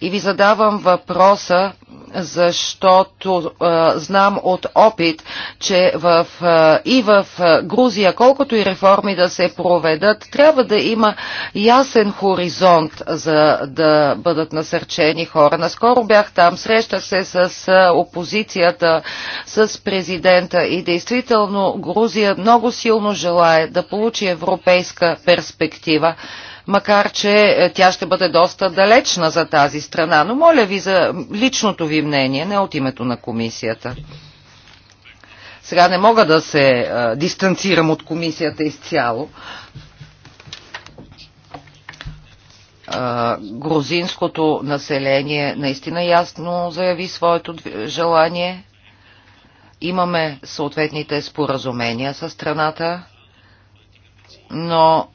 и ви задавам въпроса, защото а, знам от опит, че в, а, и в Грузия, колкото и реформи да се проведат, трябва да има ясен хоризонт за да бъдат насърчени хора. Наскоро бях там, срещах се с опозицията, с президента и действително Грузия много силно желая да получи европейска перспектива макар че е, тя ще бъде доста далечна за тази страна. Но моля ви за личното ви мнение, не от името на комисията. Сега не мога да се е, дистанцирам от комисията изцяло. Е, грузинското население наистина ясно заяви своето желание. Имаме съответните споразумения с страната, но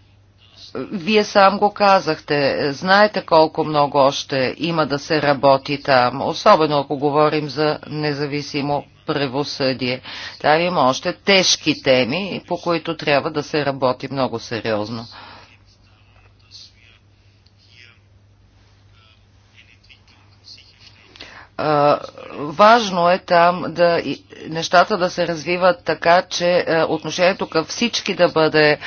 вие сам го казахте, знаете колко много още има да се работи там, особено ако говорим за независимо правосъдие. Там има още тежки теми, по които трябва да се работи много сериозно. важно е там да, нещата да се развиват така, че е, отношението към всички да бъде е,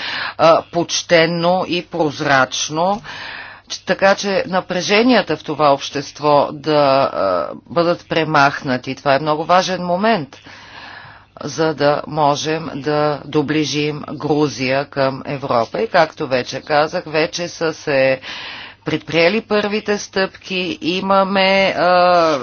почтенно и прозрачно, така че напреженията в това общество да е, бъдат премахнати. Това е много важен момент за да можем да доближим Грузия към Европа. И както вече казах, вече са се предприели първите стъпки, имаме а,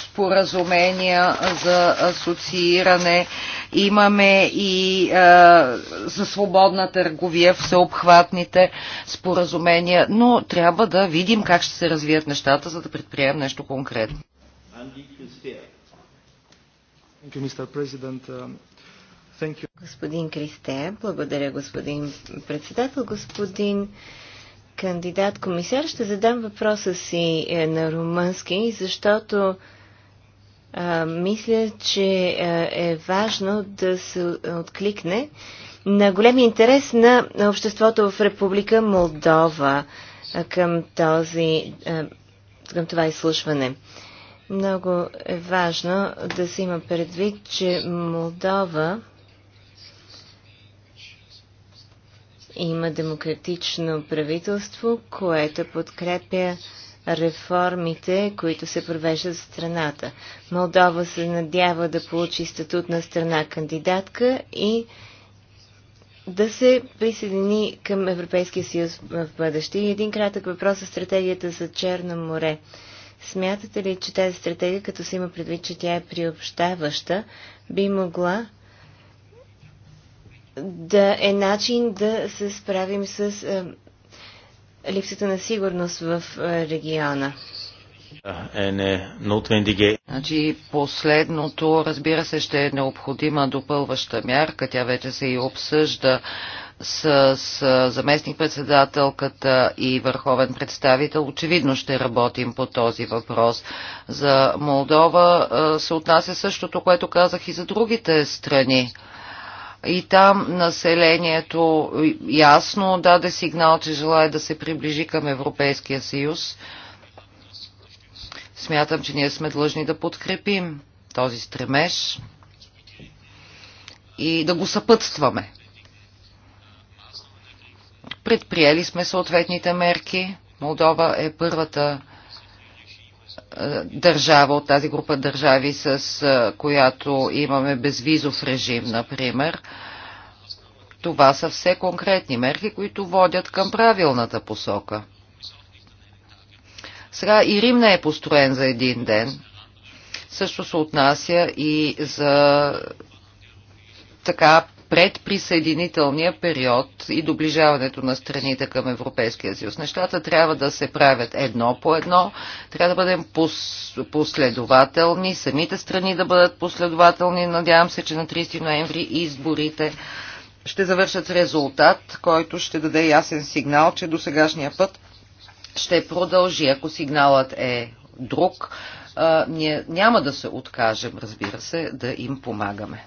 споразумения за асоцииране, имаме и а, за свободна търговия всеобхватните споразумения, но трябва да видим как ще се развият нещата, за да предприемем нещо конкретно. Um, господин Кристея, благодаря господин председател, господин кандидат-комисар, ще задам въпроса си е, на румънски, защото а, мисля, че е важно да се откликне на големи интерес на обществото в Република Молдова към, този, към това изслушване. Много е важно да се има предвид, че Молдова има демократично правителство, което подкрепя реформите, които се провеждат в страната. Молдова се надява да получи статут на страна кандидатка и да се присъедини към Европейския съюз в бъдеще. И един кратък въпрос за стратегията за Черно море. Смятате ли, че тази стратегия, като се има предвид, че тя е приобщаваща, би могла да е начин да се справим с е, липсата на сигурност в е, региона. Е, значи последното, разбира се, ще е необходима допълваща мярка. Тя вече се и обсъжда с, с е, заместник-председателката и върховен представител. Очевидно ще работим по този въпрос. За Молдова се отнася същото, което казах и за другите страни и там населението ясно даде сигнал, че желая да се приближи към Европейския съюз. Смятам, че ние сме длъжни да подкрепим този стремеж и да го съпътстваме. Предприели сме съответните мерки. Молдова е първата държава от тази група държави, с която имаме безвизов режим, например. Това са все конкретни мерки, които водят към правилната посока. Сега и Рим не е построен за един ден. Също се отнася и за така предприсъединителния период и доближаването на страните към Европейския съюз. Нещата трябва да се правят едно по едно, трябва да бъдем последователни, самите страни да бъдат последователни. Надявам се, че на 30 ноември изборите ще завършат резултат, който ще даде ясен сигнал, че до сегашния път ще продължи. Ако сигналът е друг, ние няма да се откажем, разбира се, да им помагаме.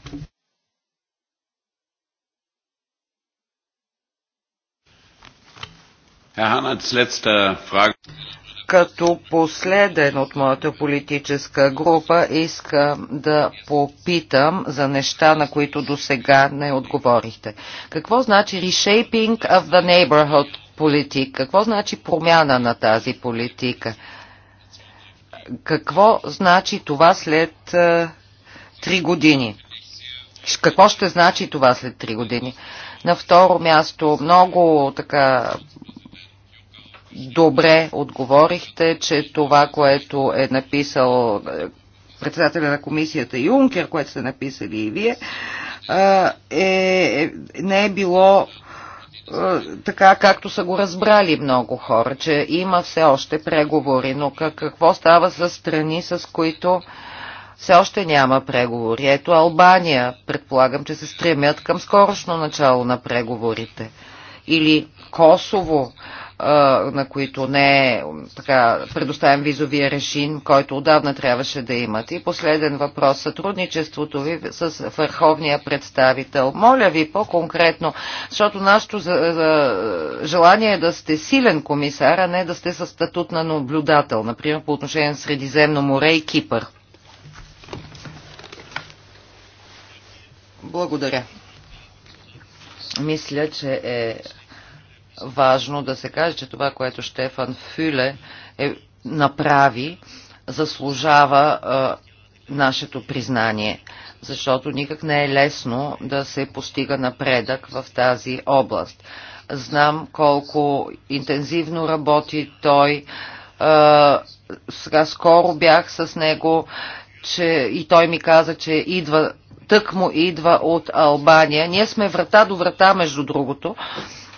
Като последен от моята политическа група искам да попитам за неща, на които до сега не отговорихте. Какво значи reshaping of the neighborhood politic? Какво значи промяна на тази политика? Какво значи това след е, три години? Какво ще значи това след три години? На второ място, много така добре отговорихте, че това, което е написал е, председателя на комисията Юнкер, което сте написали и вие, е, е, не е било е, така както са го разбрали много хора, че има все още преговори, но какво става с страни, с които все още няма преговори? Ето Албания, предполагам, че се стремят към скорошно начало на преговорите. Или Косово, на които не е така, предоставен визовия режим, който отдавна трябваше да имат. И последен въпрос. Сътрудничеството ви с върховния представител. Моля ви по-конкретно, защото нашето желание е да сте силен комисар, а не да сте със статут на наблюдател, например по отношение на Средиземно море и Кипър. Благодаря. Мисля, че е важно да се каже, че това, което Штефан Фюле е, направи, заслужава а, нашето признание, защото никак не е лесно да се постига напредък в тази област. Знам колко интензивно работи той. А, сега скоро бях с него че, и той ми каза, че идва, тък му идва от Албания. Ние сме врата до врата, между другото. А,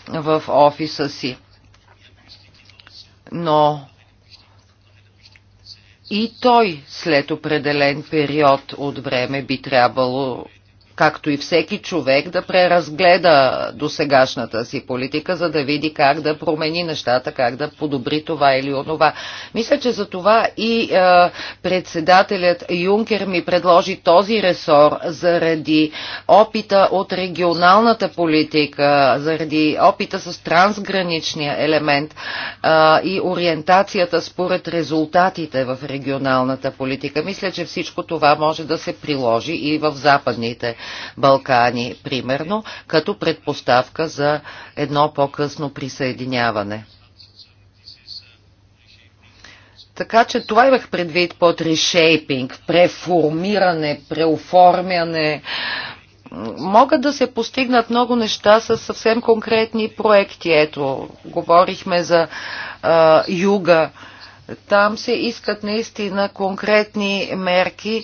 в офиса си. Но и той след определен период от време би трябвало както и всеки човек, да преразгледа досегашната си политика, за да види как да промени нещата, как да подобри това или онова. Мисля, че за това и е, председателят Юнкер ми предложи този ресор заради опита от регионалната политика, заради опита с трансграничния елемент е, и ориентацията според резултатите в регионалната политика. Мисля, че всичко това може да се приложи и в западните Балкани, примерно, като предпоставка за едно по-късно присъединяване. Така че това имах предвид под решейпинг, преформиране, преоформяне. Могат да се постигнат много неща с съвсем конкретни проекти. Ето, говорихме за а, юга. Там се искат наистина конкретни мерки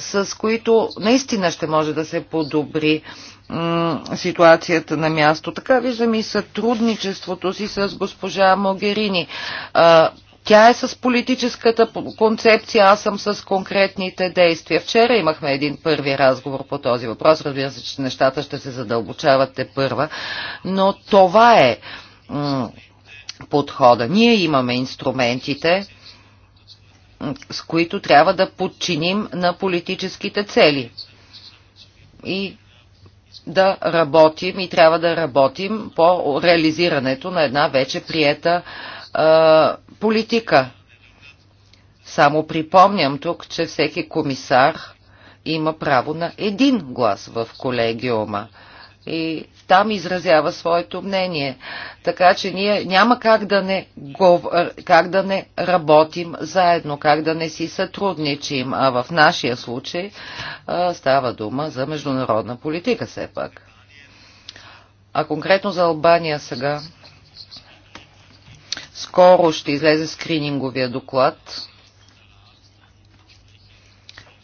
с които наистина ще може да се подобри ситуацията на място. Така виждам и сътрудничеството си с госпожа Могерини. Тя е с политическата концепция, аз съм с конкретните действия. Вчера имахме един първи разговор по този въпрос. Разбира се, че нещата ще се задълбочават те първа, но това е подхода. Ние имаме инструментите, с които трябва да подчиним на политическите цели. И да работим и трябва да работим по реализирането на една вече приета а, политика. Само припомням тук, че всеки комисар има право на един глас в колегиума. И там изразява своето мнение. Така че ние няма как да не, гов... как да не работим заедно, как да не си сътрудничим. А в нашия случай а, става дума за международна политика все пак. А конкретно за Албания сега. Скоро ще излезе скрининговия доклад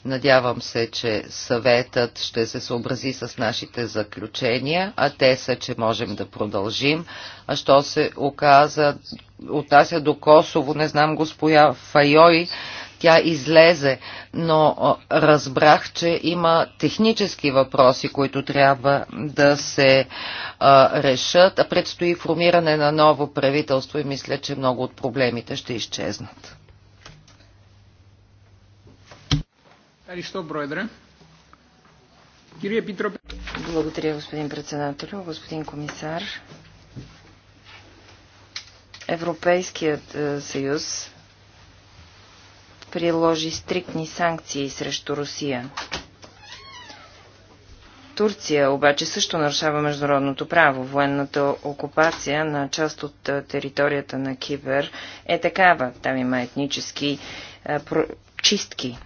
Надявам се, че съветът ще се съобрази с нашите заключения, а те са, че можем да продължим. А що се оказа, отнася до Косово, не знам госпоя Файой, тя излезе, но разбрах, че има технически въпроси, които трябва да се а, решат, а предстои формиране на ново правителство и мисля, че много от проблемите ще изчезнат. Благодаря, господин председател, господин комисар. Европейският е, съюз приложи стриктни санкции срещу Русия. Турция обаче също нарушава международното право. Военната окупация на част от е, територията на Кипър е такава. Там има етнически е, чистки.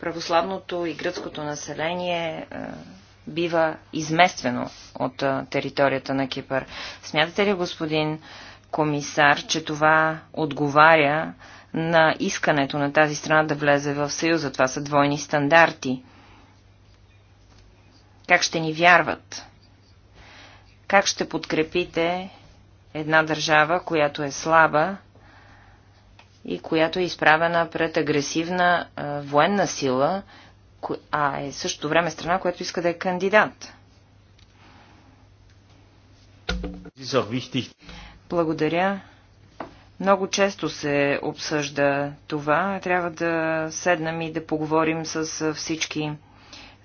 православното и гръцкото население е, бива измествено от е, територията на Кипър. Смятате ли, господин комисар, че това отговаря на искането на тази страна да влезе в Съюза? Това са двойни стандарти. Как ще ни вярват? Как ще подкрепите една държава, която е слаба и която е изправена пред агресивна а, военна сила, а е същото време страна, която иска да е кандидат. Благодаря. Много често се обсъжда това. Трябва да седнем и да поговорим с всички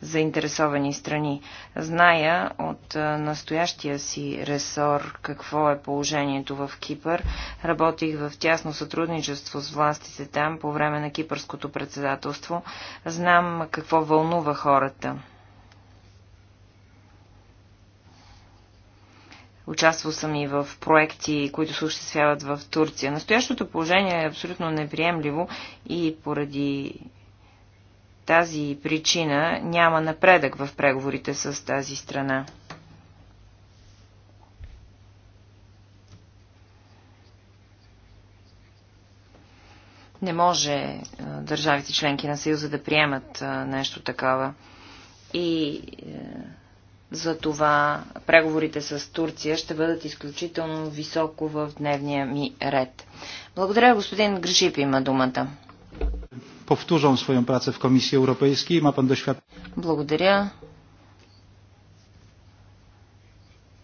заинтересовани страни. Зная от настоящия си ресор какво е положението в Кипър. Работих в тясно сътрудничество с властите там по време на кипърското председателство. Знам какво вълнува хората. Участвал съм и в проекти, които се осъществяват в Турция. Настоящото положение е абсолютно неприемливо и поради тази причина няма напредък в преговорите с тази страна. Не може е, държавите членки на Съюза да приемат е, нещо такова. И е, за това преговорите с Турция ще бъдат изключително високо в дневния ми ред. Благодаря, господин Гришип има думата powtórzą swoją pracę w Komisji има Ma до свят. Благодаря.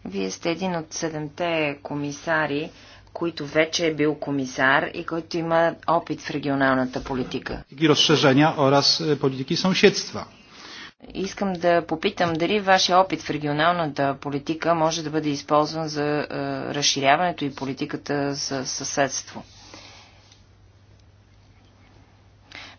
Вие сте един от седемте комисари, който вече е бил комисар и който има опит в регионалната политика. И разширения oraz е, политики съседства. Искам да попитам дали вашия опит в регионалната политика може да бъде използван за е, разширяването и политиката за съседство.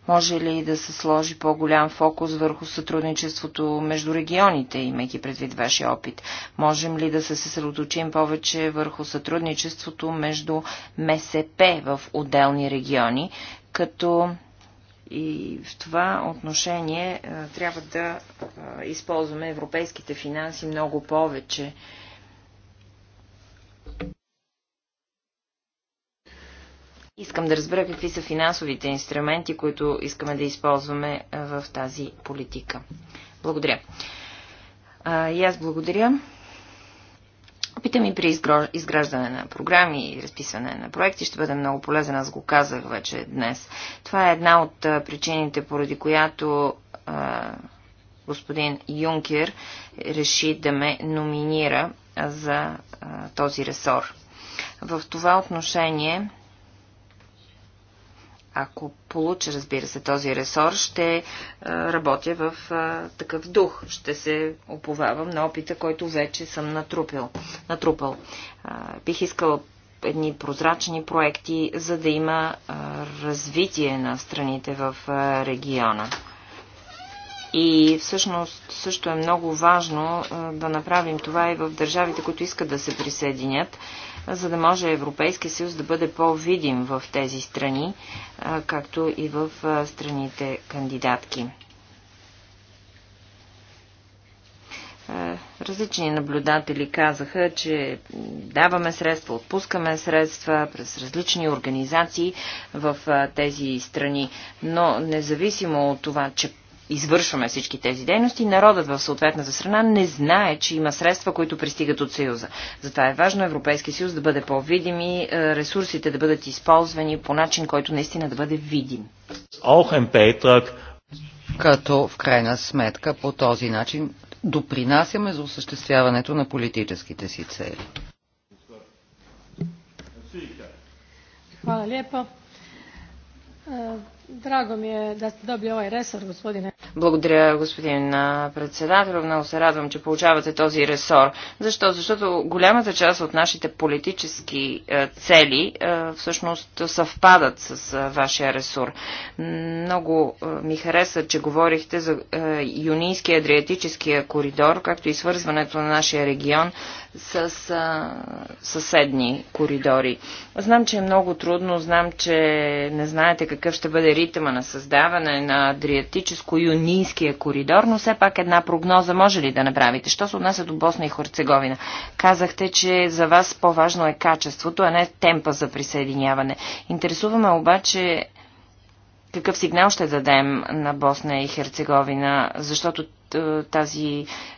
Може ли да се сложи по-голям фокус върху сътрудничеството между регионите, имайки предвид вашия опит? Можем ли да се съсредоточим повече върху сътрудничеството между МСП в отделни региони, като и в това отношение трябва да използваме европейските финанси много повече Искам да разбера какви са финансовите инструменти, които искаме да използваме в тази политика. Благодаря. А, и аз благодаря. Опитам и при изграждане на програми и разписване на проекти ще бъде много полезен, аз го казах вече днес. Това е една от причините, поради която а, господин Юнкер реши да ме номинира за а, този ресор. В това отношение ако получа, разбира се, този ресор, ще е, работя в е, такъв дух. Ще се оповавам на опита, който вече съм натрупил. натрупал. бих искала едни прозрачни проекти, за да има развитие на страните в региона. И всъщност също е много важно да направим това и в държавите, които искат да се присъединят, за да може Европейския съюз да бъде по-видим в тези страни, както и в страните кандидатки. Различни наблюдатели казаха, че даваме средства, отпускаме средства през различни организации в тези страни. Но независимо от това, че извършваме всички тези дейности, народът в съответната страна не знае, че има средства, които пристигат от Съюза. Затова е важно Европейския съюз да бъде по-видим и е, ресурсите да бъдат използвани по начин, който наистина да бъде видим. Като в крайна сметка по този начин допринасяме за осъществяването на политическите си цели. Hvala lijepo. Е, Драго ми е да сте добили ovaj ресор, господине. Благодаря, господин председател. Много се радвам, че получавате този ресор. Защо? Защото голямата част от нашите политически е, цели е, всъщност съвпадат с е, вашия ресор. Много ми хареса, че говорихте за юнийския адриатическия коридор, както и свързването на нашия регион с съседни коридори. Знам, че е много трудно, знам, че не знаете какъв ще бъде ритъма на създаване на Адриатическо-Юнийския коридор, но все пак една прогноза може ли да направите? Що се отнася до Босна и Херцеговина? Казахте, че за вас по-важно е качеството, а не темпа за присъединяване. Интересуваме обаче какъв сигнал ще дадем на Босна и Херцеговина, защото е, тази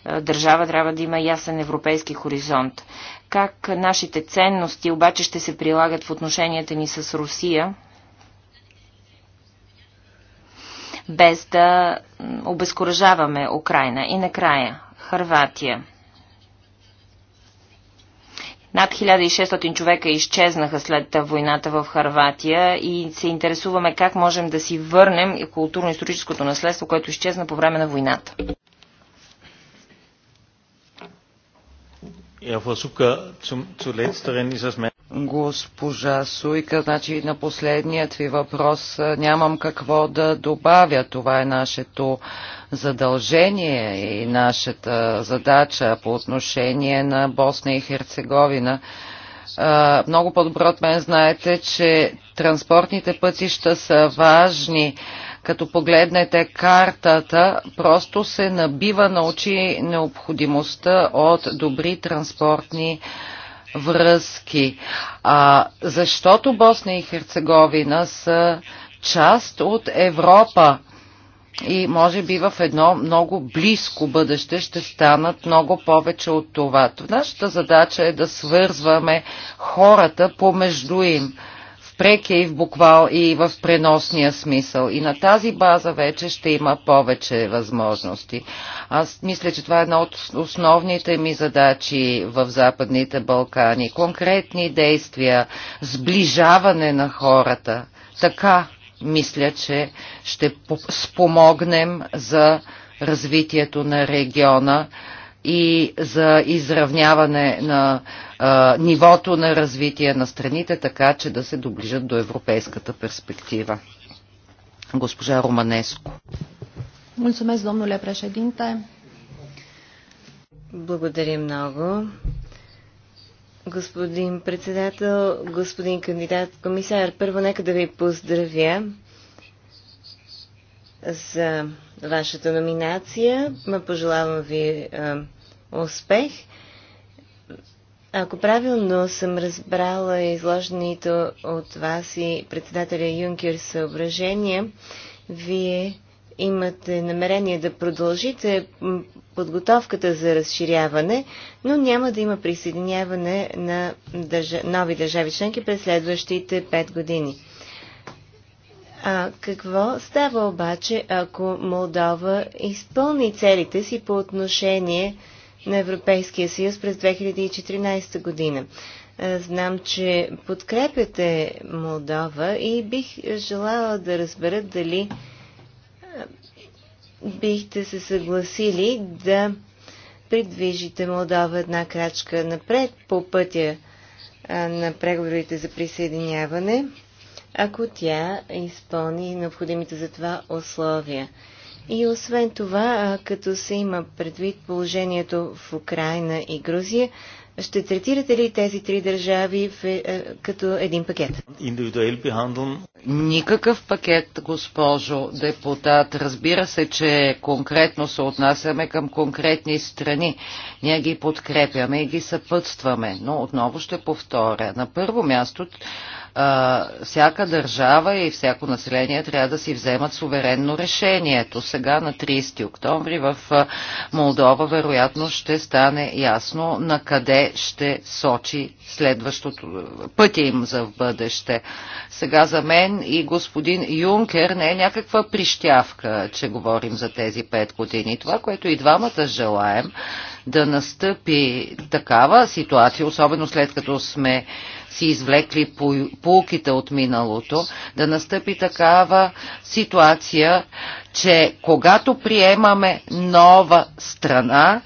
е, държава трябва да има ясен европейски хоризонт. Как нашите ценности обаче ще се прилагат в отношенията ни с Русия без да обезкуражаваме Украина. И накрая, Харватия. Над 1600 човека изчезнаха след войната в Харватия и се интересуваме как можем да си върнем културно-историческото наследство, което изчезна по време на войната. Ja, Frau zum, zu ist es госпожа Суйка. Значи на последният ви въпрос нямам какво да добавя. Това е нашето задължение и нашата задача по отношение на Босна и Херцеговина. Много по-добро от мен знаете, че транспортните пътища са важни. Като погледнете картата, просто се набива на очи необходимостта от добри транспортни пътища връзки, а, защото Босна и Херцеговина са част от Европа и може би в едно много близко бъдеще ще станат много повече от това. Нашата задача е да свързваме хората помежду им прекия и в буквал и в преносния смисъл. И на тази база вече ще има повече възможности. Аз мисля, че това е една от основните ми задачи в Западните Балкани. Конкретни действия, сближаване на хората. Така мисля, че ще спомогнем за развитието на региона и за изравняване на а, нивото на развитие на страните, така че да се доближат до европейската перспектива. Госпожа Романеско. Благодаря много. Господин председател, господин кандидат комисар, първо нека да ви поздравя за вашата номинация. Пожелавам ви е, успех. Ако правилно съм разбрала изложените от вас и председателя Юнкер съображения, вие имате намерение да продължите подготовката за разширяване, но няма да има присъединяване на държа... нови държави членки през следващите 5 години. А, какво става обаче, ако Молдова изпълни целите си по отношение на Европейския съюз през 2014 година? знам, че подкрепяте Молдова и бих желала да разбера дали бихте се съгласили да придвижите Молдова една крачка напред по пътя на преговорите за присъединяване ако тя изпълни необходимите за това условия. И освен това, като се има предвид положението в Украина и Грузия, ще третирате ли тези три държави в, е, е като един пакет? Никакъв пакет, госпожо депутат. Разбира се, че конкретно се отнасяме към конкретни страни. Ние ги подкрепяме и ги съпътстваме. Но отново ще повторя. На първо място а, всяка държава и всяко население трябва да си вземат суверенно решението. Сега на 30 октомври в Молдова вероятно ще стане ясно на къде ще сочи следващото пътя им за в бъдеще. Сега за мен и господин Юнкер не е някаква прищявка, че говорим за тези пет години. Това, което и двамата желаем, да настъпи такава ситуация, особено след като сме си извлекли пулките от миналото, да настъпи такава ситуация, че когато приемаме нова страна,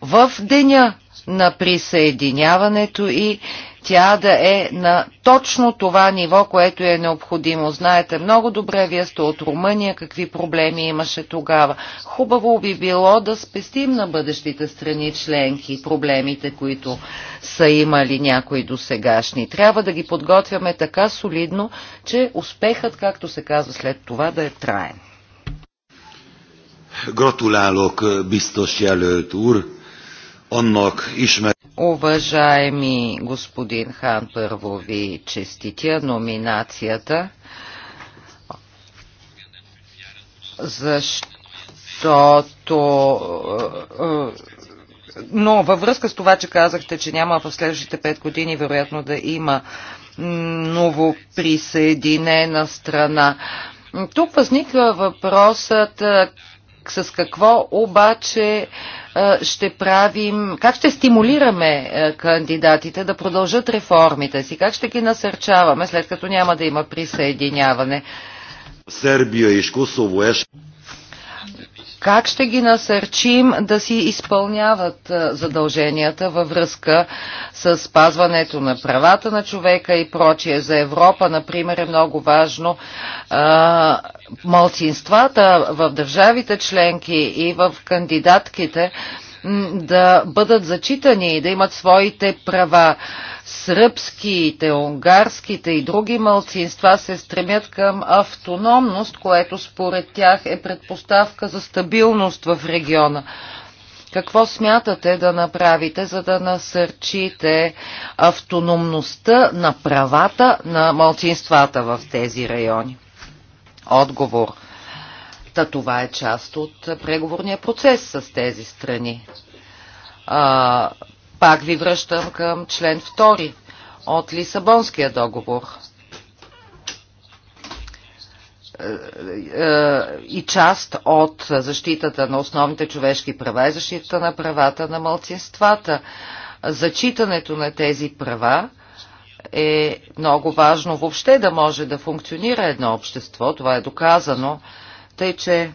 в деня на присъединяването и тя да е на точно това ниво, което е необходимо. Знаете много добре, вие сте от Румъния, какви проблеми имаше тогава. Хубаво би било да спестим на бъдещите страни членки проблемите, които са имали някои до сегашни. Трябва да ги подготвяме така солидно, че успехът, както се казва след това, да е траен. Gratulálok, biztos jelölt úr! Уважаеми господин Хан, първо ви честитя номинацията, защото е, е, но във връзка с това, че казахте, че няма в следващите пет години вероятно да има ново присъединена страна. Тук възниква въпросът е, с какво обаче е, ще правим, как ще стимулираме е, кандидатите да продължат реформите си, как ще ги насърчаваме, след като няма да има присъединяване. Сърбия и Косово е как ще ги насърчим да си изпълняват е, задълженията във връзка с спазването на правата на човека и прочие? За Европа, например, е много важно а, е, малцинствата в държавите членки и в кандидатките да бъдат зачитани и да имат своите права сръбските, унгарските и други мълцинства се стремят към автономност, което според тях е предпоставка за стабилност в региона. Какво смятате да направите, за да насърчите автономността на правата на малцинствата в тези райони? Отговор. Та това е част от преговорния процес с тези страни. А, пак ви връщам към член 2 от Лисабонския договор. Е, е, и част от защитата на основните човешки права е защитата на правата на малцинствата. Зачитането на тези права е много важно въобще да може да функционира едно общество. Това е доказано. Тъй, че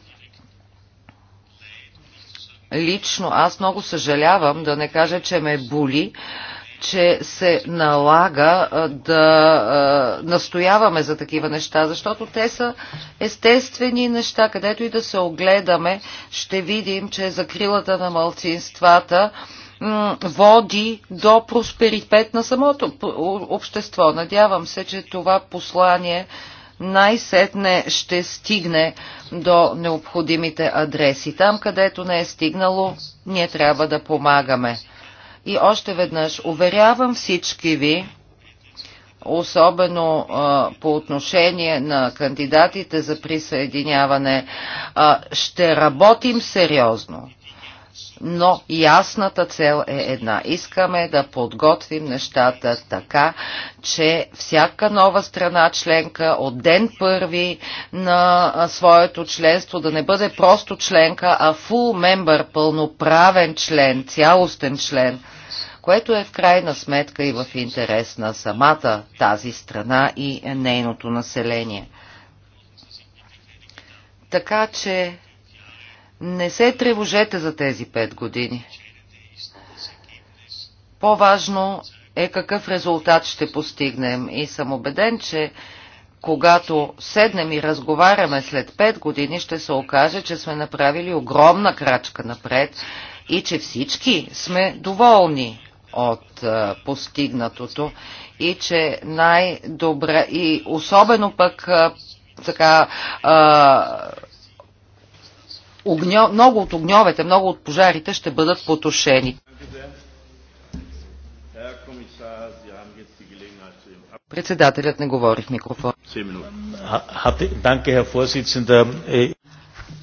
лично аз много съжалявам, да не кажа, че ме боли, че се налага да настояваме за такива неща, защото те са естествени неща. Където и да се огледаме, ще видим, че закрилата на малцинствата води до просперитет на самото общество. Надявам се, че това послание най-сетне ще стигне до необходимите адреси. Там, където не е стигнало, ние трябва да помагаме. И още веднъж, уверявам всички ви, особено а, по отношение на кандидатите за присъединяване, а, ще работим сериозно но ясната цел е една. Искаме да подготвим нещата така, че всяка нова страна членка от ден първи на своето членство да не бъде просто членка, а full member, пълноправен член, цялостен член което е в крайна сметка и в интерес на самата тази страна и нейното население. Така че не се тревожете за тези пет години. По-важно е какъв резултат ще постигнем и съм убеден, че когато седнем и разговаряме след 5 години, ще се окаже, че сме направили огромна крачка напред и че всички сме доволни от постигнатото и че най-добре и особено пък така огньо, много от огньовете, много от пожарите ще бъдат потушени. Председателят не говори в микрофон. Е-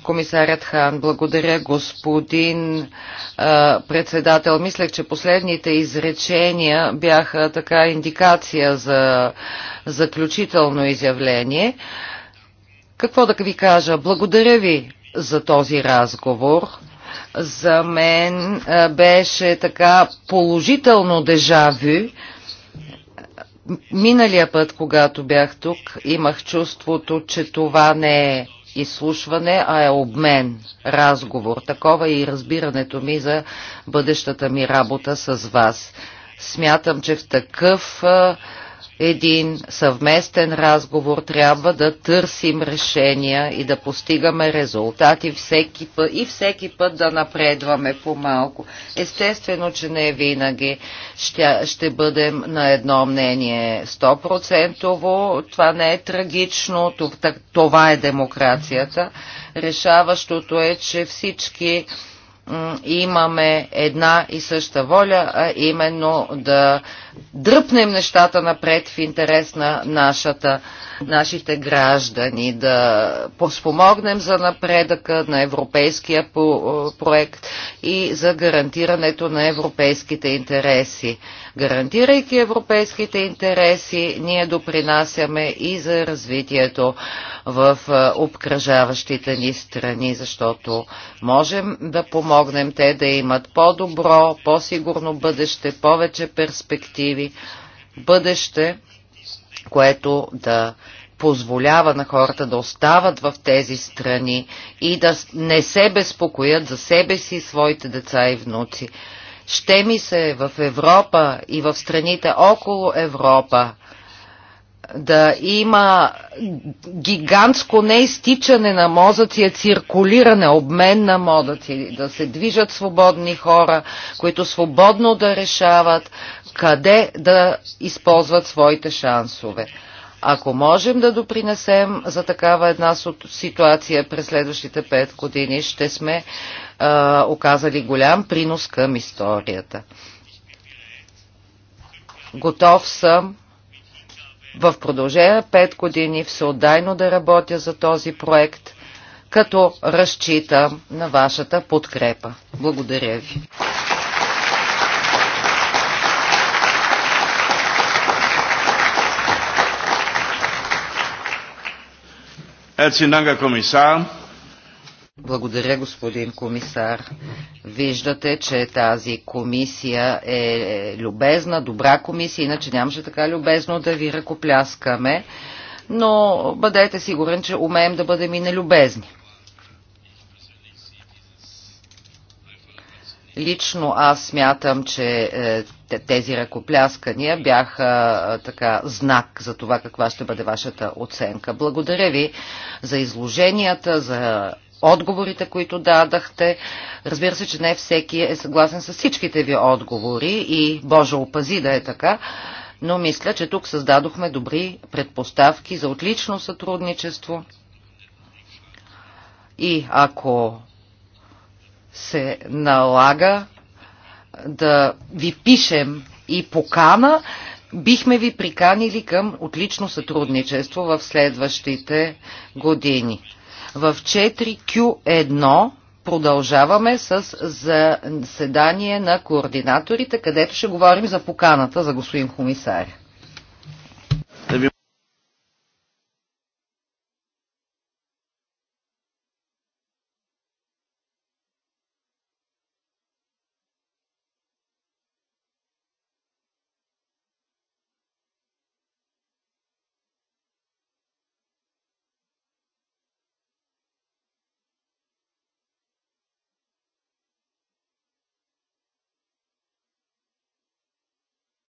Комисарят Хан, благодаря господин а, председател. Мисля, че последните изречения бяха така индикация за заключително изявление. Какво да ви кажа? Благодаря ви за този разговор. За мен беше така положително дежавю. Миналия път, когато бях тук, имах чувството, че това не е изслушване, а е обмен, разговор. Такова е и разбирането ми за бъдещата ми работа с вас. Смятам, че в такъв един съвместен разговор, трябва да търсим решения и да постигаме резултати всеки път и всеки път да напредваме по-малко. Естествено, че не винаги ще, ще бъдем на едно мнение 100%. Това не е трагично, това е демокрацията. Решаващото е, че всички имаме една и съща воля, а именно да дръпнем нещата напред в интерес на нашата, нашите граждани, да спомогнем за напредъка на европейския проект и за гарантирането на европейските интереси. Гарантирайки европейските интереси, ние допринасяме и за развитието в обкръжаващите ни страни, защото можем да помогнем те да имат по-добро, по-сигурно бъдеще, повече перспективи, бъдеще, което да позволява на хората да остават в тези страни и да не се безпокоят за себе си, своите деца и внуци. Ще ми се в Европа и в страните около Европа да има гигантско неизтичане на мозъци, циркулиране, обмен на мозъци, да се движат свободни хора, които свободно да решават къде да използват своите шансове. Ако можем да допринесем за такава една ситуация през следващите пет години, ще сме а, оказали голям принос към историята. Готов съм в продължение пет години всеотдайно да работя за този проект, като разчитам на вашата подкрепа. Благодаря ви. Благодаря, господин комисар. Виждате, че тази комисия е любезна, добра комисия, иначе нямаше така любезно да ви ръкопляскаме, но бъдете сигурен, че умеем да бъдем и нелюбезни. Лично аз смятам, че е, тези ръкопляскания бяха е, така знак за това каква ще бъде вашата оценка. Благодаря ви за изложенията, за отговорите, които дадахте. Разбира се, че не всеки е съгласен с всичките ви отговори и Боже опази да е така, но мисля, че тук създадохме добри предпоставки за отлично сътрудничество. И ако се налага да ви пишем и покана, бихме ви приканили към отлично сътрудничество в следващите години. В 4Q1 продължаваме с заседание на координаторите, където ще говорим за поканата за господин комисаря.